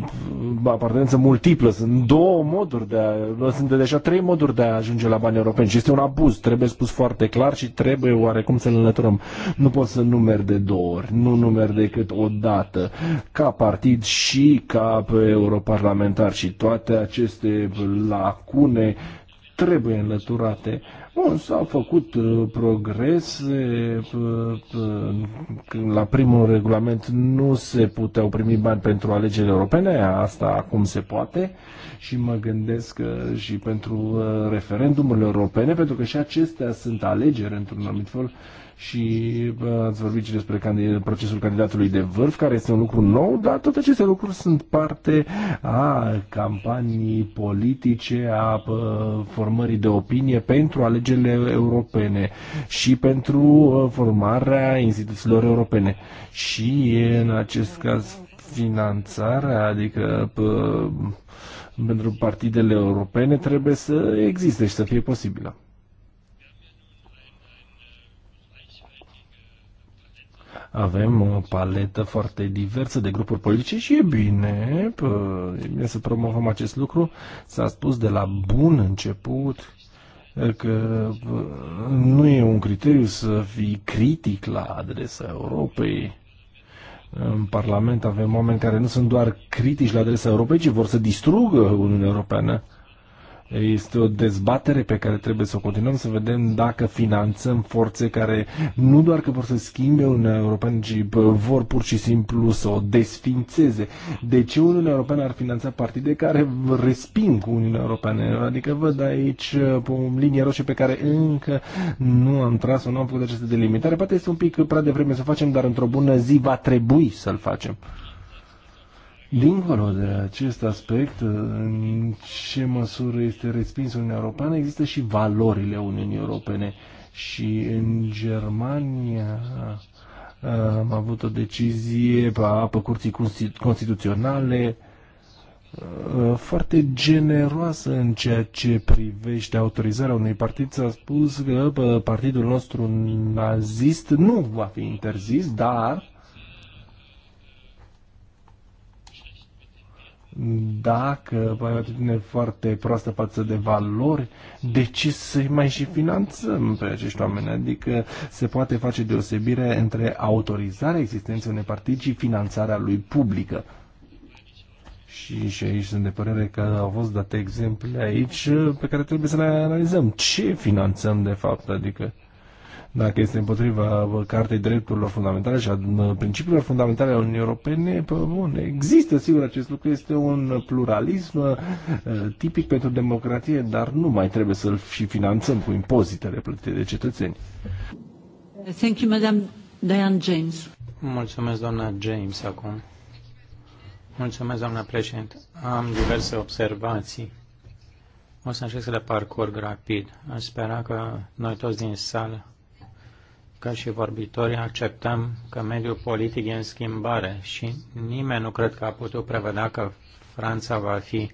apartenență multiplă. Sunt două moduri de a, uh, sunt de deja trei moduri de a ajunge la bani europeni și este un abuz, trebuie spus foarte clar și trebuie oarecum să-l înlăturăm. Nu pot să numer de două ori, nu numer decât o dată, ca partid și ca Europa parlamentar și toate aceste lacune trebuie înlăturate. Bun, s-au făcut uh, progrese, uh, uh, la primul regulament nu se puteau primi bani pentru alegerile europene, asta acum se poate și mă gândesc uh, și pentru uh, referendumurile europene, pentru că și acestea sunt alegeri într-un anumit fel și ați vorbit și despre procesul candidatului de vârf, care este un lucru nou, dar toate aceste lucruri sunt parte a campanii politice, a formării de opinie pentru alegerile europene și pentru formarea instituțiilor europene. Și în acest caz finanțarea, adică pentru partidele europene trebuie să existe și să fie posibilă. Avem o paletă foarte diversă de grupuri politice și e bine, e bine să promovăm acest lucru. S-a spus de la bun început că nu e un criteriu să fii critic la adresa Europei. În Parlament avem oameni care nu sunt doar critici la adresa Europei, ci vor să distrugă Uniunea Europeană. Este o dezbatere pe care trebuie să o continuăm, să vedem dacă finanțăm forțe care nu doar că vor să schimbe Uniunea Europeană, ci vor pur și simplu să o desfințeze. De ce Uniunea Europeană ar finanța partide care resping Uniunea Europeană? Adică văd aici uh, o linie roșie pe care încă nu am tras-o, nu am făcut această delimitare. Poate este un pic prea devreme să facem, dar într-o bună zi va trebui să-l facem. Dincolo de acest aspect, în ce măsură este respins Uniunea Europeană, există și valorile Uniunii Europene. Și în Germania uh, am avut o decizie pe apă curții constituționale uh, foarte generoasă în ceea ce privește autorizarea unui partid. S-a spus că uh, partidul nostru nazist nu va fi interzis, dar dacă mai o atitudine foarte proastă față de valori, de ce să-i mai și finanțăm pe acești oameni? Adică se poate face deosebire între autorizarea existenței unei partid și finanțarea lui publică. Și, și aici sunt de părere că au fost date exemple aici pe care trebuie să le analizăm. Ce finanțăm de fapt? Adică dacă este împotriva Cartei Drepturilor Fundamentale și a principiilor fundamentale ale Uniunii Europene, pă, bun, există sigur acest lucru, este un pluralism uh, tipic pentru democrație, dar nu mai trebuie să-l și finanțăm cu impozitele plătite de
cetățeni.
Thank you, Madam Diane James.
Mulțumesc, doamna James, acum. Mulțumesc, doamna președinte. Am diverse observații. O să încerc să le parcurg rapid. Aș spera că noi toți din sală ca și vorbitorii, acceptăm că mediul politic e în schimbare și nimeni nu cred că a putut prevedea că Franța va fi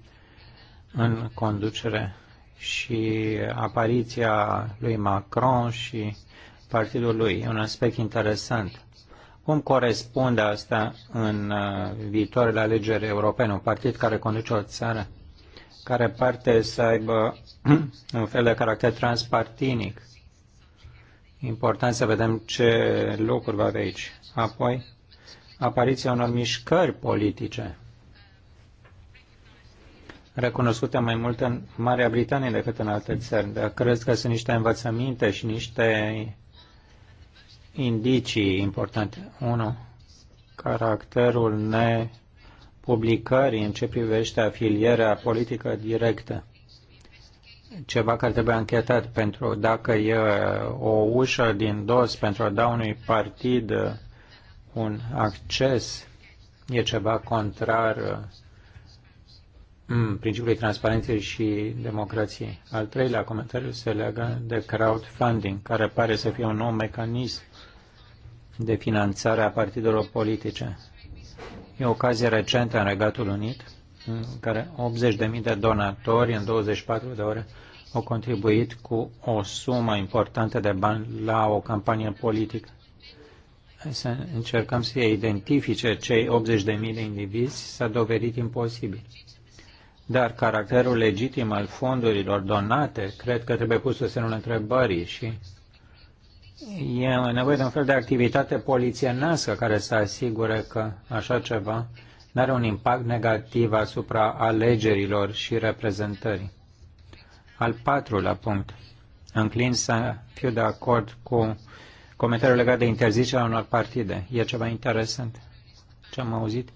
în conducere și apariția lui Macron și partidul lui. E un aspect interesant. Cum corespunde asta în uh, viitoarele alegeri europene? Un partid care conduce o țară care parte să aibă un fel de caracter transpartinic important să vedem ce lucruri va avea aici. Apoi, apariția unor mișcări politice recunoscute mai mult în Marea Britanie decât în alte țări. Dar cred că sunt niște învățăminte și niște indicii importante. 1. Caracterul nepublicării în ce privește afilierea politică directă ceva care trebuie anchetat pentru dacă e o ușă din dos pentru a da unui partid un acces, e ceva contrar mm, principiului transparenței și democrației. Al treilea comentariu se leagă de crowdfunding, care pare să fie un nou mecanism de finanțare a partidelor politice. E o ocazie recentă în Regatul Unit în care 80.000 de donatori în 24 de ore au contribuit cu o sumă importantă de bani la o campanie politică. Hai să încercăm să identifice cei 80.000 de indivizi s-a dovedit imposibil. Dar caracterul legitim al fondurilor donate cred că trebuie pus să se întrebării și e nevoie de un fel de activitate polițienească care să asigure că așa ceva n are un impact negativ asupra alegerilor și reprezentării. Al patrulea punct. Înclin să fiu de acord cu comentariul legat de interzicerea unor partide. E ceva interesant ce am auzit.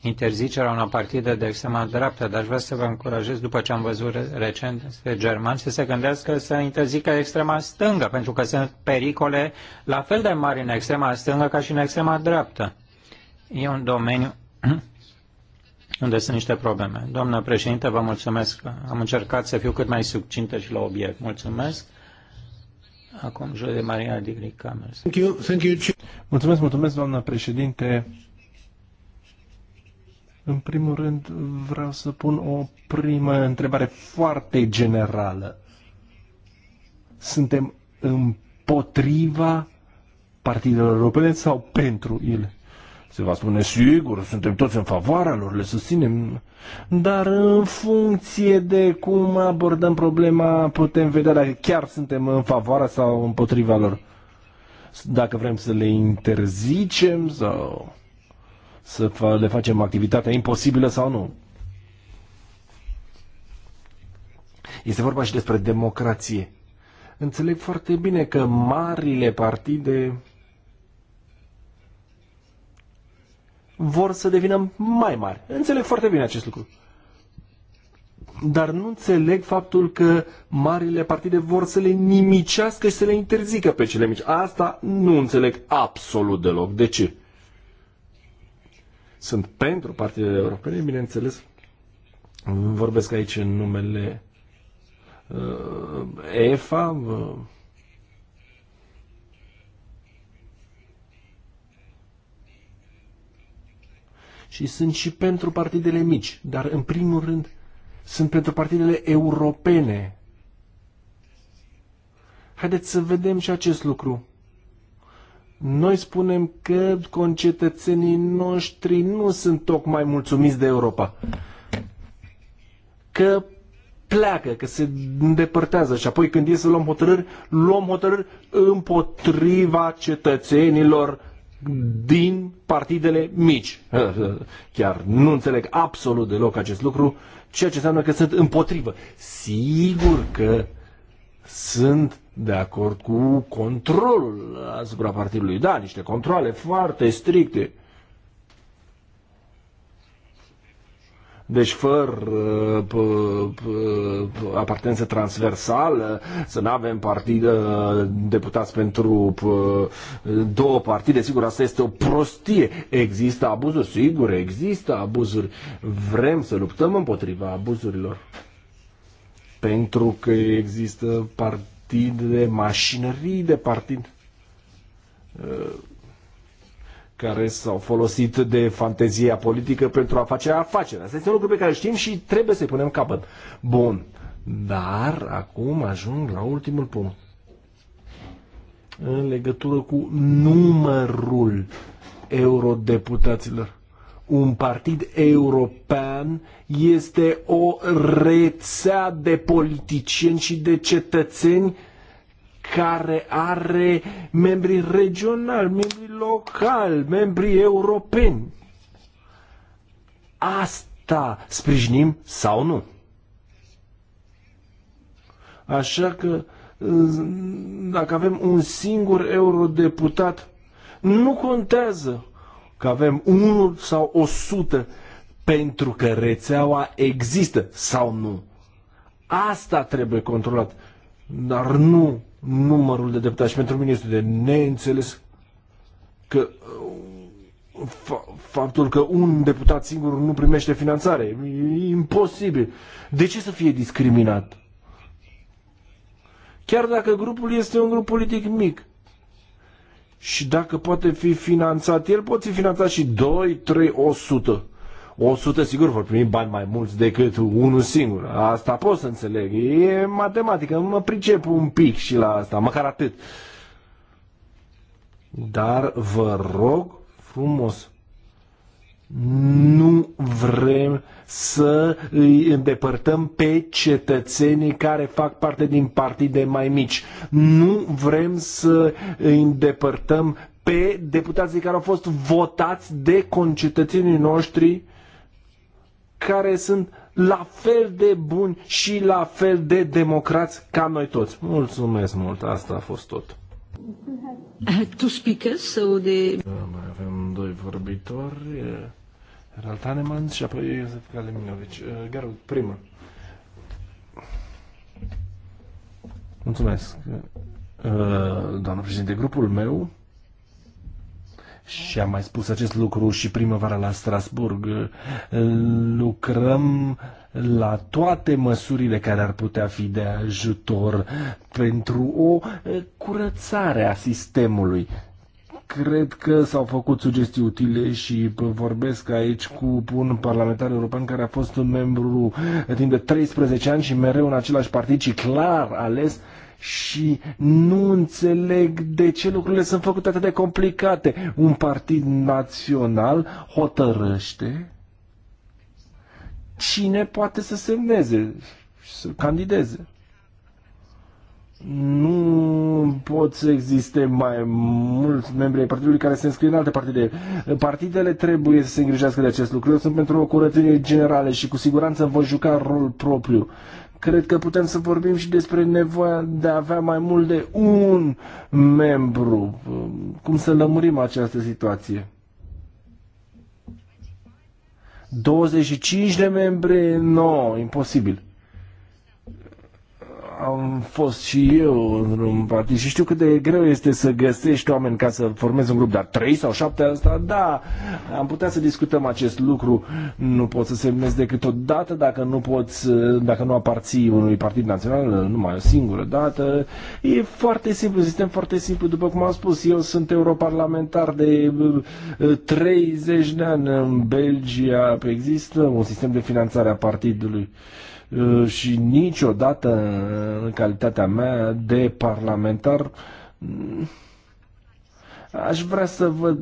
Interzicerea unor partide de extrema dreaptă, dar aș vrea să vă încurajez, după ce am văzut recent despre germani, să se gândească să interzică extrema stângă, pentru că sunt pericole la fel de mari în extrema stângă ca și în extrema dreaptă. E un domeniu unde sunt niște probleme. Doamnă președinte, vă mulțumesc. Am încercat să fiu cât mai succintă și la obiect. Mulțumesc. Acum, Jose Maria Digri Camers. Thank you, thank you. Mulțumesc, mulțumesc, doamnă președinte.
În primul rând, vreau să pun o primă întrebare foarte generală. Suntem împotriva partidelor europene sau pentru ele? Se va spune, sigur, suntem toți în favoarea lor, le susținem, dar în funcție de cum abordăm problema, putem vedea dacă chiar suntem în favoarea sau împotriva lor. Dacă vrem să le interzicem sau să le facem activitatea imposibilă sau nu. Este vorba și despre democrație. Înțeleg foarte bine că marile partide vor să devină mai mari. Înțeleg foarte bine acest lucru. Dar nu înțeleg faptul că marile partide vor să le nimicească și să le interzică pe cele mici. Asta nu înțeleg absolut deloc. De ce? Sunt pentru partidele europene, bineînțeles. Vorbesc aici în numele uh, EFA, uh, și sunt și pentru partidele mici, dar în primul rând sunt pentru partidele europene. Haideți să vedem și acest lucru. Noi spunem că concetățenii noștri nu sunt tocmai mulțumiți de Europa. Că pleacă, că se îndepărtează și apoi când e să luăm hotărâri, luăm hotărâri împotriva cetățenilor din partidele mici. Chiar nu înțeleg absolut deloc acest lucru, ceea ce înseamnă că sunt împotrivă. Sigur că sunt de acord cu controlul asupra partidului. Da, niște controle foarte stricte. deci fără apartență transversală, să nu avem partidă deputați pentru două partide, sigur, asta este o prostie. Există abuzuri, sigur, există abuzuri. Vrem să luptăm împotriva abuzurilor. Pentru că există partide, mașinării de partid care s-au folosit de fantezia politică pentru a face afacerea. Asta este un lucru pe care știm și trebuie să-i punem capăt. Bun. Dar acum ajung la ultimul punct. În legătură cu numărul eurodeputaților. Un partid european este o rețea de politicieni și de cetățeni care are membri regionali, membri locali, membri europeni. Asta sprijinim sau nu? Așa că dacă avem un singur eurodeputat, nu contează că avem unul sau o sută, pentru că rețeaua există sau nu. Asta trebuie controlat, dar nu numărul de deputați. Și pentru mine este de neînțeles că uh, faptul că un deputat singur nu primește finanțare. E imposibil. De ce să fie discriminat? Chiar dacă grupul este un grup politic mic. Și dacă poate fi finanțat, el poate fi finanțat și 2, 3, 100. 100 sigur vor primi bani mai mulți decât unul singur. Asta pot să înțeleg. E matematică. Mă pricep un pic și la asta, măcar atât. Dar vă rog frumos,
nu vrem
să îi îndepărtăm pe cetățenii care fac parte din partide mai mici. Nu vrem să îi îndepărtăm pe deputații care au fost votați de concetățenii noștri care sunt la fel de buni și la fel de democrați ca noi toți. Mulțumesc mult, asta a fost tot. Two speakers, so the... Da, mai avem doi vorbitori, eh, Ralf Taneman și apoi Iosef Kaleminovici. Eh, Garu, primă. Mulțumesc. Eh, Doamna președinte, grupul meu și am mai spus acest lucru și primăvara la Strasburg, lucrăm la toate măsurile care ar putea fi de ajutor pentru o curățare a sistemului. Cred că s-au făcut sugestii utile și vorbesc aici cu un parlamentar european care a fost un membru timp de 13 ani și mereu în același partid și clar ales uh, și nu înțeleg de ce lucrurile sunt făcute atât de complicate. Un partid național hotărăște cine poate să semneze și să candideze. Nu pot să existe mai mulți membri ai partidului care se înscrie în alte partide. Partidele trebuie să se îngrijească de acest lucru. Eu sunt pentru o curățenie generală și cu siguranță vor juca rol propriu. Cred că putem să vorbim și despre nevoia de a avea mai mult de un membru. Cum să lămurim această situație? 25 de membre? Nu, no, imposibil am fost și eu într-un partid și știu cât de greu este să găsești oameni ca să formezi un grup, dar trei sau șapte asta, da, am putea să discutăm acest lucru. Nu poți să semnezi decât o dată dacă nu poți, dacă nu aparții unui partid național, numai o singură dată. E foarte simplu, sistem foarte simplu, după cum am spus, eu sunt europarlamentar de 30 uh, de ani în Belgia, există un sistem de finanțare a partidului. Uh, Uh, și niciodată uh, în calitatea mea de parlamentar mm, aș vrea să văd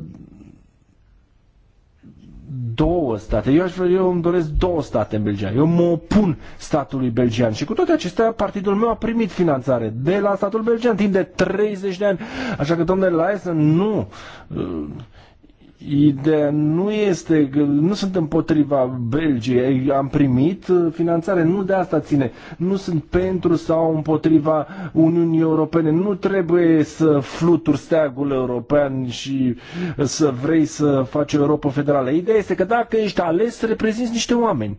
două state. Eu, aș vrea, eu îmi doresc două state în Belgia. Eu mă opun statului belgian și cu toate acestea partidul meu a primit finanțare de la statul belgian timp de 30 de ani. Așa că, domnule Laesen, nu. Uh, Ideea nu este, nu sunt împotriva Belgiei, am primit uh, finanțare, nu de asta ține. Nu sunt pentru sau împotriva Uniunii Europene. Nu trebuie să fluturi steagul european și să vrei să faci o Europa federală. Ideea este că dacă ești ales, reprezinți niște oameni.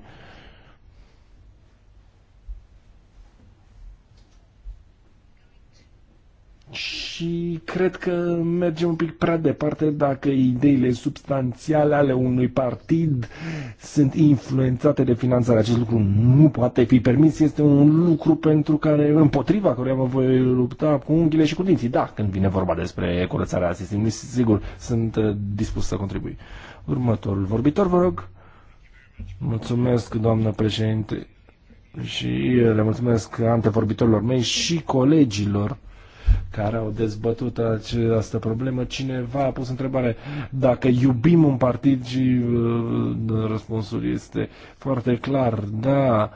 Și și cred că merge un pic prea departe dacă ideile substanțiale ale unui partid sunt influențate de finanțare. Acest lucru nu poate fi permis, este un lucru pentru care, împotriva căruia mă voi lupta cu unghiile și cu dinții. Da, când vine vorba despre curățarea sistemului, sigur, sunt uh, dispus să contribui. Următorul vorbitor, vă rog. Mulțumesc, doamnă președinte și uh, le mulțumesc antevorbitorilor mei și colegilor care au dezbătut această problemă. Cineva a pus întrebare dacă iubim un partid și uh, răspunsul este foarte clar, da,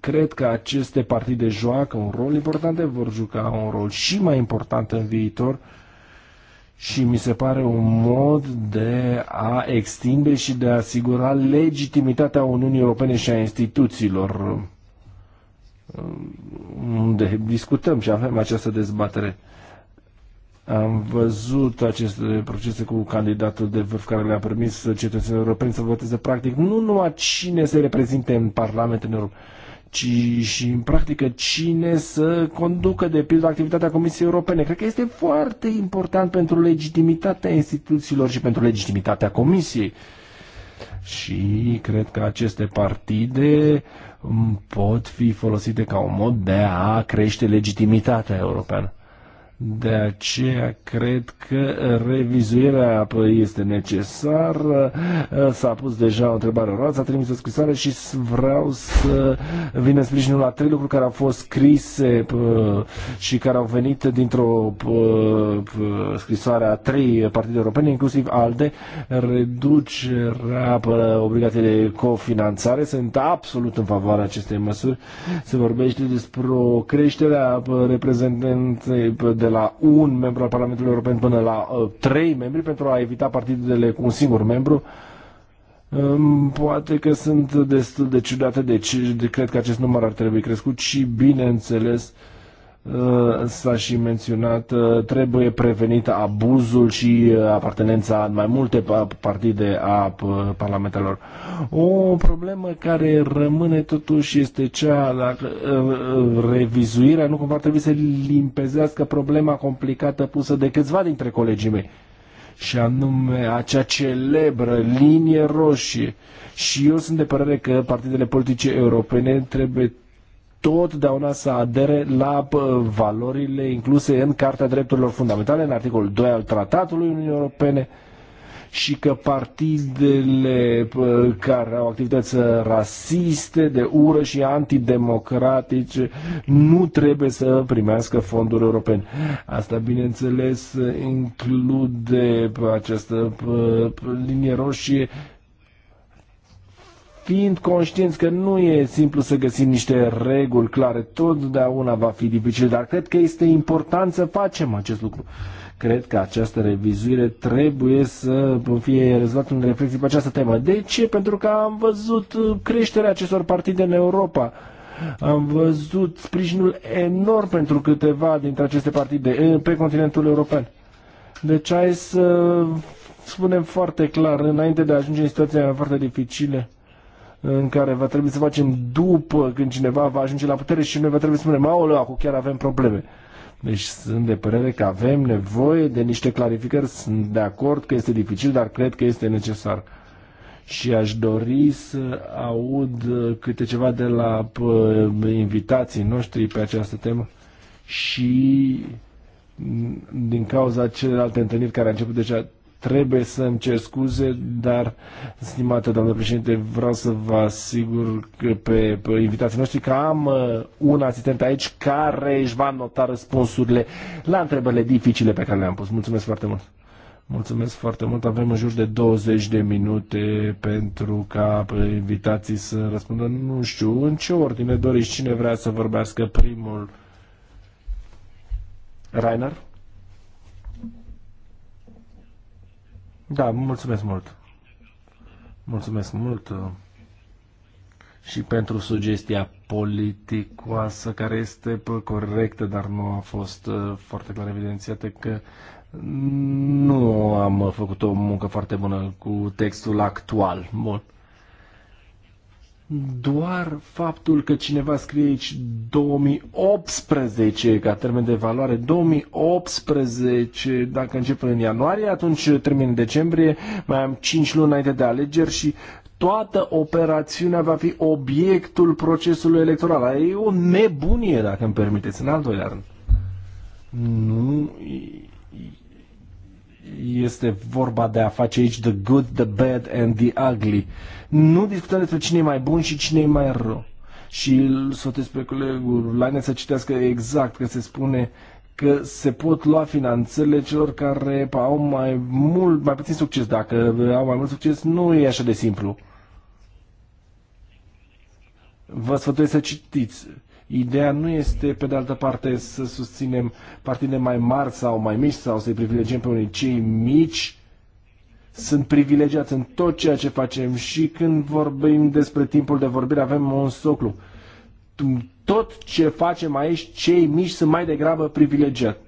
cred că aceste partide joacă un rol important, vor juca un rol și mai important în viitor și mi se pare un mod de a extinde și de a asigura legitimitatea Uniunii Europene și a instituțiilor Um, unde discutăm și avem această dezbatere. Am văzut aceste procese cu candidatul de vârf care le-a permis cetățenilor europeni să voteze practic nu numai cine să reprezinte în Parlamentul în Europa, ci și în practică cine să conducă de pildă activitatea Comisiei Europene. Cred că este foarte important pentru legitimitatea instituțiilor și pentru legitimitatea Comisiei. Și cred că aceste partide uh, pot fi folosite ca un mod de a crește legitimitatea europeană. De aceea cred că revizuirea este necesară. S-a pus deja o întrebare roată, s-a trimis o scrisoare și vreau să vină sprijinul la trei lucruri care au fost scrise și care au venit dintr-o scrisoare a trei partide europene, inclusiv ALDE, reducerea obligației de cofinanțare. Sunt absolut în favoarea acestei măsuri. Se vorbește despre o creștere a reprezentanței de la un membru al Parlamentului European până la uh, trei membri pentru a evita partidele cu un singur membru. Um, poate că sunt destul de ciudate, deci cred că acest număr ar trebui crescut și, bineînțeles, uh, Uh, s-a și menționat, uh, trebuie prevenit abuzul și uh, apartenența în mai multe partide a parlamentelor. O problemă care rămâne totuși este cea la revizuirea, nu cumva trebuie să limpezească problema complicată pusă de câțiva dintre colegii mei și anume acea celebră linie roșie. Și eu sunt de părere că partidele politice europene trebuie totdeauna să adere la valorile incluse în Carta Drepturilor Fundamentale, în articolul 2 al Tratatului Uniunii Europene, și că partidele care au activități rasiste, de ură și antidemocratice nu trebuie să primească fonduri europene. Asta, bineînțeles, include această linie roșie fiind conștienți că nu e simplu să găsim niște reguli clare, totdeauna va fi dificil, dar cred că este important să facem acest lucru. Cred că această revizuire trebuie să fie rezolvată în reflexie pe această temă. De ce? Pentru că am văzut creșterea acestor partide în Europa. Am văzut sprijinul enorm pentru câteva dintre aceste partide eh, pe continentul european. Deci hai să spunem foarte clar, înainte de a ajunge în situația foarte dificile în care va trebui să facem după când cineva va ajunge la putere și noi va trebui să spunem, aoleu, acum chiar avem probleme. Deci sunt de părere că avem nevoie de niște clarificări, sunt de acord că este dificil, dar cred că este necesar. Și aș dori să aud câte ceva de la invitații noștri pe această temă și din cauza celelalte întâlniri care a început deja Trebuie să-mi cer scuze, dar, stimată doamnă președinte, vreau să vă asigur că pe, pe invitații noștri că am uh, un asistent aici care își va nota răspunsurile la întrebările dificile pe care le-am pus. Mulțumesc foarte mult! Mulțumesc foarte mult. Avem în jur de 20 de minute pentru ca invitații să răspundă. Nu știu în ce ordine doriți, cine vrea să vorbească primul. Rainer? Da, mulțumesc mult. Mulțumesc mult uh, și pentru sugestia politicoasă care este corectă, dar nu a fost uh, foarte clar evidențiată că nu am făcut o muncă foarte bună cu textul actual. Bun doar faptul că cineva scrie aici 2018 ca termen de valoare, 2018, dacă începe în ianuarie, atunci termin în decembrie, mai am 5 luni înainte de alegeri și toată operațiunea va fi obiectul procesului electoral. E o nebunie, dacă îmi permiteți, în al doilea rând. Nu este vorba de a face aici the good, the bad and the ugly. Nu discutăm despre cine e mai bun și cine e mai rău. Și îl sotesc pe colegul Laine să citească exact că se spune că se pot lua finanțele celor care au mai mult, mai puțin succes. Dacă au mai mult succes, nu e așa de simplu. Vă sfătuiesc să citiți Ideea nu este, pe de altă parte, să susținem partide mai mari sau mai mici sau să-i privilegiem pe unii cei mici, sunt privilegiați în tot ceea ce facem și când vorbim despre timpul de vorbire avem un soclu. Tot ce facem aici, cei mici sunt mai degrabă privilegiați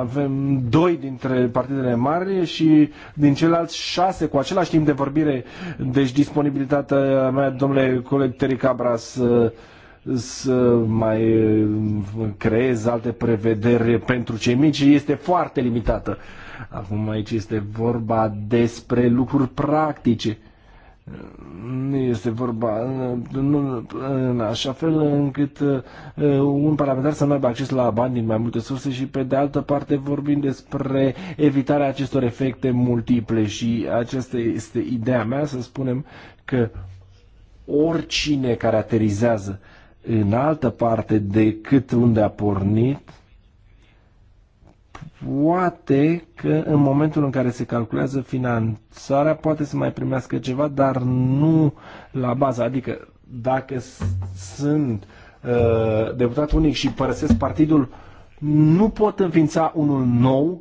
avem doi dintre partidele mari și din ceilalți șase cu același timp de vorbire. Deci disponibilitatea mea, domnule coleg Terry Cabras, să mai creez alte prevederi pentru cei mici este foarte limitată. Acum aici este vorba despre lucruri practice este vorba nu, în așa fel încât uh, un parlamentar să nu aibă acces la bani din mai multe surse și pe de altă parte vorbim despre evitarea acestor efecte multiple și aceasta este ideea mea să spunem că oricine care aterizează în altă parte decât unde a pornit poate că în momentul în care se calculează finanțarea poate să mai primească ceva, dar nu la bază. Adică dacă sunt uh, deputat unic și părăsesc partidul, nu pot înființa unul nou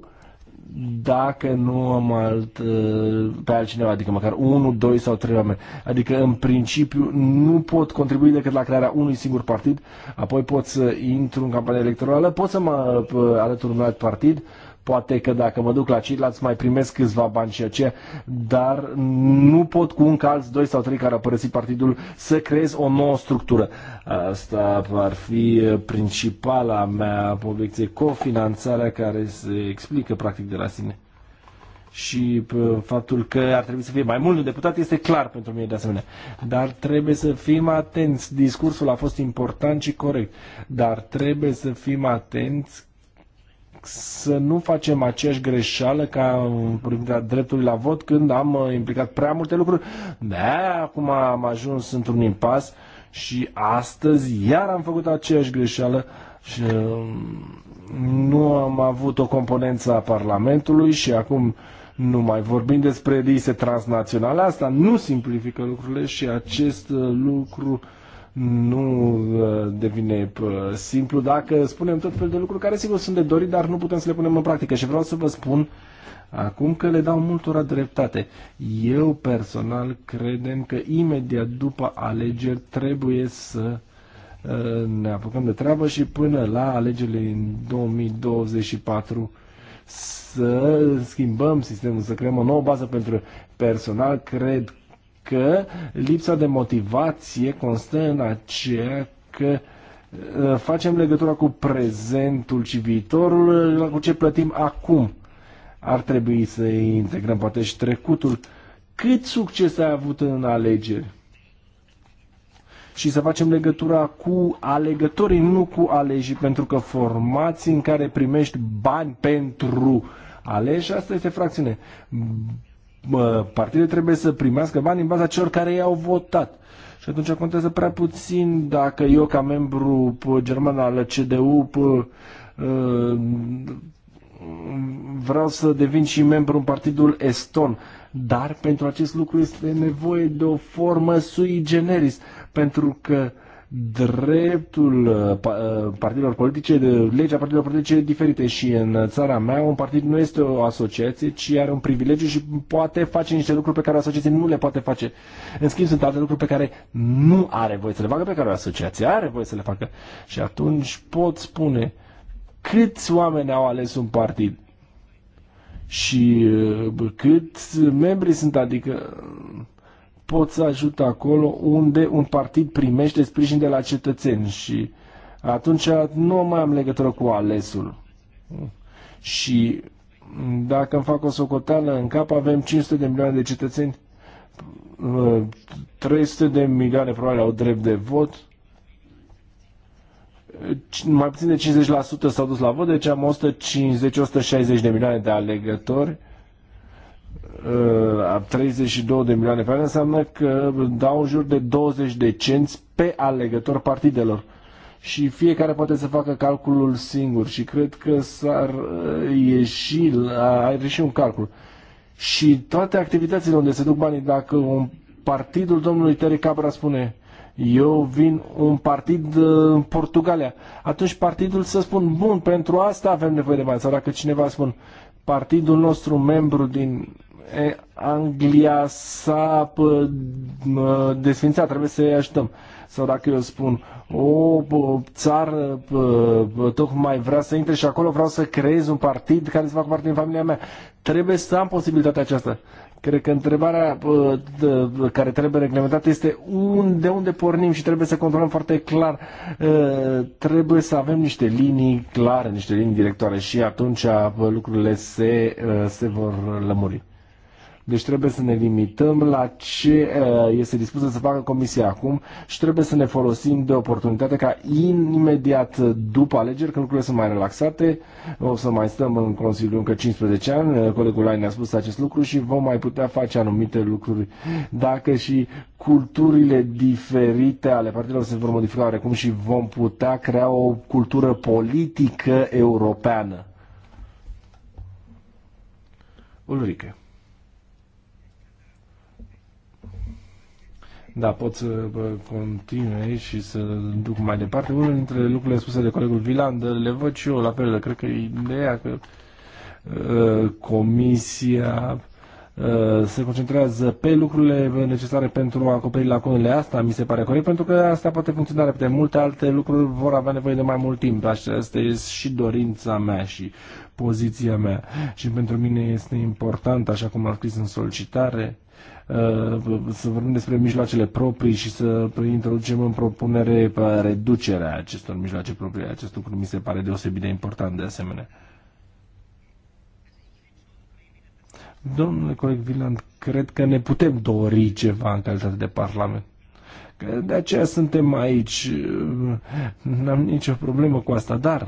dacă nu am alt, uh, pe altcineva, adică măcar unul, doi sau trei oameni. Adică, în principiu, nu pot contribui decât la crearea unui singur partid, apoi pot să intru în campanie electorală, pot să mă uh, alătur unui alt partid, Poate că dacă mă duc la ceilalți mai primesc câțiva bani și ce, dar nu pot cu încă alți doi sau trei care au părăsit partidul să creez o nouă structură. Asta ar fi principala mea obiecție, cofinanțarea care se explică practic de la sine și faptul că ar trebui să fie mai mult de deputat este clar pentru mine de asemenea. Dar trebuie să fim atenți. Discursul a fost important și corect, dar trebuie să fim atenți să nu facem aceeași greșeală ca în privința dreptului la vot când am uh, implicat prea multe lucruri. Da, acum am ajuns într-un impas și astăzi iar am făcut aceeași greșeală și um, nu am avut o componență a Parlamentului și acum nu mai vorbim despre lise transnaționale. Asta nu simplifică lucrurile și acest uh, lucru uh, nu uh, devine uh, simplu dacă spunem tot felul de lucruri care sigur sunt de dorit, dar nu putem să le punem în practică. Și vreau să vă spun acum că le dau multora dreptate. Eu personal credem că imediat după alegeri trebuie să uh, ne apucăm de treabă și până la alegerile în 2024 să schimbăm sistemul, să creăm o nouă bază pentru personal. Cred că lipsa de motivație constă în aceea că uh, facem legătura cu prezentul și viitorul, cu ce plătim acum. Ar trebui să integrăm poate și trecutul. Cât succes ai avut în alegeri? și să facem legătura cu alegătorii, nu cu aleșii, pentru că formații în care primești bani pentru aleși, asta este fracțiune partide trebuie să primească bani în baza celor care i-au votat. Și atunci contează prea puțin dacă eu, ca membru german al CDU, ă, vreau să devin și membru în partidul Eston. Dar pentru acest lucru este nevoie de o formă sui generis, pentru că uh, dreptul uh, uh, partidelor politice, de legea partidelor politice diferite și în țara mea un partid nu este o asociație, ci are un privilegiu și poate face niște lucruri pe care o asociație nu le poate face. În schimb, sunt alte lucruri pe care nu are voie să le facă, pe care o asociație are voie să le facă. Și atunci pot spune câți oameni au ales un partid și uh, câți membri sunt, adică pot să ajut acolo unde un partid primește sprijin de la cetățeni și atunci nu mai am legătură cu alesul. Și dacă îmi fac o socoteală în cap, avem 500 de milioane de cetățeni, 300 uh, de milioane probabil au drept de vot, mai puțin de 50% s-au dus la vot, deci am 150-160 de milioane de alegători 32 uh, de milioane pe an înseamnă că dau în jur de 20 de cenți pe alegător partidelor. Și fiecare poate să facă calculul singur și cred că s-ar uh, ieși, ar ieși un calcul. Și toate activitățile unde se duc banii, dacă un partidul domnului Terry Cabra spune eu vin un partid uh, în Portugalia, atunci partidul să spun, bun, pentru asta avem nevoie de bani. Sau dacă cineva spun, partidul nostru membru din Anglia s-a desfințat, trebuie să îi ajutăm. Sau dacă eu spun, o țară tocmai vrea să intre și acolo vreau să creez un partid care să facă parte din familia mea. Trebuie să am posibilitatea aceasta. Cred că întrebarea care trebuie reglementată este unde, unde pornim și trebuie să controlăm foarte clar. Trebuie să avem niște linii clare, niște linii directoare și atunci lucrurile se, se vor lămuri. Deci trebuie să ne limităm la ce uh, este dispusă să facă Comisia acum și trebuie să ne folosim de oportunitatea ca imediat după alegeri, că lucrurile sunt mai relaxate, o să mai stăm în Consiliu încă 15 ani, uh, colegul Lai ne-a spus acest lucru și vom mai putea face anumite lucruri dacă și culturile diferite ale partidelor se vor modifica oarecum și vom putea crea o cultură politică europeană. Ulrike. Da, pot să continui și să duc mai departe. Unul dintre lucrurile spuse de colegul Viland, le văd și eu la fel. Cred că ideea că ă, comisia ă, se concentrează pe lucrurile necesare pentru a acoperi lacunele asta, mi se pare corect, pentru că asta poate funcționa repede. Multe alte lucruri vor avea nevoie de mai mult timp. Asta este și dorința mea și poziția mea. Și pentru mine este important, așa cum am scris în solicitare, Uh, să vorbim despre mijloacele proprii și să introducem în propunere uh, reducerea acestor mijloace proprii. Acest lucru mi se pare deosebit de important de asemenea. Domnule coleg Viland, cred că ne putem dori ceva în calitate de parlament. Că de aceea suntem aici. Uh, n-am nicio problemă cu asta, dar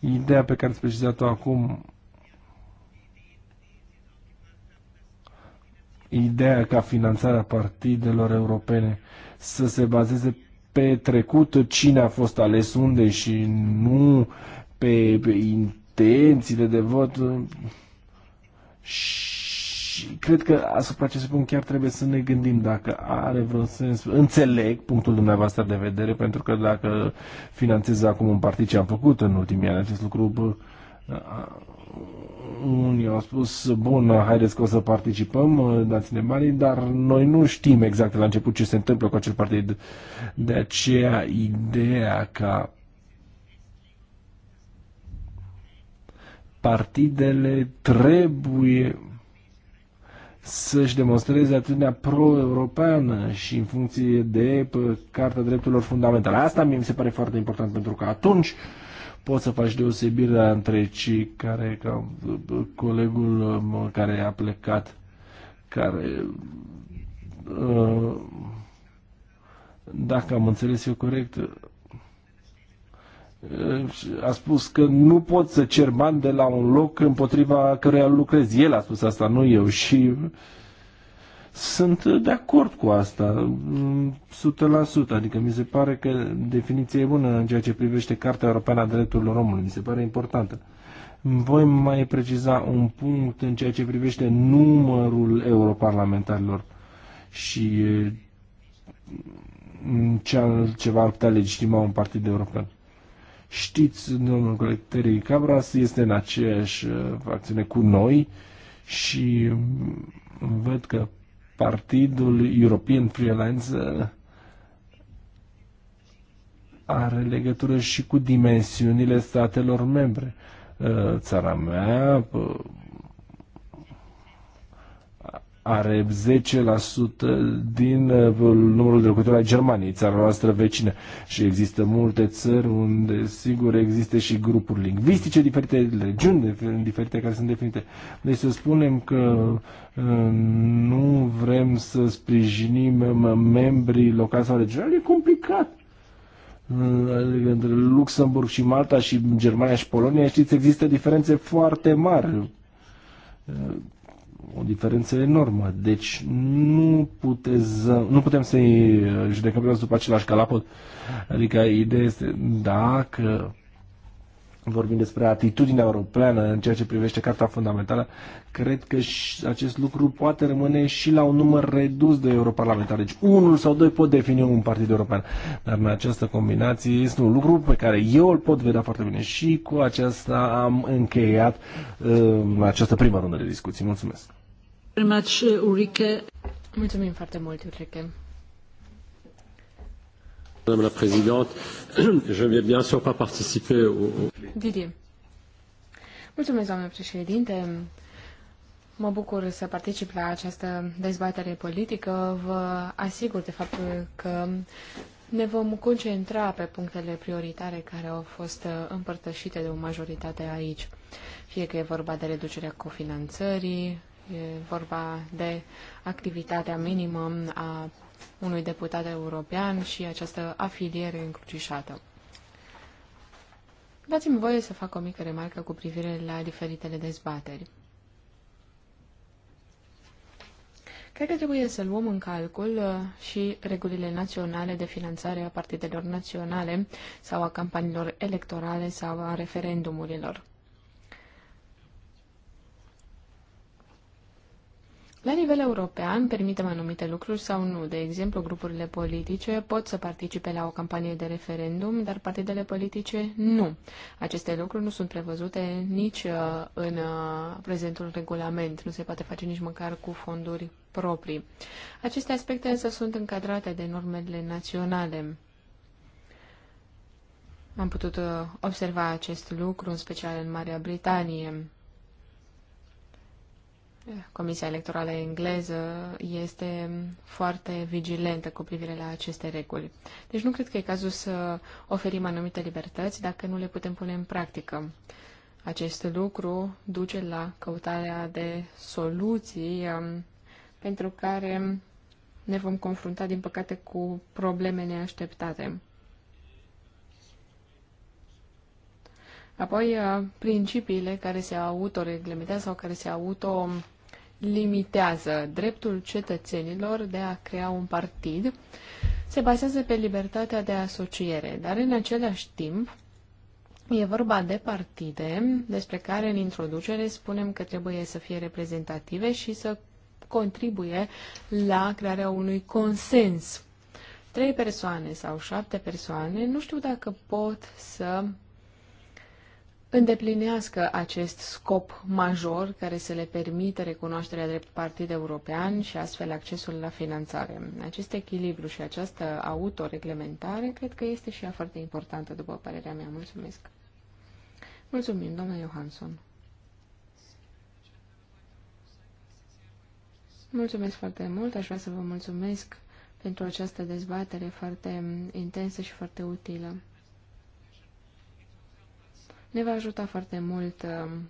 ideea pe care ați precizat-o acum ideea ca finanțarea partidelor europene să se bazeze pe trecut, cine a fost ales unde și nu pe, pe intențiile de vot. Și cred că asupra acestui punct chiar trebuie să ne gândim dacă are vreun sens. Înțeleg punctul dumneavoastră de vedere, pentru că dacă finanțez acum un partid ce am făcut în ultimii ani, acest lucru bă, unii au spus, bun, haideți că o să participăm, dați-ne banii, dar noi nu știm exact la început ce se întâmplă cu acel partid. De aceea, ideea ca partidele trebuie să-și demonstreze atitudinea pro-europeană și în funcție de Carta Drepturilor Fundamentale. Asta mi se pare foarte important pentru că atunci uh, poți să faci deosebirea între cei care, ca colegul care a plecat, care uh, dacă am înțeles eu corect, uh, a spus că nu pot să cer bani de la un loc împotriva căruia lucrez. El a spus asta, nu eu. Și uh, sunt de acord cu asta, mm, 100%, adică mi se pare că definiția e bună în ceea ce privește Cartea Europeană a Drepturilor Omului, mi se pare importantă. Voi mai preciza un punct în ceea ce privește numărul europarlamentarilor și mm, ce altceva ar putea legitima un partid european. Știți, domnul coleg Terry Cabras este în aceeași uh, acțiune cu noi și mm, văd că partidul European Freelance uh, are legătură și cu dimensiunile statelor membre. Uh, țara mea uh, are 10% din uh, numărul de locuitori ai Germaniei, țara noastră vecină. Și există multe țări unde, sigur, există și grupuri lingvistice diferite, regiuni diferite care sunt definite. Deci să spunem că uh, nu vrem să sprijinim uh, membrii locali sau regionali, e complicat adică între Luxemburg și Malta și Germania și Polonia, știți, există diferențe foarte mari o diferență enormă. Deci nu, puteți, nu putem să-i judecăm pe după același calapot. Adică ideea este dacă vorbim despre atitudinea europeană în ceea ce privește Carta Fundamentală, cred că și acest lucru poate rămâne și la un număr redus de europarlamentari. Deci unul sau doi pot defini un partid european. Dar în această combinație este un lucru pe care eu îl pot vedea foarte bine. Și cu aceasta am încheiat uh, această primă rundă de discuții. Mulțumesc!
Mulțumim foarte mult, Ulrike.
Madame la Présidente, je vais bien sûr pas participer au...
Didier. Mulțumesc, doamnă președinte. Mă bucur să particip la această dezbatere politică. Vă asigur de faptul că ne vom concentra pe punctele prioritare care au fost împărtășite de o majoritate aici. Fie că e vorba de reducerea cofinanțării, e vorba de activitatea minimă a unui deputat european și această afiliere încrucișată. Dați-mi voie să fac o mică remarcă cu privire la diferitele dezbateri. Cred că trebuie să luăm în calcul uh, și regulile naționale de finanțare a partidelor naționale sau a campaniilor electorale sau a referendumurilor. La nivel european, permitem anumite lucruri sau nu. De exemplu, grupurile politice pot să participe la o campanie de referendum, dar partidele politice nu. Aceste lucruri nu sunt prevăzute nici uh, în uh, prezentul regulament. Nu se poate face nici măcar cu fonduri proprii. Aceste aspecte însă sunt încadrate de normele naționale. Am putut uh, observa acest lucru, în special în Marea Britanie. Comisia Electorală Engleză este foarte vigilentă cu privire la aceste reguli. Deci nu cred că e cazul să oferim anumite libertăți dacă nu le putem pune în practică. Acest lucru duce la căutarea de soluții um, pentru care ne vom confrunta, din păcate, cu probleme neașteptate. Apoi, uh, principiile care se autoreglementează sau care se auto um, limitează dreptul cetățenilor de a crea un partid, se bazează pe libertatea de asociere, dar în același timp e vorba de partide despre care în introducere spunem că trebuie să fie reprezentative și să contribuie la crearea unui consens. Trei persoane sau șapte persoane, nu știu dacă pot să îndeplinească acest scop major care să le permită recunoașterea drept partid european și astfel accesul la finanțare. Acest echilibru și această autoreglementare cred că este și ea foarte importantă, după părerea mea. Mulțumesc! Mulțumim, doamna Johansson! Mulțumesc foarte mult, aș vrea să vă mulțumesc pentru această dezbatere foarte intensă și foarte utilă ne va ajuta foarte mult um,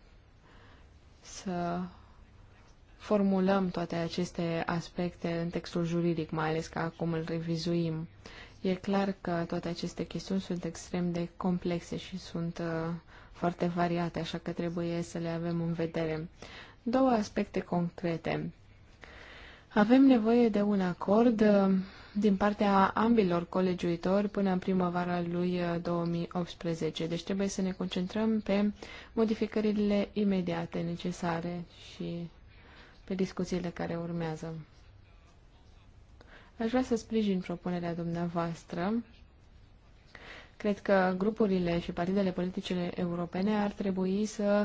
să formulăm toate aceste aspecte în textul juridic, mai ales că acum îl revizuim. E clar că toate aceste chestiuni sunt extrem de complexe și sunt uh, foarte variate, așa că trebuie să le avem în vedere. Două aspecte concrete. Avem nevoie de un acord um, din partea ambilor colegiuitori până în primăvara lui 2018. Uh, deci trebuie să ne concentrăm pe modificările imediate necesare și pe discuțiile care urmează. Aș vrea să sprijin propunerea dumneavoastră. Cred că grupurile și partidele politice europene ar trebui să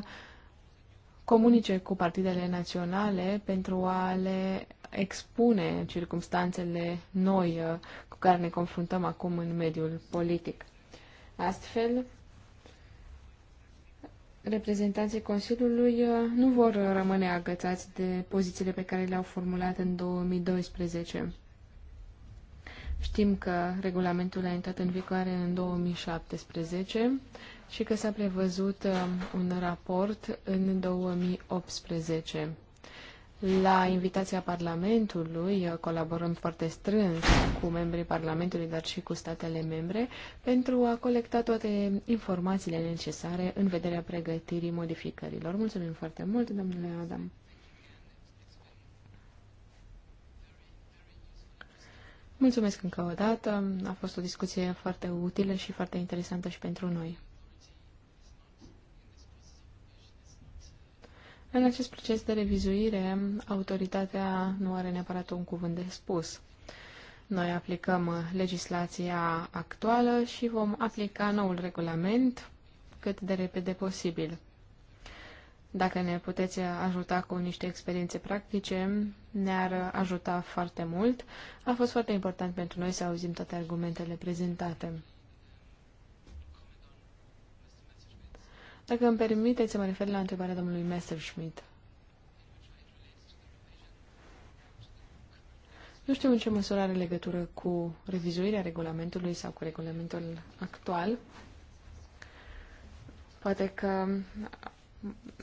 comunice cu partidele naționale pentru a le expune circumstanțele noi uh, cu care ne confruntăm acum în mediul politic. Astfel, reprezentanții Consiliului uh, nu vor rămâne agățați de pozițiile pe care le-au formulat în 2012. Știm că regulamentul a intrat în vigoare în 2017 și că s-a prevăzut um, un raport în 2018. La invitația Parlamentului colaborăm foarte strâns cu membrii Parlamentului, dar și cu statele membre, pentru a colecta toate informațiile necesare în vederea pregătirii modificărilor. Mulțumim foarte mult, domnule Adam. Mulțumesc încă o dată. A fost o discuție foarte utilă și foarte interesantă și pentru noi. În acest proces de revizuire, autoritatea nu are neapărat un cuvânt de spus. Noi aplicăm legislația actuală și vom aplica noul regulament cât de repede posibil. Dacă ne puteți ajuta cu niște experiențe practice, ne-ar ajuta foarte mult. A fost foarte important pentru noi să auzim toate argumentele prezentate. Dacă îmi permiteți să mă refer la întrebarea domnului Messerschmidt. Nu știu în ce măsură are legătură cu revizuirea regulamentului sau cu regulamentul actual. Poate că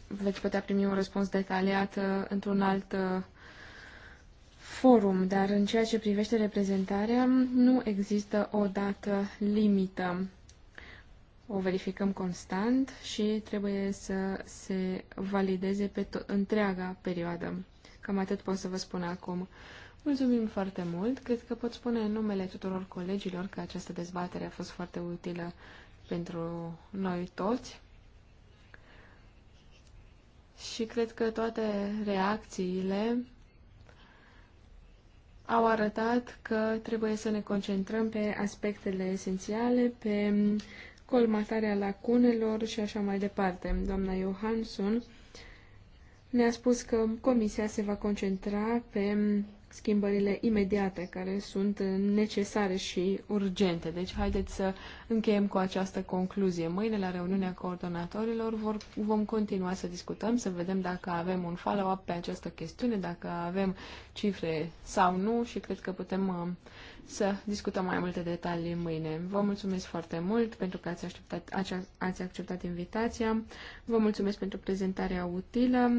veți putea primi un răspuns detaliat uh, într-un alt uh, forum, dar în ceea ce privește reprezentarea, nu există o dată limită o verificăm constant și trebuie să se valideze pe întreaga perioadă. Cam atât pot să vă spun acum. Mulțumim foarte mult. Cred că pot spune în numele tuturor colegilor că această dezbatere a fost foarte utilă pentru noi toți. Și cred că toate reacțiile au arătat că trebuie să ne concentrăm pe aspectele esențiale, pe colmatarea lacunelor și așa mai departe. Doamna Johansson ne-a spus că Comisia se va concentra pe schimbările imediate care sunt necesare și urgente. Deci haideți să încheiem cu această concluzie. Mâine la reuniunea coordonatorilor vor, vom continua să discutăm, să vedem dacă avem un follow-up pe această chestiune, dacă avem cifre sau nu și cred că putem uh, să discutăm mai multe detalii mâine. Vă mulțumesc foarte mult pentru că ați, așteptat, ați acceptat invitația. Vă mulțumesc pentru prezentarea utilă.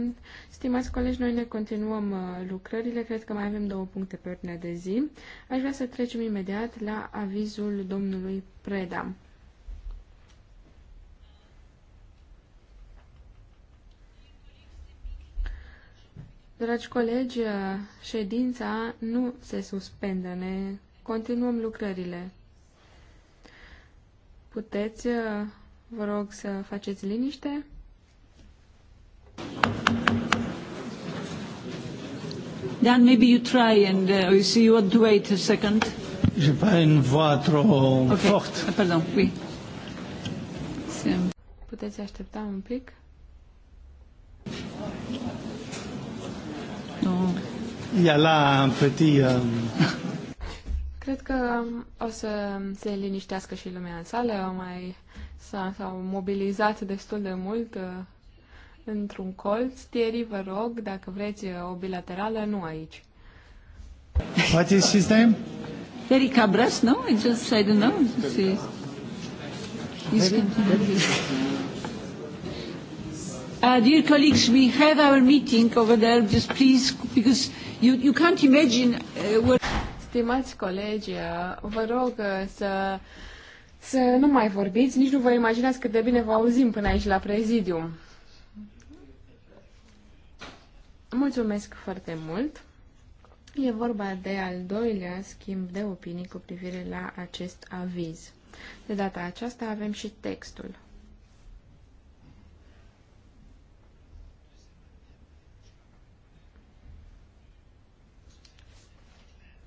Stimați colegi, noi ne continuăm uh, lucrările. Cred că mai avem două puncte pe ordinea de zi. Aș vrea să trecem imediat la avizul domnului Preda. Dragi colegi, uh, ședința nu se suspendă, ne Continuăm lucrările. Puteți, uh, vă rog, să faceți liniște.
Dan, maybe you try and uh, you see you want to wait a second.
Je pas une voix
trop okay. Ah, forte. Pardon, oui.
Puteți aștepta un pic?
Il y a là un petit... Um...
Cred că o să se liniștească și lumea în sală, mai s-au mobilizat destul de mult uh, într-un colț. Thierry, vă rog, dacă vreți uh, o bilaterală, nu aici.
What is his name? Thierry Cabras,
no? I just,
I don't know. He's uh, dear colleagues, we have our meeting over there, just please, because
you, you can't imagine uh, what... Stimați colegi, vă rog să, să nu mai vorbiți, nici nu vă imaginați cât de bine vă auzim până aici la prezidium. Mulțumesc foarte mult. E vorba de al doilea schimb de opinii cu privire la acest aviz. De data aceasta avem și textul.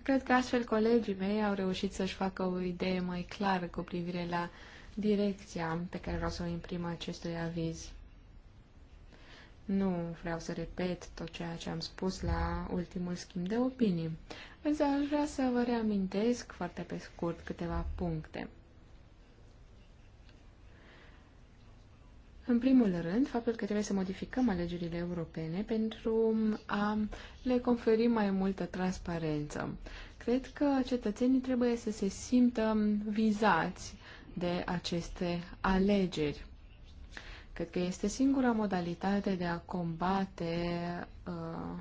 Cred că astfel colegii mei au reușit să-și facă o idee mai clară cu privire la direcția pe care vreau să o imprim acestui aviz. Nu vreau să repet tot ceea ce am spus la ultimul schimb de opinii, însă aș vrea să vă reamintesc foarte pe scurt câteva puncte. În primul rând, faptul că trebuie să modificăm alegerile europene pentru a le conferi mai multă transparență. Cred că cetățenii trebuie să se simtă vizați de aceste alegeri. Cred că este singura modalitate de a combate uh,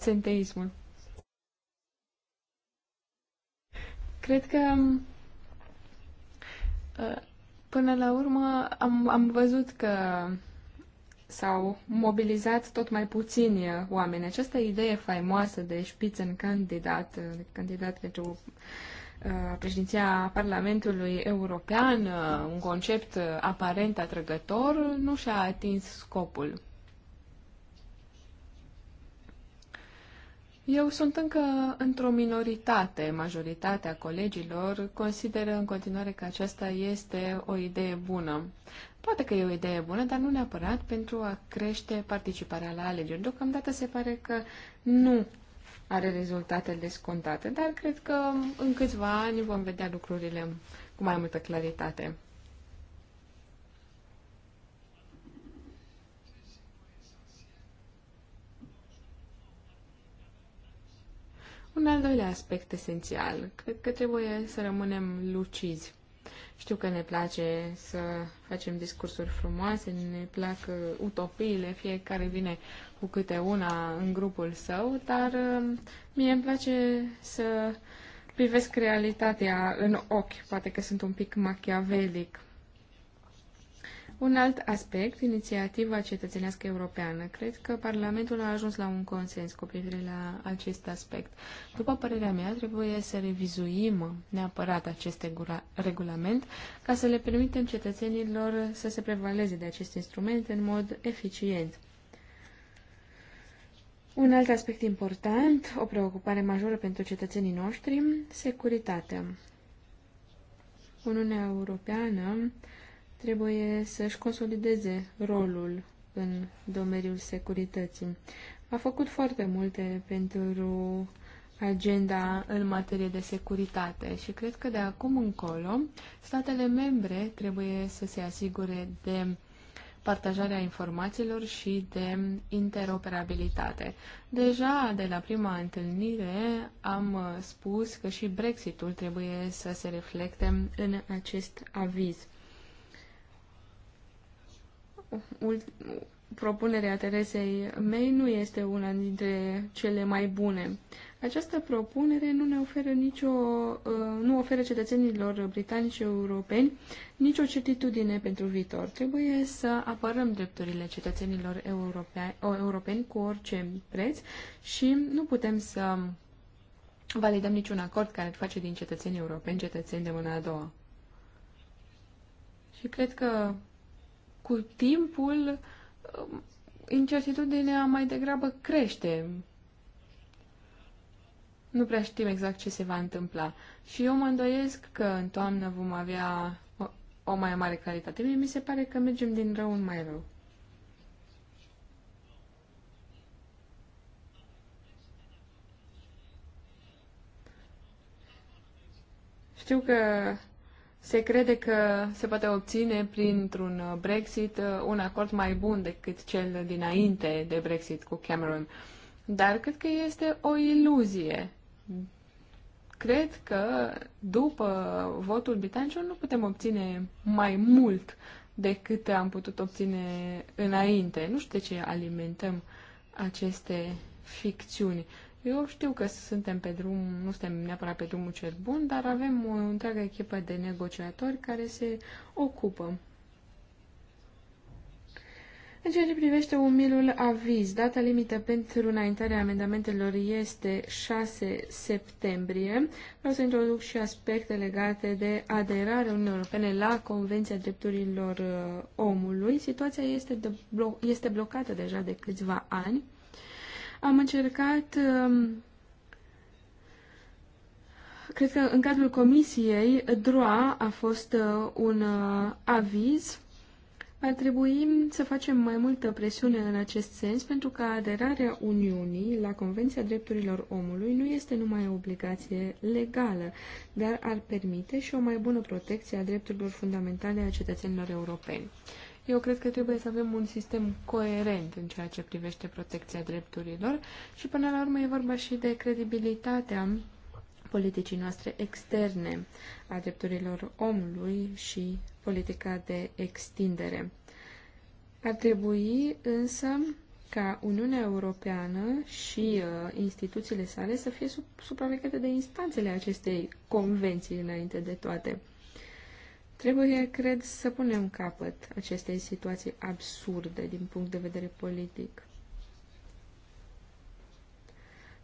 senteismul. Cred că Până la urmă am, am văzut că s-au mobilizat tot mai puțini oameni. Această idee faimoasă de în candidat, candidat pentru uh, președinția Parlamentului European, uh, un concept aparent atrăgător, nu și-a atins scopul. Eu sunt încă într-o minoritate. Majoritatea colegilor consideră în continuare că aceasta este o idee bună. Poate că e o idee bună, dar nu neapărat pentru a crește participarea la alegeri. Deocamdată se pare că nu are rezultate descontate, dar cred că în câțiva ani vom vedea lucrurile cu mai multă claritate. Un al doilea aspect esențial. Cred că trebuie să rămânem lucizi. Știu că ne place să facem discursuri frumoase, ne plac utopiile, fiecare vine cu câte una în grupul său, dar uh, mie îmi place să privesc realitatea în ochi. Poate că sunt un pic machiavelic. Un alt aspect, inițiativa cetățenească europeană. Cred că Parlamentul a ajuns la un consens cu privire la acest aspect. După părerea mea, trebuie să revizuim neapărat acest regulament ca să le permitem cetățenilor să se prevaleze de acest instrument în mod eficient. Un alt aspect important, o preocupare majoră pentru cetățenii noștri, securitatea. Uniunea Europeană trebuie să-și consolideze rolul în domeniul securității. A făcut foarte multe pentru agenda în materie de securitate și cred că de acum încolo statele membre trebuie să se asigure de partajarea informațiilor și de interoperabilitate. Deja de la prima întâlnire am spus că și Brexitul trebuie să se reflecte în acest aviz propunerea Teresei mei nu este una dintre cele mai bune. Această propunere nu ne oferă nicio, uh, nu oferă cetățenilor britanici și europeni nicio certitudine pentru viitor. Trebuie să apărăm drepturile cetățenilor europeni, europeni cu orice preț și nu putem să validăm niciun acord care face din cetățenii europeni cetățeni de mâna a doua. Și cred că cu timpul incertitudinea mai degrabă crește. Nu prea știm exact ce se va întâmpla. Și eu mă îndoiesc că în toamnă vom avea o, o mai mare calitate. Mie mi se pare că mergem din rău în mai rău. Știu că se crede că se poate obține printr-un uh, Brexit uh, un acord mai bun decât cel dinainte de Brexit cu Cameron. Dar cred că este o iluzie. Cred că după votul britanicilor nu putem obține mai mult decât am putut obține înainte. Nu știu de ce alimentăm aceste ficțiuni. Eu știu că suntem pe drum, nu suntem neapărat pe drumul cel bun, dar avem o întreagă echipă de negociatori care se ocupă. În ceea ce privește umilul aviz, data limită pentru înaintarea amendamentelor este 6 septembrie. Vreau să introduc și aspecte legate de aderarea Uniunii Europene la Convenția Drepturilor uh, Omului. Situația este, de blo- este blocată deja de câțiva ani. Am încercat, um, cred că în cadrul comisiei, DROA a fost uh, un uh, aviz. Ar trebui să facem mai multă presiune în acest sens pentru că aderarea Uniunii la Convenția Drepturilor Omului nu este numai o obligație legală, dar ar permite și o mai bună protecție a drepturilor fundamentale a cetățenilor europeni. Eu cred că trebuie să avem un sistem coerent în ceea ce privește protecția drepturilor și până la urmă e vorba și de credibilitatea politicii noastre externe a drepturilor omului și politica de extindere. Ar trebui însă ca Uniunea Europeană și uh, instituțiile sale să fie sub, supravegate de instanțele acestei convenții înainte de toate. Trebuie, cred, să punem capăt acestei situații absurde din punct de vedere politic.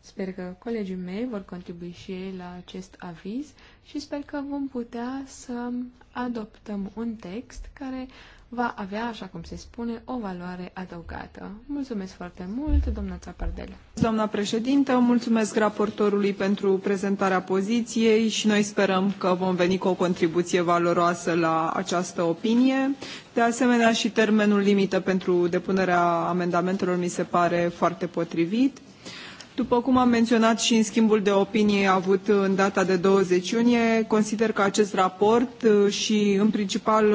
Sper că colegii mei vor contribui și ei la acest aviz și sper că vom putea să adoptăm un text care va avea, așa cum se spune, o valoare adăugată. Mulțumesc foarte mult, doamna Țapardel.
Doamna președintă, mulțumesc raportorului pentru prezentarea poziției și noi sperăm că vom veni cu o contribuție valoroasă la această opinie. De asemenea, și termenul limită pentru depunerea amendamentelor mi se pare foarte potrivit. După cum am menționat și în schimbul de opinie avut în data de 20 iunie, consider că acest raport uh, și în principal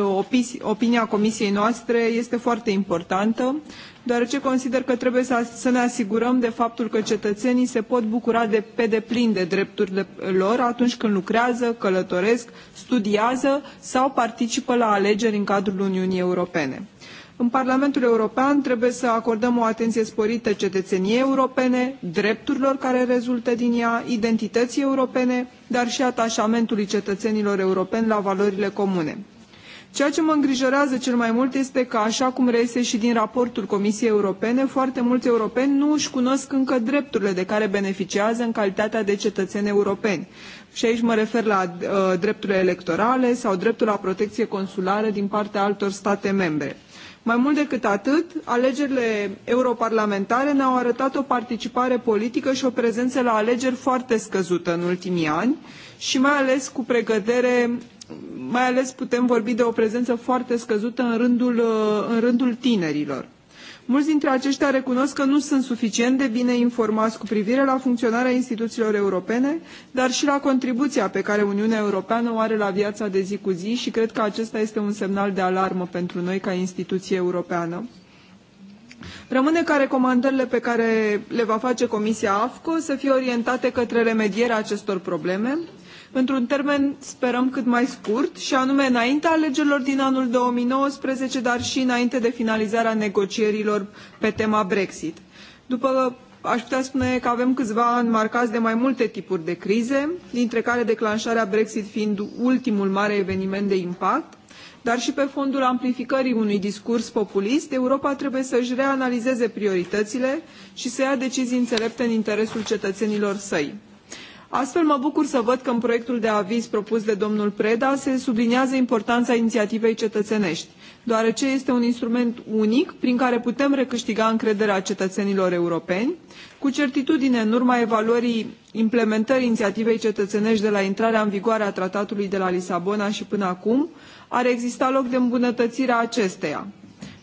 opinia comisiei noastre este foarte importantă, deoarece consider că trebuie să, să ne asigurăm de faptul că cetățenii se pot bucura de, pe deplin de drepturile lor atunci când lucrează, călătoresc, studiază sau participă la alegeri în cadrul Uniunii Europene în Parlamentul European trebuie să acordăm o atenție sporită cetățeniei europene, drepturilor care rezultă din ea, identității europene, dar și atașamentului cetățenilor europeni la valorile comune. Ceea ce mă îngrijorează cel mai mult este că, așa cum reiese și din raportul Comisiei Europene, foarte mulți europeni nu își cunosc încă drepturile de care beneficiază în calitatea de cetățeni europeni. Și aici mă refer la uh, drepturile electorale sau dreptul la protecție consulară din partea altor state membre mai mult decât atât alegerile europarlamentare ne au arătat o participare politică și o prezență la alegeri foarte scăzută în ultimii ani și mai ales cu precădere mai ales putem vorbi de o prezență foarte scăzută în rândul, în rândul tinerilor Mulți dintre aceștia recunosc că nu sunt suficient de bine informați cu privire la funcționarea instituțiilor europene, dar și la contribuția pe care Uniunea Europeană o are la viața de zi cu zi și cred că acesta este un semnal de alarmă pentru noi ca instituție europeană. Rămâne ca recomandările pe care le va face Comisia AFCO să fie orientate către remedierea acestor probleme, într un termen sperăm cât mai scurt și anume înaintea alegerilor din anul două mii nouăsprezece dar și înainte de finalizarea negocierilor pe tema brexit. după aș putea spune că avem câțiva ani marcați de mai multe tipuri de crize dintre care declanșarea brexit fiind ultimul mare eveniment de impact dar și pe fondul amplificării unui discurs populist europa trebuie să își reanalizeze prioritățile și să ia decizii înțelepte în interesul cetățenilor săi Astfel, mă bucur să văd că în proiectul de aviz propus de domnul Preda se subliniază importanța inițiativei cetățenești, deoarece este un instrument unic prin care putem recâștiga încrederea cetățenilor europeni. Cu certitudine, în urma evaluării implementării inițiativei cetățenești de la intrarea în vigoare a Tratatului de la Lisabona și până acum, ar exista loc de îmbunătățire a acesteia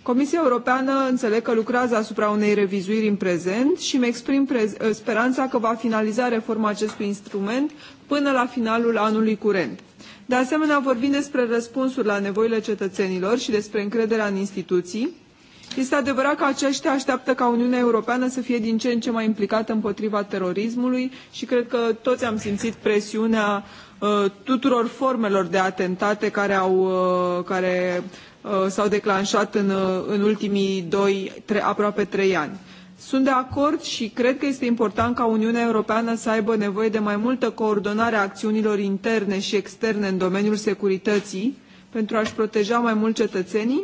Comisia Europeană înțeleg că lucrează asupra unei revizuiri în prezent și îmi exprim eh, speranța că va finaliza reforma acestui instrument până la finalul anului curent. De asemenea, vorbim despre răspunsuri la nevoile cetățenilor și despre încrederea în instituții. Este adevărat că aceștia așteaptă ca Uniunea Europeană să fie din ce în ce mai implicată împotriva terorismului și cred că toți am simțit presiunea uh, tuturor formelor de atentate care, au, uh, care Uh, s-au declanșat în, uh, în ultimii doi, tre, aproape trei ani. Sunt de acord și cred că este important ca Uniunea Europeană să aibă nevoie de mai multă coordonare a acțiunilor interne și externe în domeniul securității pentru a-și proteja mai mult cetățenii,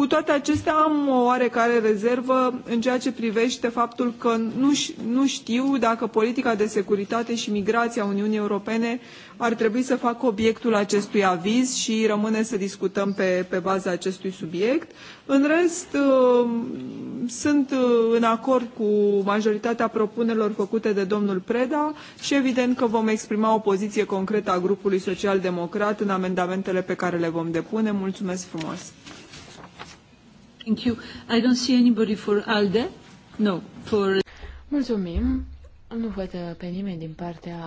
cu toate acestea am o oarecare rezervă în ceea ce privește faptul că nu, nu știu dacă politica de securitate și migrație a Uniunii Europene ar trebui să facă obiectul acestui aviz și rămâne să discutăm pe, pe baza acestui subiect. În rest, um, sunt uh, în acord cu majoritatea propunerilor făcute de domnul Preda și evident că vom exprima o poziție concretă a grupului social-democrat în amendamentele pe care le vom depune. Mulțumesc frumos!
Thank you. I don't see anybody for ALDE. No, for... Mulțumim. Nu văd uh, pe nimeni din partea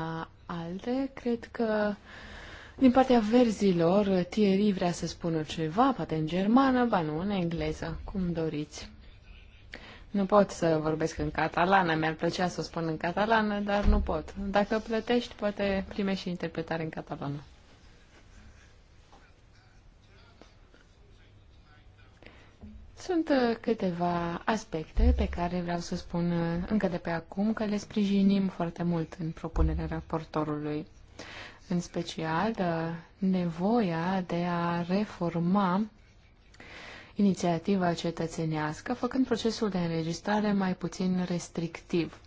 ALDE. Cred că din partea verzilor, uh, Thierry vrea să spună ceva, poate în germană, ba nu, în engleză, cum doriți. Nu pot să vorbesc în catalană, mi-ar plăcea să o spun în catalană, dar nu pot. Dacă plătești, poate primești și interpretare în catalană. Sunt uh, câteva aspecte pe care vreau să spun uh, încă de pe acum că le sprijinim foarte mult în propunerea raportorului. În special, de uh, nevoia de a reforma inițiativa cetățenească, făcând procesul de înregistrare mai puțin restrictiv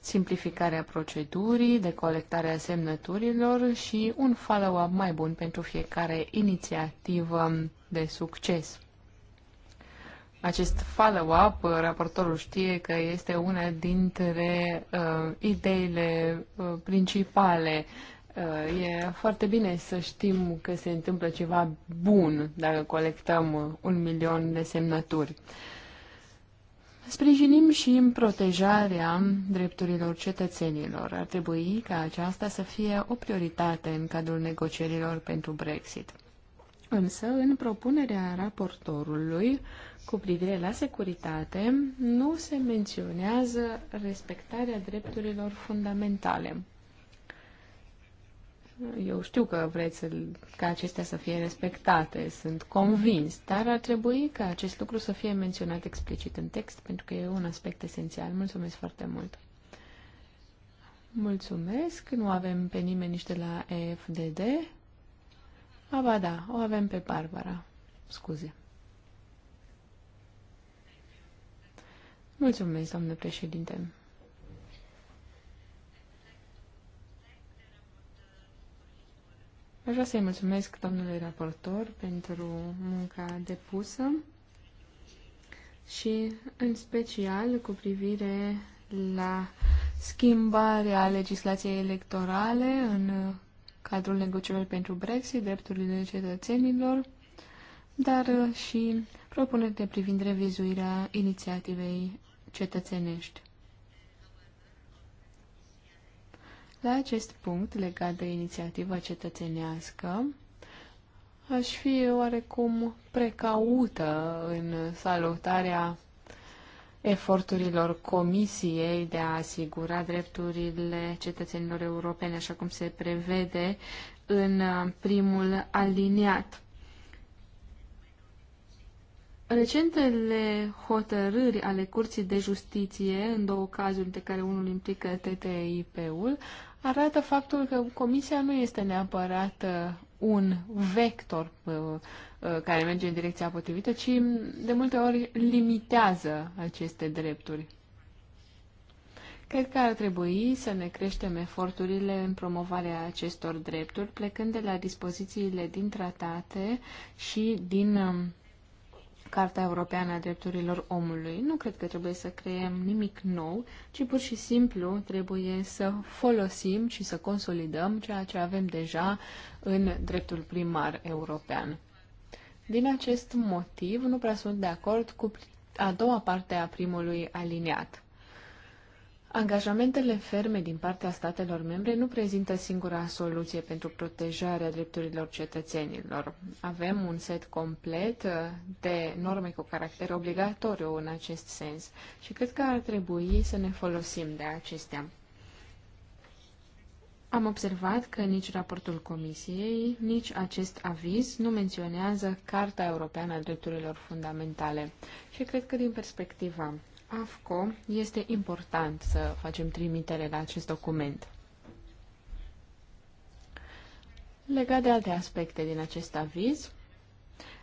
simplificarea procedurii de colectare a semnăturilor și un follow-up mai bun pentru fiecare inițiativă de succes acest follow-up, raportorul știe că este una dintre uh, ideile uh, principale. Uh, e foarte bine să știm că se întâmplă ceva bun dacă colectăm un milion de semnături. Sprijinim și protejarea drepturilor cetățenilor. Ar trebui ca aceasta să fie o prioritate în cadrul negocierilor pentru Brexit. Însă, în propunerea raportorului, uh, cu privire la securitate, nu se menționează respectarea drepturilor fundamentale. Eu știu că vreți să, ca acestea să fie respectate, sunt convins, dar ar trebui ca acest lucru să fie menționat explicit în text, pentru că e un aspect esențial. Mulțumesc foarte mult! Mulțumesc! Nu avem pe nimeni nici de la EFDD. Aba da, o avem pe Barbara. Scuze. Mulțumesc, doamnă președinte. Aș vrea să-i mulțumesc domnului raportor pentru munca depusă și în special cu privire la schimbarea legislației electorale în cadrul negocierilor pentru Brexit, drepturile cetățenilor, dar și propunerile privind revizuirea inițiativei cetățenești. La acest punct legat de inițiativa cetățenească, aș fi oarecum precaută în salutarea eforturilor Comisiei de a asigura drepturile cetățenilor europene, așa cum se prevede în primul aliniat. Recentele hotărâri ale Curții de Justiție, în două cazuri, de care unul implică TTIP-ul, arată faptul că Comisia nu este neapărat uh, un vector uh, uh, care merge în direcția potrivită, ci de multe ori limitează aceste drepturi. Cred că ar trebui să ne creștem eforturile în promovarea acestor drepturi, plecând de la dispozițiile din tratate și din um, Carta Europeană a Drepturilor Omului. Nu cred că trebuie să creăm nimic nou, ci pur și simplu trebuie să folosim și să consolidăm ceea ce avem deja în dreptul primar european. Din acest motiv, nu prea sunt de acord cu a doua parte a primului aliniat. Angajamentele ferme din partea statelor membre nu prezintă singura soluție pentru protejarea drepturilor cetățenilor. Avem un set complet uh, de norme cu caracter obligatoriu în acest sens și cred că ar trebui să ne folosim de acestea. Am observat că nici raportul Comisiei, nici acest aviz nu menționează Carta Europeană a Drepturilor Fundamentale și cred că din perspectiva AFCO este important să facem trimitere la acest document. Legat de alte aspecte din acest aviz,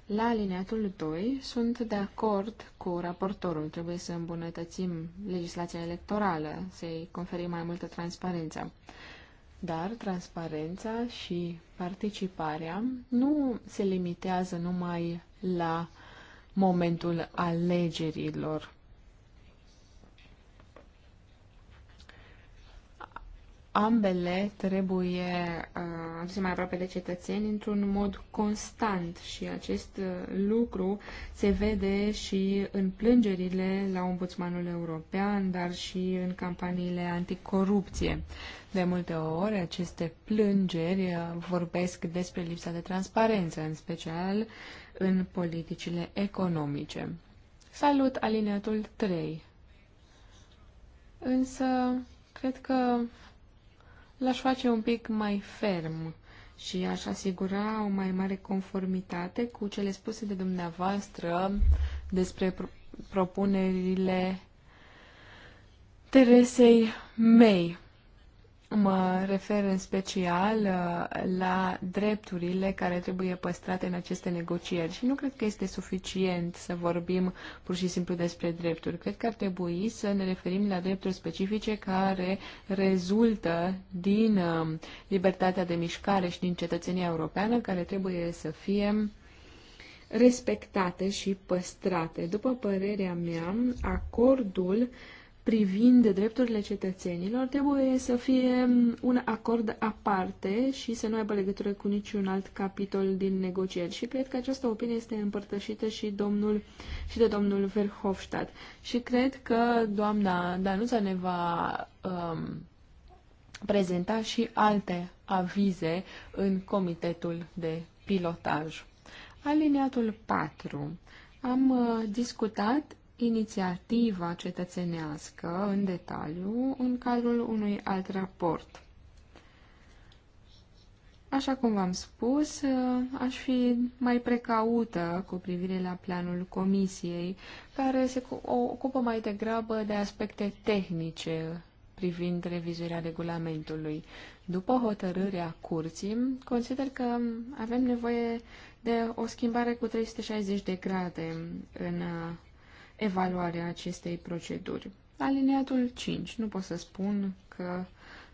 la alineatul 2 sunt de acord cu raportorul. Trebuie să îmbunătățim legislația electorală, să-i conferim mai multă transparență. Dar transparența și participarea nu se limitează numai la momentul alegerilor. ambele trebuie uh, să mai aproape de cetățeni într-un mod constant și acest uh, lucru se vede și în plângerile la Ombudsmanul European, dar și în campaniile anticorupție. De multe ori, aceste plângeri uh, vorbesc despre lipsa de transparență, în special în politicile economice. Salut alineatul 3. Însă, cred că l-aș face un pic mai ferm și aș asigura o mai mare conformitate cu cele spuse de dumneavoastră despre propunerile Teresei mei. Mă refer în special uh, la drepturile care trebuie păstrate în aceste negocieri și nu cred că este suficient să vorbim pur și simplu despre drepturi. Cred că ar trebui să ne referim la drepturi specifice care rezultă din um, libertatea de mișcare și din cetățenia europeană care trebuie să fie respectate și păstrate. După părerea mea, acordul uh, privind drepturile cetățenilor trebuie să fie un acord aparte și să nu aibă legătură cu niciun alt capitol din negocieri. Și cred că această opinie este împărtășită și, domnul, și de domnul Verhofstadt. Și cred că doamna Danuța ne va um, prezenta și alte avize în comitetul de pilotaj. Aliniatul 4. Am uh, discutat inițiativa cetățenească în detaliu în cadrul unui alt raport. Așa cum v-am spus, aș fi mai precaută cu privire la planul comisiei, care se ocupă mai degrabă de aspecte tehnice privind revizuirea regulamentului. După hotărârea curții, consider că avem nevoie de o schimbare cu 360 de grade în evaluarea acestei proceduri. Alineatul 5. Nu pot să spun că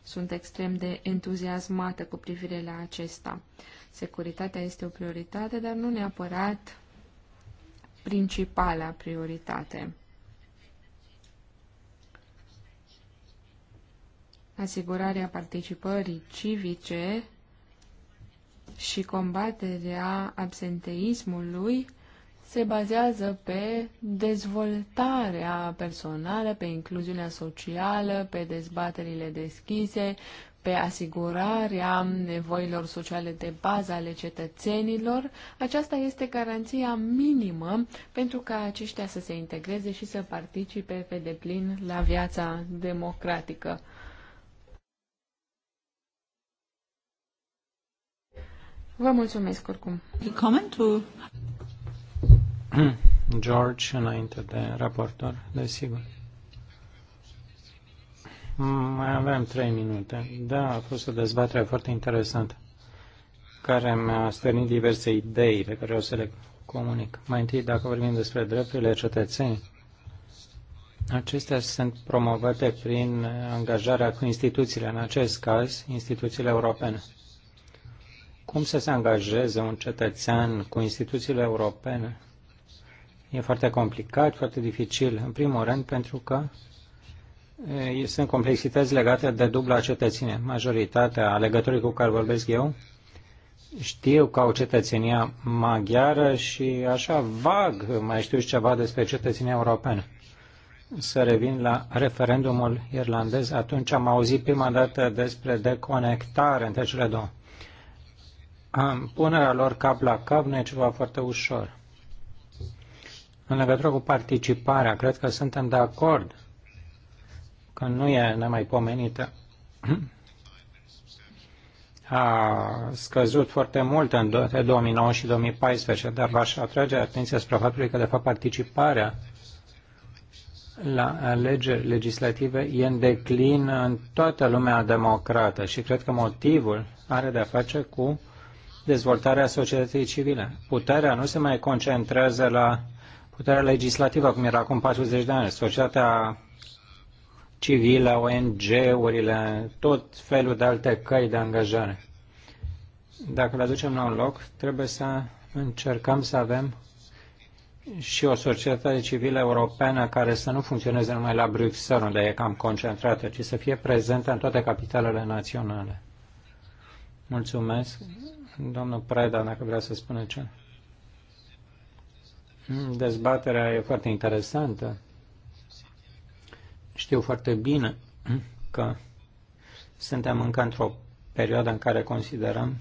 sunt extrem de entuziasmată cu privire la acesta. Securitatea este o prioritate, dar nu neapărat principala prioritate. Asigurarea participării civice și combaterea absenteismului se bazează pe dezvoltarea personală, pe incluziunea socială, pe dezbaterile deschise, pe asigurarea nevoilor sociale de bază ale cetățenilor. Aceasta este garanția minimă pentru ca aceștia să se integreze și să participe pe deplin la viața democratică. Vă mulțumesc oricum. Comment
Hmm. George, înainte de raportor, desigur. Mai avem trei minute. Da, a fost o dezbatere foarte interesantă care mi-a stărnit diverse idei pe care o să le comunic. Mai întâi, dacă vorbim despre drepturile cetățenii, acestea sunt promovate prin angajarea cu instituțiile, în acest caz, instituțiile europene. Cum să se angajeze un cetățean cu instituțiile europene? E foarte complicat, foarte dificil, în primul rând pentru că sunt complexități legate de dubla cetățenie. Majoritatea alegătorii cu care vorbesc eu știu că au cetățenia maghiară și așa vag mai știu și ceva despre cetățenia europeană. Să revin la referendumul irlandez. Atunci am auzit prima dată despre deconectare între cele două. Punerea lor cap la cap nu e ceva foarte ușor în legătură cu participarea, cred că suntem de acord că nu e nemaipomenită. A scăzut foarte mult în 2009 și 2014, dar v-aș atrage atenția spre faptul că, de fapt, participarea la alegeri legislative e în declin în toată lumea democrată și cred că motivul are de-a face cu dezvoltarea societății civile. Puterea nu se mai concentrează la puterea legislativă, cum era acum 40 de ani. Societatea civilă, ONG-urile, tot felul de alte căi de angajare. Dacă le aducem la un loc, trebuie să încercăm să avem și o societate civilă europeană care să nu funcționeze numai la Bruxelles, unde e cam concentrată, ci să fie prezentă în toate capitalele naționale. Mulțumesc. Domnul Preda, dacă vrea să spune ceva. Dezbaterea e foarte interesantă. Știu foarte bine că suntem încă într-o perioadă în care considerăm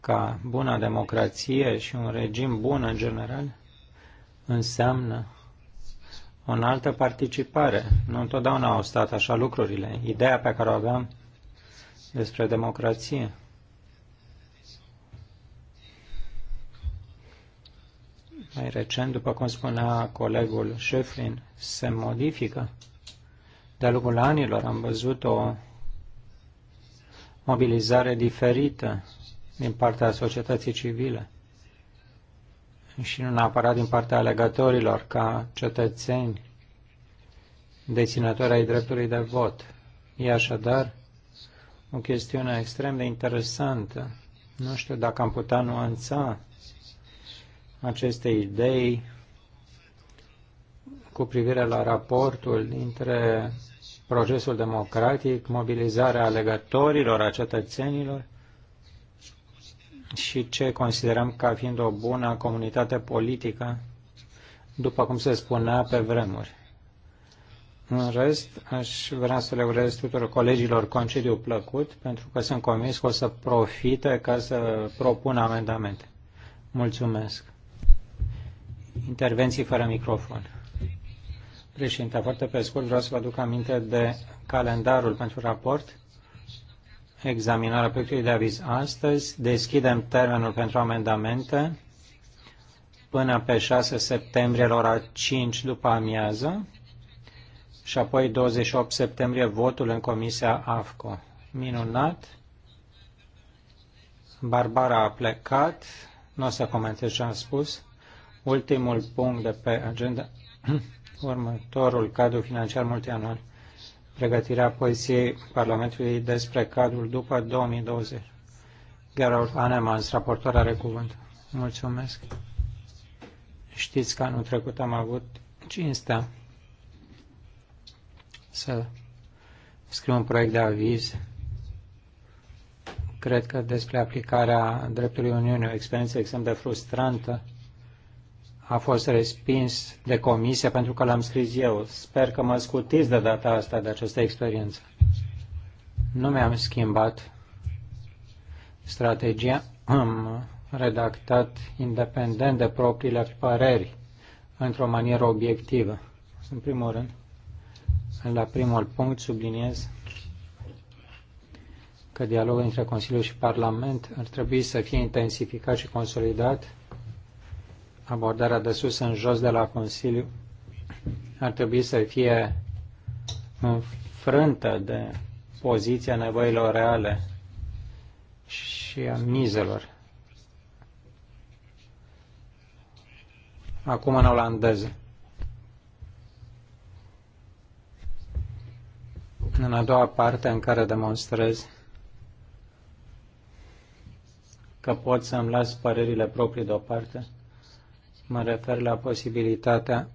ca bună democrație și un regim bun în general înseamnă o altă participare. Nu întotdeauna au stat așa lucrurile. Ideea pe care o aveam despre democrație mai recent, după cum spunea colegul Șeflin, se modifică. De-a lungul anilor am văzut o mobilizare diferită din partea societății civile și nu neapărat din partea alegătorilor ca cetățeni deținători ai dreptului de vot. E așadar o chestiune extrem de interesantă. Nu știu dacă am putea nuanța aceste idei cu privire la raportul dintre procesul democratic, mobilizarea alegătorilor, a cetățenilor și ce considerăm ca fiind o bună comunitate politică, după cum se spunea pe vremuri. În rest, aș vrea să le urez tuturor colegilor concediu plăcut, pentru că sunt convins că o să profite ca să propună amendamente. Mulțumesc! Intervenții fără microfon. Președinte, foarte pe scurt vreau să vă aduc aminte de calendarul pentru raport. Examinarea proiectului de aviz astăzi. Deschidem termenul pentru amendamente până pe 6 septembrie la ora 5 după amiază și apoi 28 septembrie votul în Comisia AFCO. Minunat. Barbara a plecat. Nu o să comentez ce am spus. Ultimul punct de pe agenda, următorul cadru financiar multianual, pregătirea poziției Parlamentului despre cadrul după 2020. Gerald Anemans, raportor, are cuvânt. Mulțumesc. Știți că anul trecut am avut cinstea să scriu un proiect de aviz cred că despre aplicarea dreptului Uniunii, o experiență extrem de frustrantă a fost respins de comisie pentru că l-am scris eu. Sper că mă scutiți de data asta de această experiență. Nu mi-am schimbat strategia. Am redactat independent de propriile păreri într-o manieră obiectivă. În primul rând, la primul punct subliniez că dialogul între Consiliu și Parlament ar trebui să fie intensificat și consolidat abordarea de sus în jos de la Consiliu ar trebui să fie înfrântă de poziția nevoilor reale și a mizelor. Acum în olandeză. În a doua parte în care demonstrez că pot să-mi las părerile proprii deoparte Mă refer la posibilitatea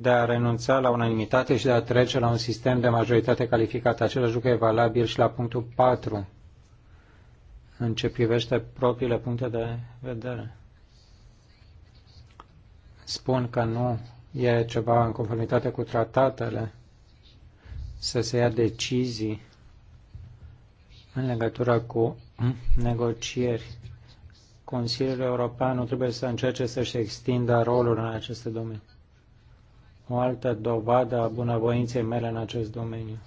de a renunța la unanimitate și de a trece la un sistem de majoritate calificată. Același lucru e valabil și la punctul 4 în ce privește propriile puncte de vedere. Spun că nu e ceva în conformitate cu tratatele să se ia decizii în legătură cu negocieri Consiliul European nu trebuie să încerce să-și extindă rolul în aceste domenii. O altă dovadă a bunăvoinței mele în acest domeniu.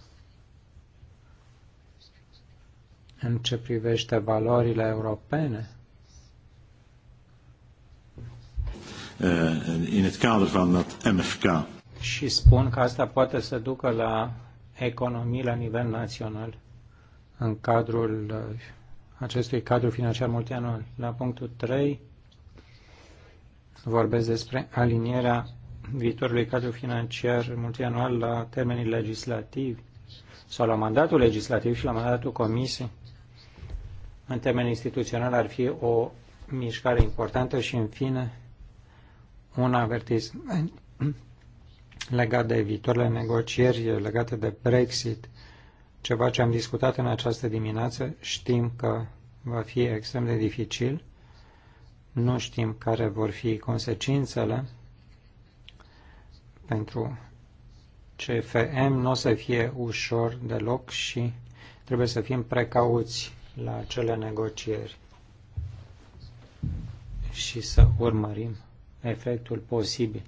În ce privește valorile europene,
În eh, het kader van dat MFK.
Și spun că asta poate să ducă la economii la nivel național în cadrul eh, acestui cadru financiar multianual. La punctul 3 vorbesc despre alinierea viitorului cadru financiar multianual la termenii legislativi sau la mandatul legislativ și la mandatul comisiei. În termen instituțional ar fi o mișcare importantă și, în fine, un avertisment legat de viitoarele negocieri legate de Brexit ceva ce am discutat în această dimineață. Știm că va fi extrem de dificil. Nu știm care vor fi consecințele pentru CFM. Nu o să fie ușor deloc și trebuie să fim precauți la acele negocieri și să urmărim efectul posibil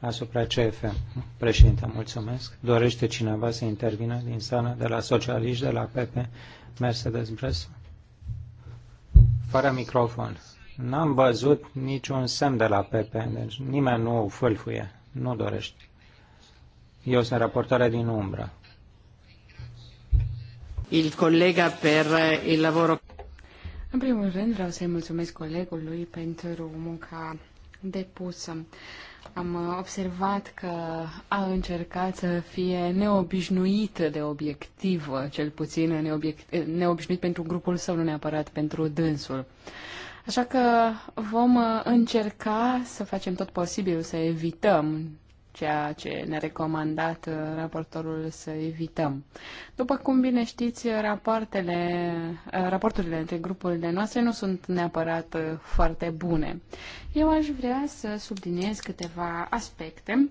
asupra CFM. Președinte, mulțumesc. Dorește cineva să intervină din sală de la socialiști, de la PP, Mercedes Bres? Fără microfon. N-am văzut niciun semn de la PP, deci nimeni nu fâlfuie, nu dorește. Eu sunt raportare din umbră. Il colega per
il lavoro.
În primul rând vreau să-i mulțumesc colegului pentru munca depusă. Am observat că a încercat să fie neobișnuită de obiectivă, cel puțin neobiect, neobișnuit pentru grupul său, nu neapărat pentru dânsul. Așa că vom încerca să facem tot posibilul să evităm ceea ce ne-a recomandat uh, raportorul să evităm. După cum bine știți, rapoartele, uh, raporturile între grupurile noastre nu sunt neapărat uh, foarte bune. Eu aș vrea să subliniez câteva aspecte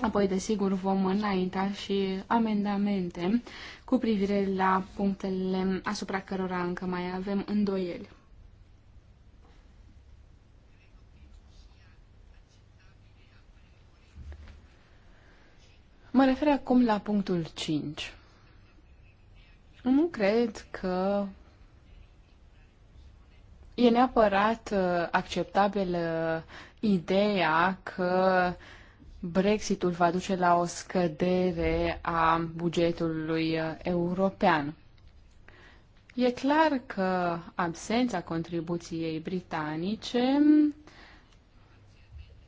Apoi, desigur, vom înainta și amendamente cu privire la punctele asupra cărora încă mai avem îndoieli. Mă refer acum la punctul 5. Nu cred că e neapărat uh, acceptabilă uh, ideea că Brexitul va duce la o scădere a bugetului uh, european. E clar că absența contribuției britanice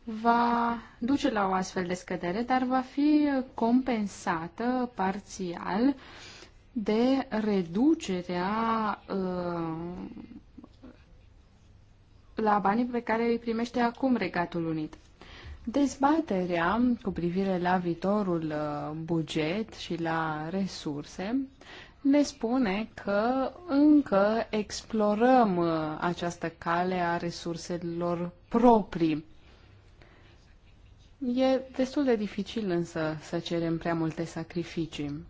va duce la o astfel de scădere, dar va fi compensată parțial de reducerea uh, la banii pe care îi primește acum Regatul Unit. Dezbaterea cu privire la viitorul uh, buget și la resurse ne spune că încă explorăm uh, această cale a resurselor proprii. E destul de dificil însă să cerem prea multe sacrificii.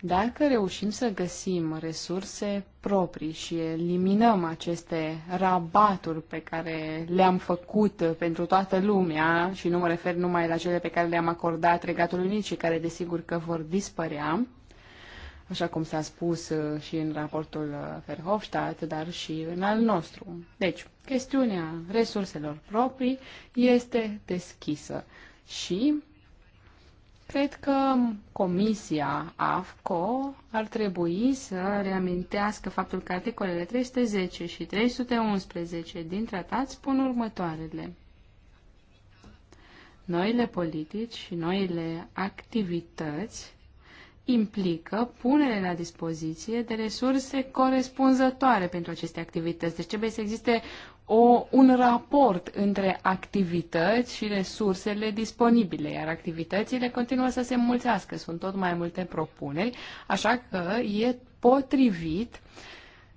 Dacă reușim să găsim resurse proprii și eliminăm aceste rabaturi pe care le-am făcut pentru toată lumea, și nu mă refer numai la cele pe care le-am acordat regatului Unit și care desigur că vor dispărea, așa cum s-a spus uh, și în raportul uh, Verhofstadt, dar și în al nostru. Deci, chestiunea resurselor proprii este deschisă și cred că Comisia AFCO ar trebui să reamintească faptul că articolele 310 și 311 din tratat spun următoarele. Noile politici și noile activități implică punerea la dispoziție de resurse corespunzătoare pentru aceste activități. Deci trebuie să existe o, un raport între activități și resursele disponibile, iar activitățile continuă să se mulțească. Sunt tot mai multe propuneri, așa că e potrivit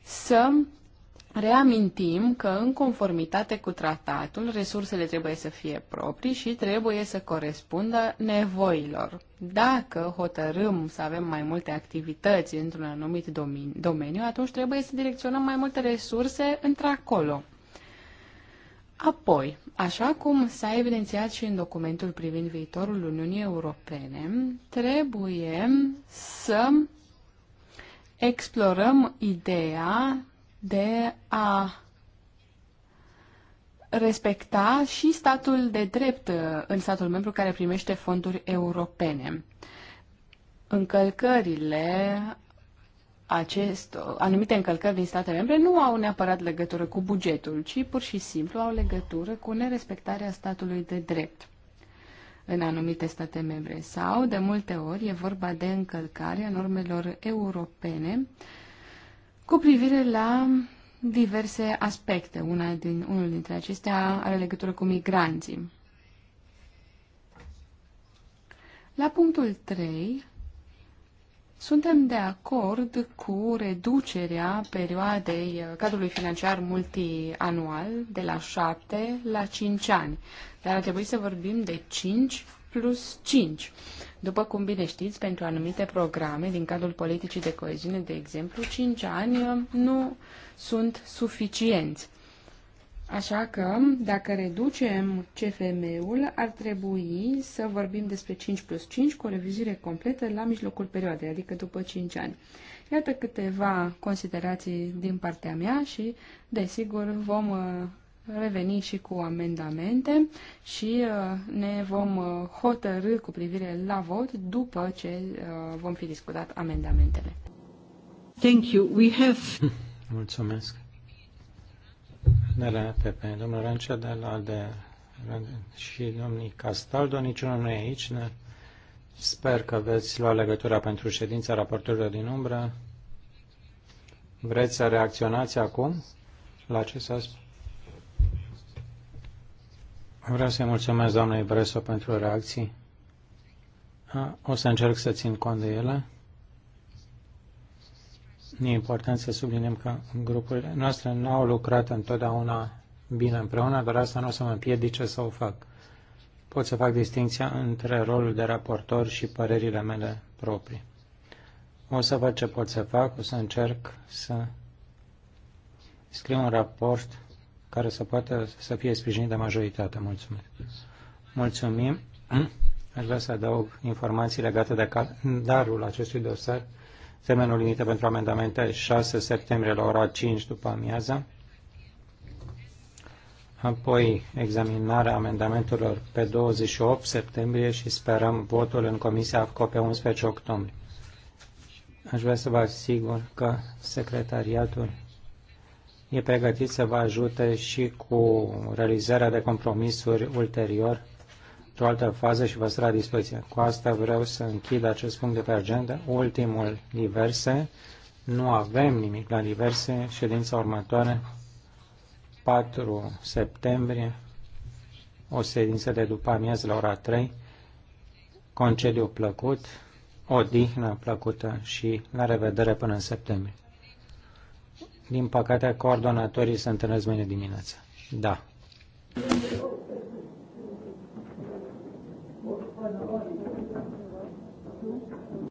să Reamintim că, în conformitate cu tratatul, resursele trebuie să fie proprii și trebuie să corespundă nevoilor. Dacă hotărâm să avem mai multe activități într-un anumit domeniu, atunci trebuie să direcționăm mai multe resurse într-acolo. Apoi, așa cum s-a evidențiat și în documentul privind viitorul Uniunii Europene, trebuie să explorăm ideea de a respecta și statul de drept uh, în statul membru care primește fonduri europene. Încălcările acest, anumite încălcări din state membre nu au neapărat legătură cu bugetul, ci pur și simplu au legătură cu nerespectarea statului de drept în anumite state membre. Sau, de multe ori, e vorba de încălcarea normelor europene uh, cu privire la diverse aspecte. Una din, unul dintre acestea are legătură cu migranții. La punctul 3, suntem de acord cu reducerea perioadei uh, cadrului financiar multianual de la 7 la 5 ani, dar ar trebui să vorbim de 5 plus 5. După cum bine știți, pentru anumite programe din cadrul politicii de coeziune, de exemplu, 5 ani uh, nu sunt suficienți. Așa că, dacă reducem CFM-ul, ar trebui să vorbim despre 5 plus 5 cu o revizire completă la mijlocul perioadei, adică după 5 ani. Iată câteva considerații din partea mea și, desigur, vom uh, reveni și cu amendamente și uh, ne vom uh, hotărâ cu privire la vot după ce uh, vom fi discutat amendamentele.
Thank you. We have...
Mulțumesc. De la domnul Rancea de la de și domnii Castaldo, niciunul nu e aici. Ne... Sper că veți lua legătura pentru ședința raporturilor din umbră. Vreți să reacționați acum la ce s-a spus? Vreau să-i mulțumesc doamnei Breso pentru reacții. O să încerc să țin cont de ele. E important să subliniem că grupurile noastre nu au lucrat întotdeauna bine împreună, dar asta nu o să mă împiedice să o fac. Pot să fac distinția între rolul de raportor și părerile mele proprii. O să fac ce pot să fac, o să încerc să scriu un raport care să poată să fie sprijinit de majoritate. Mulțumesc. Mulțumim. Aș vrea să adaug informații legate de calendarul acestui dosar. Termenul limită pentru amendamente 6 septembrie la ora 5 după amiază Apoi examinarea amendamentelor pe 28 septembrie și sperăm votul în Comisia AFCO pe 11 octombrie. Aș vrea să vă asigur că secretariatul e pregătit să vă ajute și cu realizarea de compromisuri ulterior într-o altă fază și vă stă la dispoziție. Cu asta vreau să închid acest punct de pe agenda. Ultimul diverse. Nu avem nimic la diverse. Ședința următoare, 4 septembrie, o ședință de după amiază la ora 3, concediu plăcut, odihnă plăcută și la revedere până în septembrie. Din păcate, coordonatorii sunt în mâine dimineață. Da.